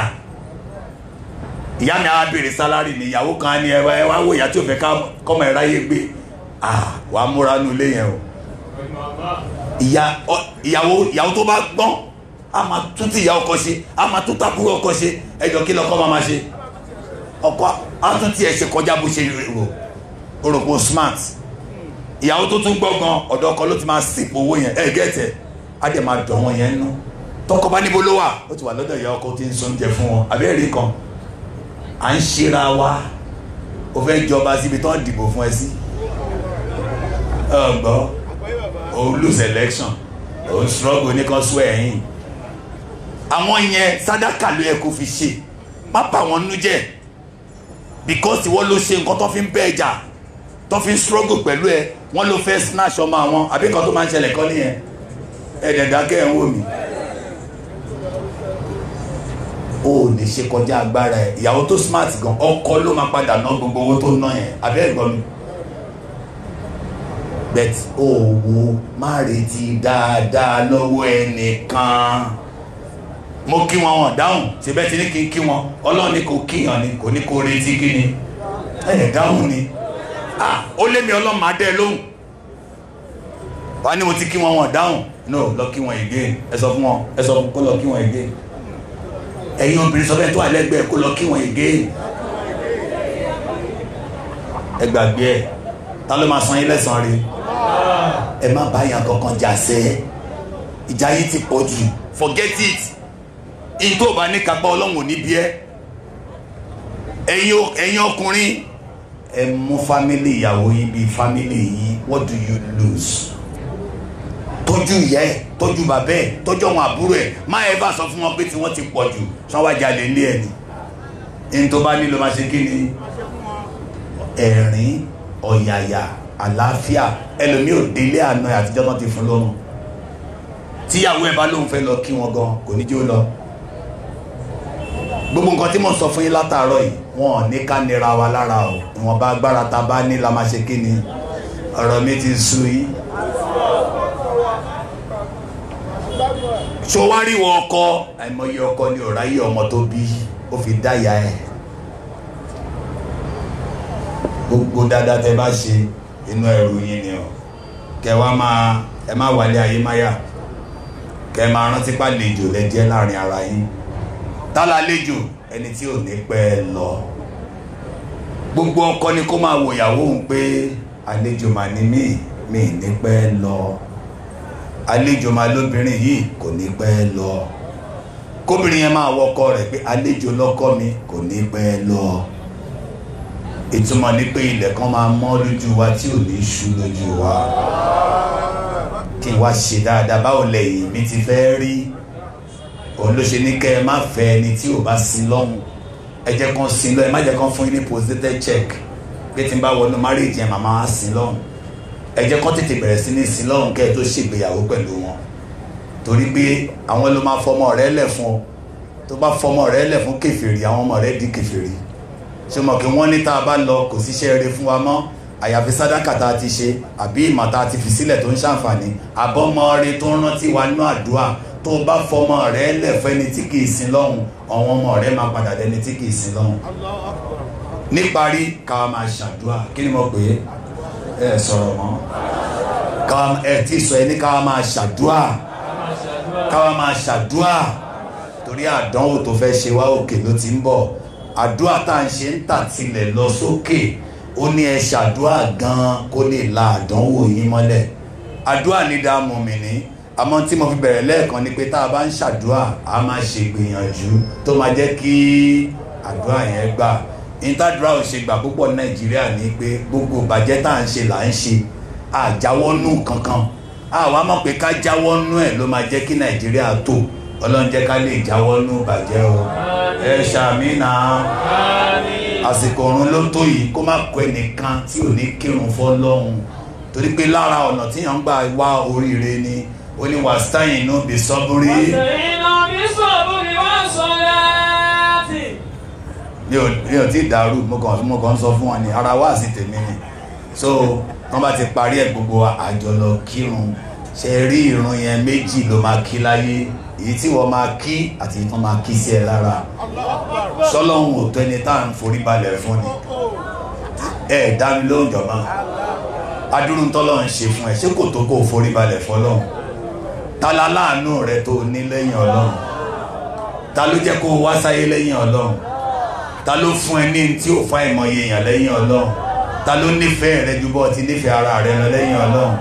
ìyá mi á béèrè sálárì ní ìyàwó kan ní ẹ wá wò ìyá tí ò fẹ́ kọ́mọ ẹ̀ ráyé gbé wà á múra nu ilé yẹn o ìyàwó tó bá gbọ́n a máa tún ti ìyá ọkọ ṣe a máa tún tàbúrò ọkọ ṣe ẹjọ́ kí lọ́kọ́ máa ma ṣe ọkọ a tún ti ẹ̀ ṣe kọjá bó ṣe rò o rò smart ìyàwó tó tún gbọ́ngàn ọ̀dọ̀ ọkọ ló ti máa sìnkú owó yẹn ẹ̀ gẹ́tẹ̀ á dẹ̀ máa dọ̀ wọn yẹn nú tọkọ bá níbo ló wà ó ti wà lọ́dọ̀ ìyá ọkọ tí ń sọ oúnjẹ fún wọn àbí ẹ̀rí kan à ń ṣera wa o fẹ́ jọba síbi tó ń dìbò fún ẹ sí ọgbọ́ o lose election o struggle oníkan sún ẹ̀yìn àwọn yẹn sádàkà ló yẹ kó fi ṣe má bà wọn nú jẹ́ because ìwọ ló ṣe nǹkan tó fi ń bẹ́ẹ̀ jà tó fi struggle pẹ̀lú ẹ wọ́n ló fẹ́ snatch ọmọ àwọn àbí kan tó máa ń ṣẹlẹ̀ kọ́ nìyẹn ẹ̀ẹ́dẹ̀dákẹ́ ẹ̀ ń wò mí o ò lè ṣe kọjá agbára ẹ ìyàwó tó smart gan ọkọ ló máa padà ná gbogbo owó tó ná yẹn àbí ẹ̀ gbọ́ mi bet owó má retí dáadáa lọ́wọ́ ẹnìkan mo kí wọn wọn dáhùn síbẹ̀ tí ní kí n kí wọn ọlọ́ọ̀ni kò kíyàn ni kò ní kó retí kí ni ẹ̀ dáhùn ni. Ah, ó lé mi ọlọ́run máa dẹ́ lóhùn wà á ní mo ti kí wọn wọn dáhùn no lọ kí wọn again ẹ sọ fún wọn ẹ sọ fún kó lọ kí wọn again ẹ̀yin obìnrin sọ fẹ́ tó àlẹ́gbẹ̀ẹ́ kó lọ kí wọn again ẹ gbàgbé ẹ ta ló máa san yín lẹ́sàn-án rí ẹ má bá yàn kankan jà sẹ́ ìjà yìí ti pọ̀ jù forget it ìtò bá ní kápá ọlọ́run ò ní bí ẹ ẹ̀yin ọkùnrin ẹ mú family, ìyàwó yín bíi family. yín what do you lose tọ́jú ìyá ẹ̀ tọ́jú bàbá ẹ̀ tọ́jú àwọn àbúrò ẹ̀ má ẹ bá sọ fún wọn pé tí wọ́n ti pọ̀ jù sọ wá jalè ní ẹ̀ ni ní tó bá nílò máa ṣe kí ni ẹ̀rín ọ̀yàyà àlàáfíà ẹlòmíì ò àná àtijọ́ náà ti fún lọ́rùn tíyàwó ẹ̀ bá lóun fẹ́ lọ kí wọn gan kò ní jẹ́ ó lọ gbogbo nǹkan tí mò ń sọ fún yín látàárọ̀ yìí wọn ò ní ká nira wa lára o wọn bá agbára ta bá ní la máa ṣe kí ni ọ̀rọ̀ mi ti sú yín. sowari wọ ọkọ àìmọye ọkọ ni ò ráyè ọmọ tó bí ó fi dáyà ẹ gbogbo dáadáa tẹ bá ṣe inú ẹrù yín ni o kẹ wá máa ẹ má wálé ayé má yà kẹ máa rántí pàlejò lẹ láàrin ara yín tá ẹni tí ò ní pẹ́ lọ gbogbo ọkọ ni kó máa wò ìyàwó òun pé àlejò mà ní mí mi ní pẹ́ lọ àlejò mà lóbìnrin yìí kò ní pẹ́ lọ kóbìnrin yẹn máa wọkọ rẹ̀ pé àlejò lọ́kọ mi kò ní pẹ́ lọ ìtumọ̀ ni pé ilẹ̀ kan máa mọ́ lójú wa tí ò ní ṣú lójú wa kí n wá ṣe dáadáa báwo lẹ́yìn mi ti fẹ́ rí olóṣè ní kẹ́ ẹ má fẹ́ ẹni tí ò bá sin lọ́hùn ẹ jẹ́ kán sin lọ́hùn ẹ má jẹ́ kán fún yín ní positive check bí ti ń bá wọnú marriage yẹn màmá á sin lọ́hùn ẹ jẹ́ kán tètè bẹ̀rẹ̀ sí ní sin lọ́hùn kẹ́ ẹ tó ṣègbéyàwó pẹ̀lú wọn torí pé àwọn ló máa fọmọ rẹ lẹ̀ fún ọ tó bá fọmọ rẹ lẹ̀ fún kèfèrí àwọn ọmọ rẹ di kèfèrí ṣé mọ̀ kí wọ́n ní tá a bá lọ kò síṣẹ́ rere fún wa mọ́ àyàfi sádàkà tá a ti ṣe àbí ìmọ̀ tá a ti fi sílẹ̀ tó ń ṣàǹfààní àbọ̀mọ́ rẹ tó ń rántí wa nínú àdúrà tó o bá fọmọ rẹ lẹ̀fọ́ ẹni tí kìí sin lọ́hùn àwọn ọmọ rẹ máa padà dẹni tí kìí sin lọ́hùn. níparí ká máa ṣàdúrà kí ni mo pè é ẹ sọ̀rọ̀ mọ́ ẹ ti sọ ẹni ká máa ṣàdúrà ká máa ṣàdúrà torí àdánwò tó fẹ́ ṣe wá òkè ló ti ń bọ̀ àdúrà tá à ń ṣe ń tà tilẹ̀ lọ sókè ó ní ẹ ṣàdúrà gan-an kó lè la àdánwò yín mọ́lẹ̀ àdúrà ní dá mọ̀mìnì àmọ́ tí mo fi bẹ̀rẹ̀ lẹ́ẹ̀kan ni pé tá a bá ń ṣàdúrà a máa ṣe gbìyànjú tó máa jẹ́ kí àdúrà yẹn gbà intadura ò ṣe gbà púpọ̀ nàìjíríà ní pé gbogbo bàjẹ́ tá à ń ṣe là ń ṣe àjáwọ́nú kankan àwa mọ̀ pé ká jáwọ́nú ẹ̀ ló máa jẹ́ kí nàìjíríà tó ọlọ́run jẹ́ ká lè jáwọ́nú bàjẹ́ o ẹ ṣàmínà àsìkò ọ̀run ló tó yìí kó má kọ ẹnìkan tí ò ní kírun fọ́ lọ́hùn torí pé lára ọ̀nà tíyàn ń gbà wá oríire ni ó ní wàstáyìn inú bí sọ́búrí. wàstáyìn inú bí sọ́búrí wọ́n sọ láti. mi ò tí ì dàrú mo kàn mo kàn sọ fún wọn ni ara wá sí tèmi ni so wọn bá ti parí ẹ gbogbo àjọlọ kírun ṣe rí irun yẹn méjì ló máa kí láyé èyí tí wọ́n máa kí àti èyí tó máa kí sí ẹ lára sọlọ́hún ò tó ẹni tá à ń forí balẹ̀ fún ni ẹ dá mi lóhùn jọ̀mọ́ adúrúntọ́lọ́ ń ṣe fún ẹ ṣé kò tó kó o forí balẹ̀ fọlọ́hún ta la láàánú rẹ tó ní lẹ́yìn ọlọ́run ta ló jẹ́ kó o wá sáyé lẹ́yìn ọlọ́run ta ló fún ẹ ní tí ò fa ìmọ̀ye èèyàn lẹ́yìn ọlọ́run ta ló nífẹ̀ẹ́ rẹ ju bọ́ ti nífẹ̀ẹ́ ara rẹ lọ lẹ́yìn ọlọ́run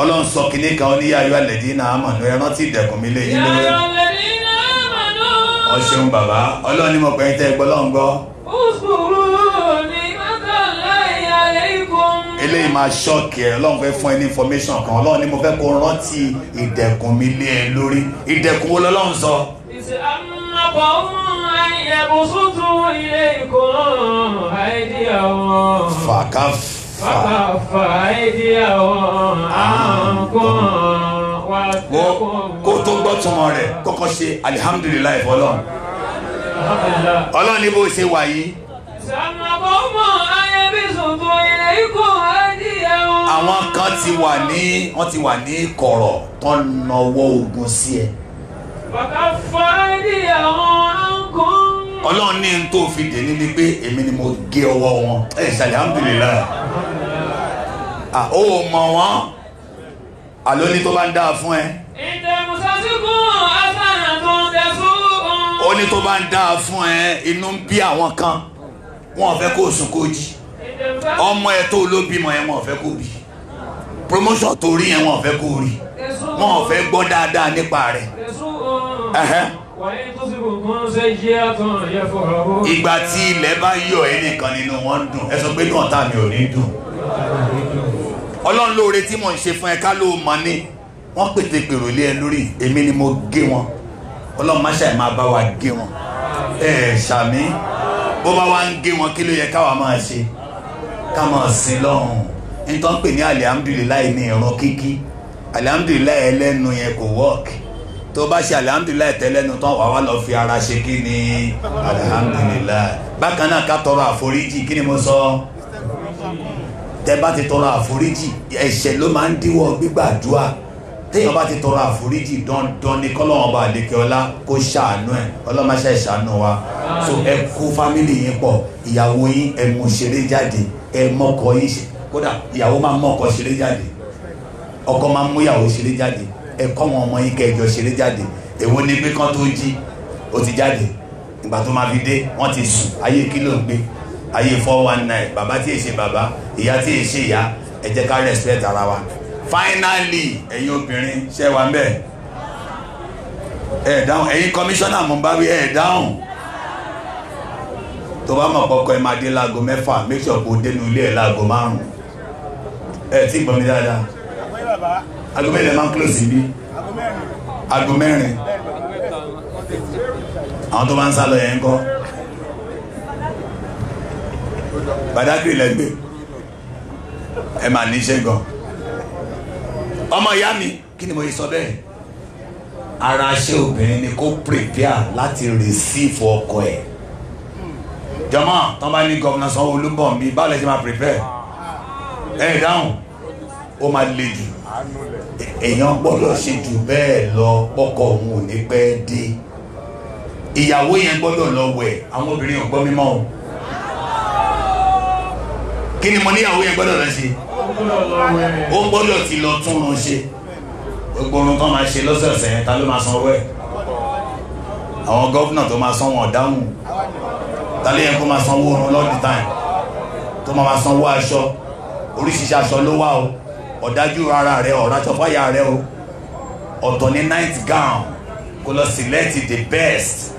ọlọ́run sọ kínní kan ó ní yáyọ àlẹ́dí náà àmọ̀nù ẹ rántí ìdẹ̀kùn mi lẹ́yìn lórí ọ̀ṣun bàbá ọlọ́run ni mo pẹ́ tẹ́ gbọ́ lọ́ngbọ́. ó sọ eléyìí máa ṣọ́ọ̀kì ẹ ọlọ́run fẹ́ fún ẹ ní information kan ọlọ́run ni mo fẹ́ kó rántí ìdẹ̀kùn mi lé ẹ lórí ìdẹ̀kùn wo lọ́lọ́run sọ. ìṣàmùnàpọ̀ ń ẹ̀bùn sútù ilé ìkọ́ àìdí àwọn. fàkàf. àìdí àwọn àǹkọ́ wà tẹ́kọ̀ọ́. kó tó gbọ́ túmọ̀ rẹ̀ kọ́kọ́ ṣe alihamudulilayi fọlọ́run ọlọ́run ni bó ṣe wà yìí. ìṣàmùnàpọ̀ ń òǹbò ilẹ̀ ikú adìyẹ o. àwọn kan ti wà ní wọ́n ti wà ní kọ̀rọ̀ tó ń nawọ́ ogun sí ẹ. bàbá fọ́ adìyẹ wọn ọlọ́run ní n tó fi dè ní ni pé èmi ni mo gé ọwọ́ wọn ẹ̀ ṣàlẹ̀ alhamdulilayi ó mọ̀ wọ́n àlọ́ ní tó bá ń dáa fún ẹ. ìtẹ̀mùsọ̀síkún asànà tó ń tẹ̀sùn. ó ní tó bá ń dáa fún ẹ inú ń bí àwọn kan wọn fẹ́ kó sùn kó ọmọ ẹ tó olóbìmọ ẹ wọn ò fẹ́ kó bí promotion tó rí ẹ wọn ò fẹ́ kó rí wọn ò fẹ́ gbọ́ dáadáa nípa rẹ̀. ìgbà tí ilẹ̀ bá yọ ẹnìkan nínú wọn dùn ẹ sọ pé dùn ọ̀tá mi ò ní dùn ọlọ́run lóore tí mò ń ṣe fún ẹ ká ló mọ ní wọ́n pètè pèrò lé ẹ lórí èmi ni mo gé wọn ọlọ́run má ṣàì máa bá wa gé wọn ẹ ṣàmì bó bá wa ń gé wọn kí ló yẹ káwa máa ṣe ká máa sin lọ́hùn nítorí wọ́n pè ní alihamudulilayi ní ìran kíkí alihamudulilayi ẹlẹ́nu yẹn kò wọ́ọ̀kì tó bá ṣe alihamudulilayi tẹ́lẹ́nu tán wàá wá lọ fi ara ṣe kí ni alihamudulilayi bákan náà ká tọrọ àforíjì kí ni mo sọ tẹ bá ti tọrọ àforíjì ẹ̀ṣẹ̀ ló máa ń díwọ́ gbígbàdúrà téèyàn bá ti tọrọ àforíjì dandan ni kọ́lọ́wọ́n bá àdékẹ́ ọlá kó ṣàánú ẹ̀ ọlọ́mọṣẹ́ ṣàánú wa so ẹ kó fámìlì yín pọ̀ ìyàwó yín ẹ mú ṣeré jáde ẹ mọkọ yìí ṣe kódà ìyàwó máa mọkọ ṣeré jáde ọkọ máa mú ìyàwó ṣeré jáde ẹ kọ́ wọn ọmọ yín kẹjọ ṣeré jáde èwo ni pé kán tó jí ó ti jáde ìgbà tó máa fi dé wọ́n ti sùn ayé kílò ń gbé ayé four one nine bàbá tí èsè bàbá ìyá tí èsè ìyá ẹ jẹ́ ká respect ara wa finally ẹ̀yin obìnrin ṣẹ́ wa ń bẹ̀ ẹ̀ dáhùn ẹ̀yin commissioner Mumbawe ẹ̀ dáhùn. tó bá mọ̀ kọ́kọ́ ẹ máa dé láago mẹ́fà make sure kó o dénú ilé ẹ̀ láago márùn ẹ tí gbọ́n mi dáadáa aago mẹ́rin máa ń close bí aago mẹ́rin àwọn tó bá ń sá lọ yẹn ń kọ́ Badagry lẹ́gbẹ̀ẹ́ ẹ máa níṣẹ́ gan ọmọ ìyá mi kí ni mo yẹ sọ bẹ́ẹ̀ ara ṣé obìnrin ni kó prepare láti receive ọkọ ẹ̀ jama tán bá ní gọ́vnà Sanwó-Olú ń bọ̀ nbí báwo lẹ ṣe máa prepare ah. ẹ dáhùn ó máa le jù èèyàn gbọ́dọ̀ ṣe jù bẹ́ẹ̀ lọ pọ́kọ òun ò ní pẹ́ dé ìyàwó yẹn gbọ́dọ̀ lọ wẹ̀ àwọn obìnrin ò gbọ́ mímọ́ o kí ni mo níyàwó yẹn gbọ́dọ̀ lọ ṣe ó gbọ́dọ̀ ti lọ tún un ṣe gbogbo ohun tó máa ṣe lọ́sọ̀ọ̀sẹ̀ ta ló máa sanwó ẹ̀ àwọn gọ́vnà tó máa sanwó ọ̀dáhùn tálẹ́ yẹn kó máa sanwó oorun all the time tó máa sanwó aṣọ oríṣiríṣi aṣọ ló wà o ọ̀dájú ara rẹ ọ̀rájọ fáyà rẹ o ọ̀tọ̀ ní night gown kó lọ select the best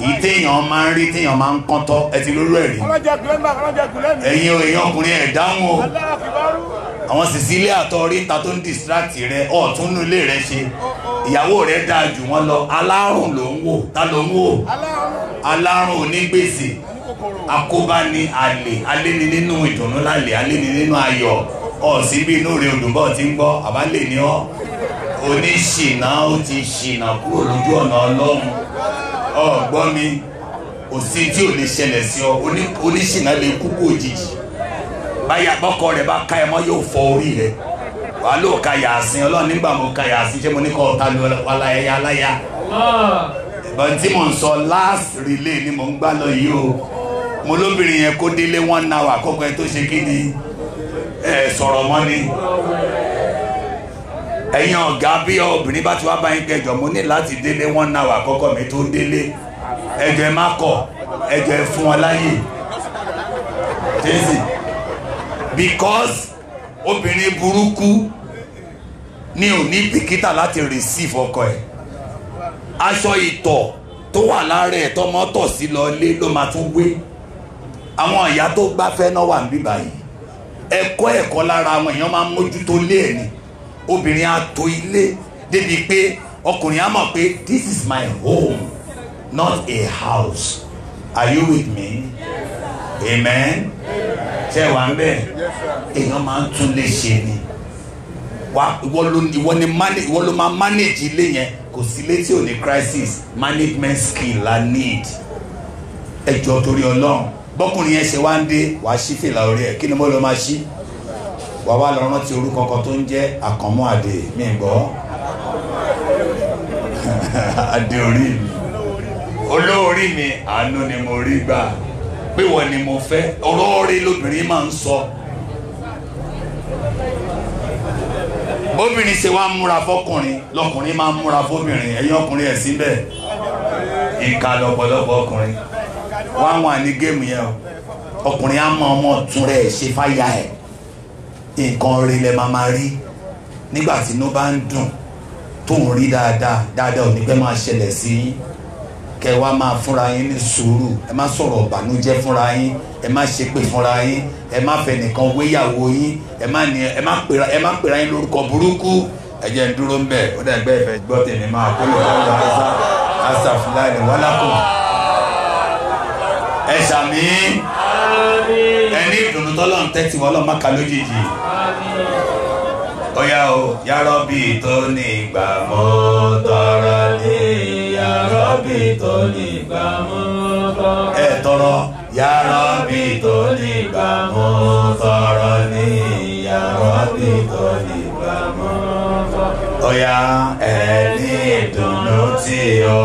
èyí téèyàn máa ń rí téèyàn máa ń kọ́ntọ́ ẹ ti lórí ẹ̀rí ẹ̀yin èèyàn ọkùnrin ẹ̀ dáhùn o àwọn Cecilia àtọ ríta tó ń distract rẹ ọ̀tún nílé rẹ ṣe ìyàwó rẹ dáa jù wọ́n lọ alárùn ló ń wò ta ló ń wò alárùn onígbèsè àkóbá ni àlè alé ni nínú ìdùnnú lálẹ́ alé ni nínú ayọ̀ ọ̀sí bí inú rẹ̀ òdùnbọ̀ ti ń gbọ́ àbálẹ̀ ni ọ́ oníṣìnà ó ti ṣìnà kúrò lójú ọ̀nà ọlọ́run ọ̀gbọ́n mi òsì tí ò lè ṣẹlẹ̀ sí ọ oníṣìnà lè kú kú òjijì báyà bọ́kọ rẹ̀ bá ká ẹ mọ́ yóò fọ orí rẹ̀ wàá lóò ka yàásín ọlọ́run nígbà mo ka yàásín ṣé mo ní kọ́ ọ̀tá lu aláyà aláyà bọ́n tí mò ń sọ last relay ni mò ń gbá lọ yìí o mo lóbìnrin yẹn kó délé one hour kókó ẹ tó ṣe kí ni ẹ sọ̀rọ̀ mọ́ ni ẹ̀yin ọ̀gá bí obìnrin bá ti wá báyìí kẹjọ mo ní láti délé one hour kọ́kọ́ mi tó délé ẹjọ́ ẹ má kọ̀ ẹjọ́ ẹ fún wọn láyè jésì because obìnrin burúkú ni ò ní bìkítà láti receive ọkọ ẹ̀ aṣọ ìtọ̀ tó wà lára ẹ̀ tọmọ tọ̀ sí lọ lé ló máa tún wé àwọn ìyá tó gbáfẹ́ náà wà níbí báyìí ẹ̀kọ́ ẹ̀kọ́ lára àwọn èèyàn máa ń mójútó lé ẹ̀ ni obìnrin á tò ilé débi pé ọkùnrin á mọ̀ pé this is my home not a house are you with me amen ṣé wà ń bẹ̀ èèyàn máa ń tún lè ṣe ni wá ìwọ ni manage ìwọ ló máa manage ilé yẹn kò sí ilé tí ò ní crisis management skill la need ẹjọ́ torí ọlọ́run bọ́kùnrin yẹn ṣe wá ń dé wàá ṣí fìlà orí ẹ̀ kí ni mo lọ máa ṣí wàá wá lọ rántí orúkọ kan tó ń jẹ́ àkànmọ́ àdè mi gbọ́ àdè orí mi olóorí mi àánú ni mo rí gbà pé wọ́n ni mo fẹ́ ọ̀rọ̀ orí lóbìnrin máa ń sọ. So bóbìnrin ṣe wá ń múra fọkùnrin lọkùnrin máa ń múra fóbìnrin ẹ̀yin ọkùnrin ẹ̀ síbẹ̀ ìka lọ́pọ̀lọpọ̀ ọkùnrin wá wà ní géèmù yẹn o ọkùnrin á mọ ọmọ ọ̀tún rẹ̀ ṣe fáyà ẹ̀ nǹkan rí lẹ máa máa rí nígbà tí inú bá ń dùn tó ń rí dáadáa dáadáa ò ní pẹ́ máa ṣẹlẹ̀ sí yín kẹ wá máa fúnra yín ní sùúrù ẹ má sọ̀rọ̀ ọ̀bànújẹ́ fúnra yín ẹ má ṣépè fúnra yín ẹ má fẹnìkan wéyàwó yín ẹ má ní ẹ má pera ẹ má pera yín lórúkọ burúkú ẹ jẹ́ ń dúró ń bẹ̀ ó dà gbẹ́ ìfẹ́ gbọ́ tèmi máa kó lè wọ́n lọ ẹ̀sà asàfúlà ẹ̀ wọ́n lápò ẹ sàmì ẹni ìdùnnú tọ́lọ́ ń tẹ́tí wọ́n lọ́ọ́ má lójijì ó yá o yàrá bíi tó ní ìgbà mọ́ tọ́ra rọ́bì tó ní ìgbà mú tọrọ. ẹ tọrọ ya rọ́bì tó ní ìgbà mú tọrọ ní ya rọ́bì tó ní ìgbà mú tọrọ. ọ̀yà ẹni ìdùnnú tí o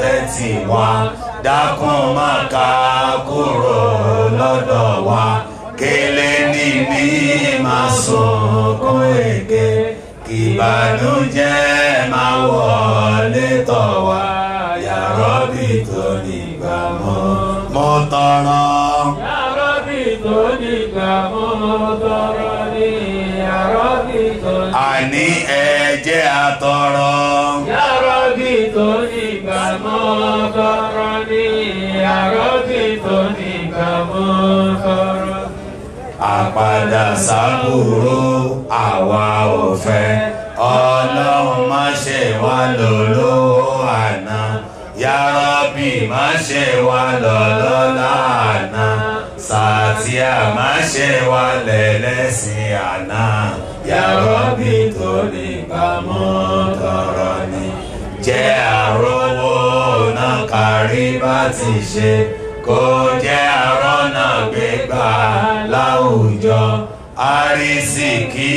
tẹ́tì wá dákun má ká kúrò lọ́dọ̀ wa kélé níní máa sunkún èké kìbànújẹ́ máa wọlé tọ̀ wá. tọrọ. yàrá bí tó nígbà mú tọrọ ní yàrá àní ẹ̀jẹ̀ àtọrọ. àpàdà sábúrò àwa ò ọlọ́run má ṣe wá lólówó àná. Yarabi má ṣe wá lọ́lọ́ lánà sàtìyà má ṣe wá lẹ́lẹ́sìn àná Yarabi tó lè bámú tọrọ ni jẹ́ àrówó náà kárí bá ti ṣe kó jẹ́ àrọ́nà gbégbá láwùjọ àrísìkí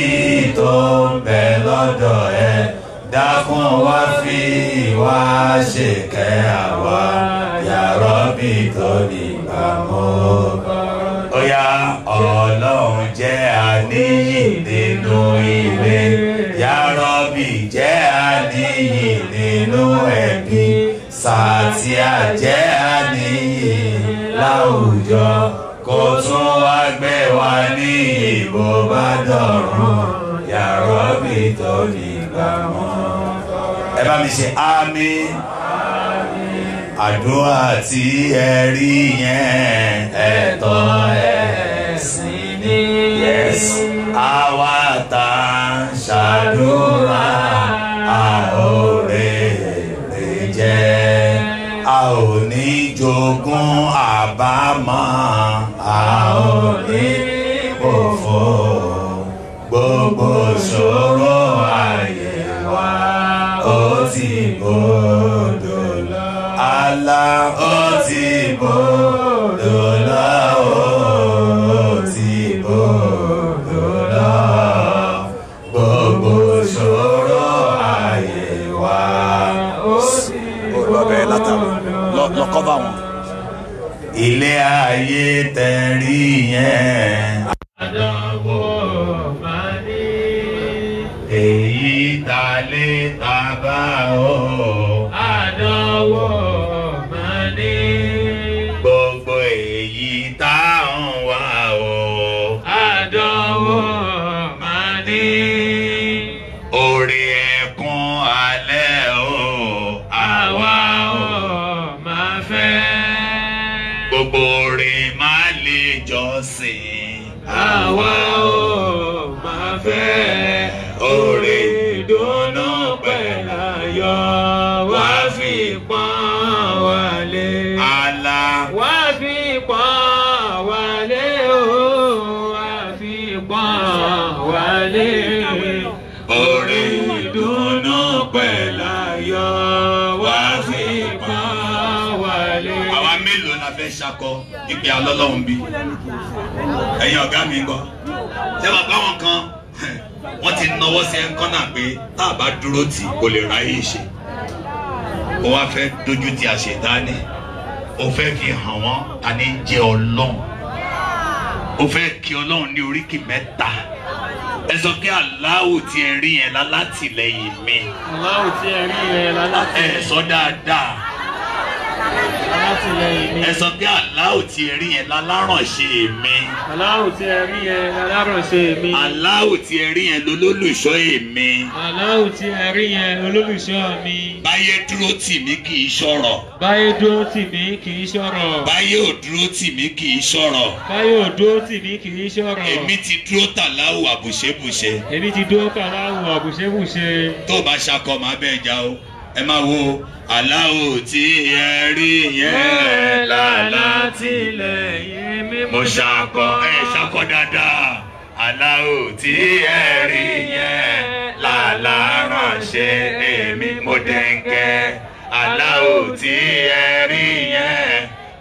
tó ń bẹ lọ́dọ̀ ẹ. Eh dákun wá fi wá ṣèkẹ́ àwa yàrá bí tó nígbà mọ́. ó yá ọlọ́run jẹ́ àníyì nínú ilé yàrá bí jẹ́ àníyì nínú ẹbí sàtìyà jẹ́ àníyì láwùjọ kò tún wá gbé wa ní ìbò bá dọ̀rùn yàrá bí tó nígbà ẹ bá mi ṣe àmín àdúrà tí ẹ rí yẹn ẹ̀tọ́ ẹ̀sìn ni àwa tá a ṣàdúrà àórè jẹ́ a ò ní jogún àbámọ̀ a ò ní òfò gbogbo ṣòro. Allah. lọ́lọ́run bí ẹ̀yin ọ̀gá mi gbọ́ ṣé máa bá wọn kan wọ́n ti náwó sí ẹ̀ kọ́nà pé tá a bá dúró tì kò lè ráyè ṣe ó wá fẹ́ dojú ti àṣetánì ó fẹ́ fi hàn wọ́n ta ní jẹ́ ọlọ́run ó fẹ́ kí ọlọ́run ní oríkì mẹ́ta ẹ sọ pé aláwò tí ẹ rí yẹn látìlẹ́yìn mi aláwò tí ẹ rí yẹn látìlẹ́yìn mi ẹ sọ dáadáa alátìlẹ́yìn mi. ẹ sọ pé aláwò tí ẹ rí yẹn lálárànṣe mi. aláwò tí ẹ rí yẹn lálárànṣe mi. aláwò tí ẹ rí yẹn lolólùṣọ́ èmi. aláwò tí ẹ rí yẹn olólùṣọ́ mi. báyé dúró tì mí kì í ṣọ̀rọ̀. báyé dúró tì mí kì í ṣọ̀rọ̀. báyé ò dúró tì mí kì í ṣọ̀rọ̀. báyé ò dúró tì mí kì í ṣọ̀rọ̀. èmi ti dúró tàláwò àbùṣebùṣe. èmi ti dúró tàláwò àbùṣebùṣe. tó o bá ṣakọ ẹ máa wo aláwo tí ẹ rí yẹn lálá tilẹ̀ yìí mo ṣàkọ ẹ ṣàkọ dáadáa aláwo tí ẹ rí yẹn lálá ránṣẹ́ èmi mo dẹ̀ǹkẹ́ aláwo tí ẹ rí yẹn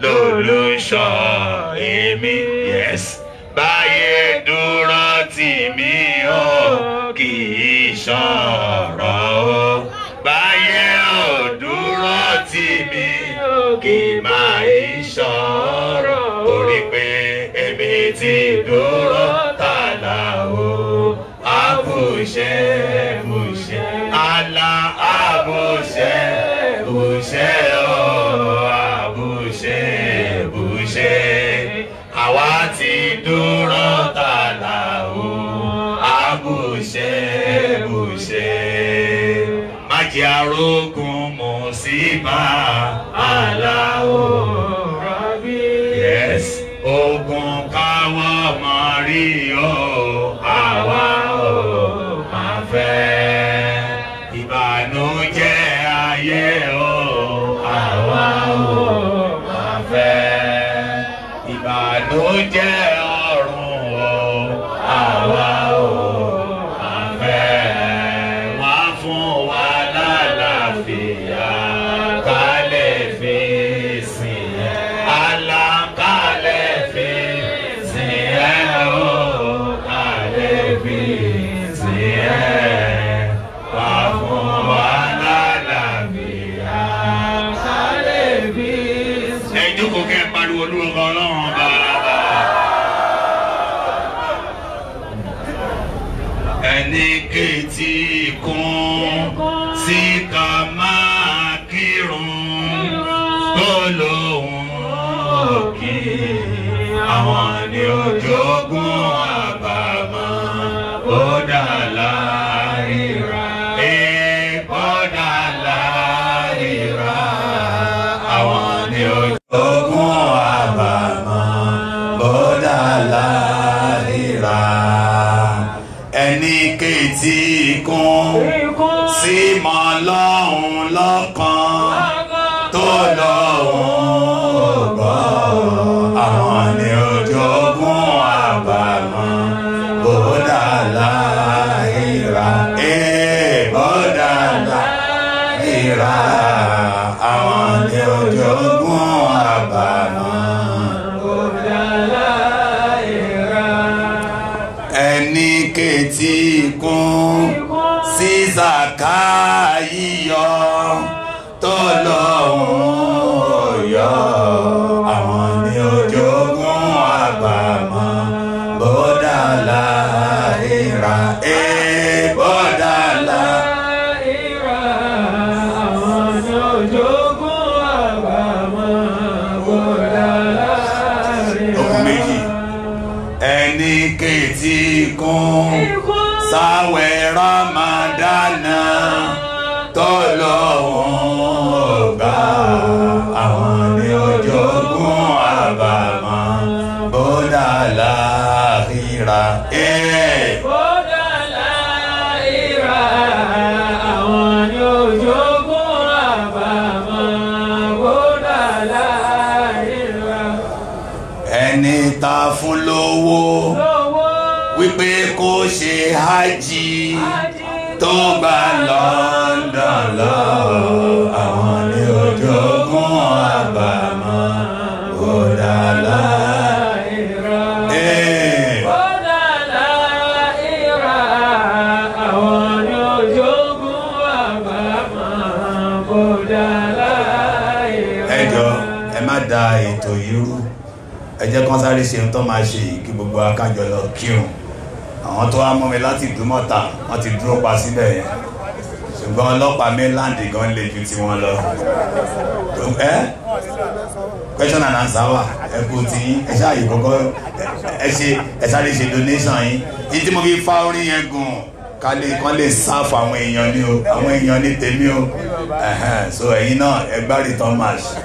lólùṣọ́ èmi yẹs báyé dúró tì mí o kì í ṣọ̀rọ̀. ìbànújẹ́ ọ̀run o àwa. ṣe hajj tó gba London lọ àwọn ní ojogún àbámọ̀ òdàlá. da ètò yìí rú ẹ jẹ́ kán sáré ṣe ohun tó máa ṣe kí gbogbo akájọ lọ kírun àwọn tó wá mú mi láti ìdúmọ̀ta wọ́n ti dúró pa síbẹ̀ yẹn ṣùgbọ́n ọlọ́pàá mainland gan le ju tiwọn lọ ẹ question and answer wa ẹ kú ti ẹ ṣáàyè kọ́kọ́ ẹ ṣe ẹ sáré ṣe donation yín yìí tí mo fi fa orin yẹn gùn ká lè lè sáfù àwọn èèyàn ní o àwọn èèyàn ní tèmi o so ẹ̀yin náà ẹ gbá return match.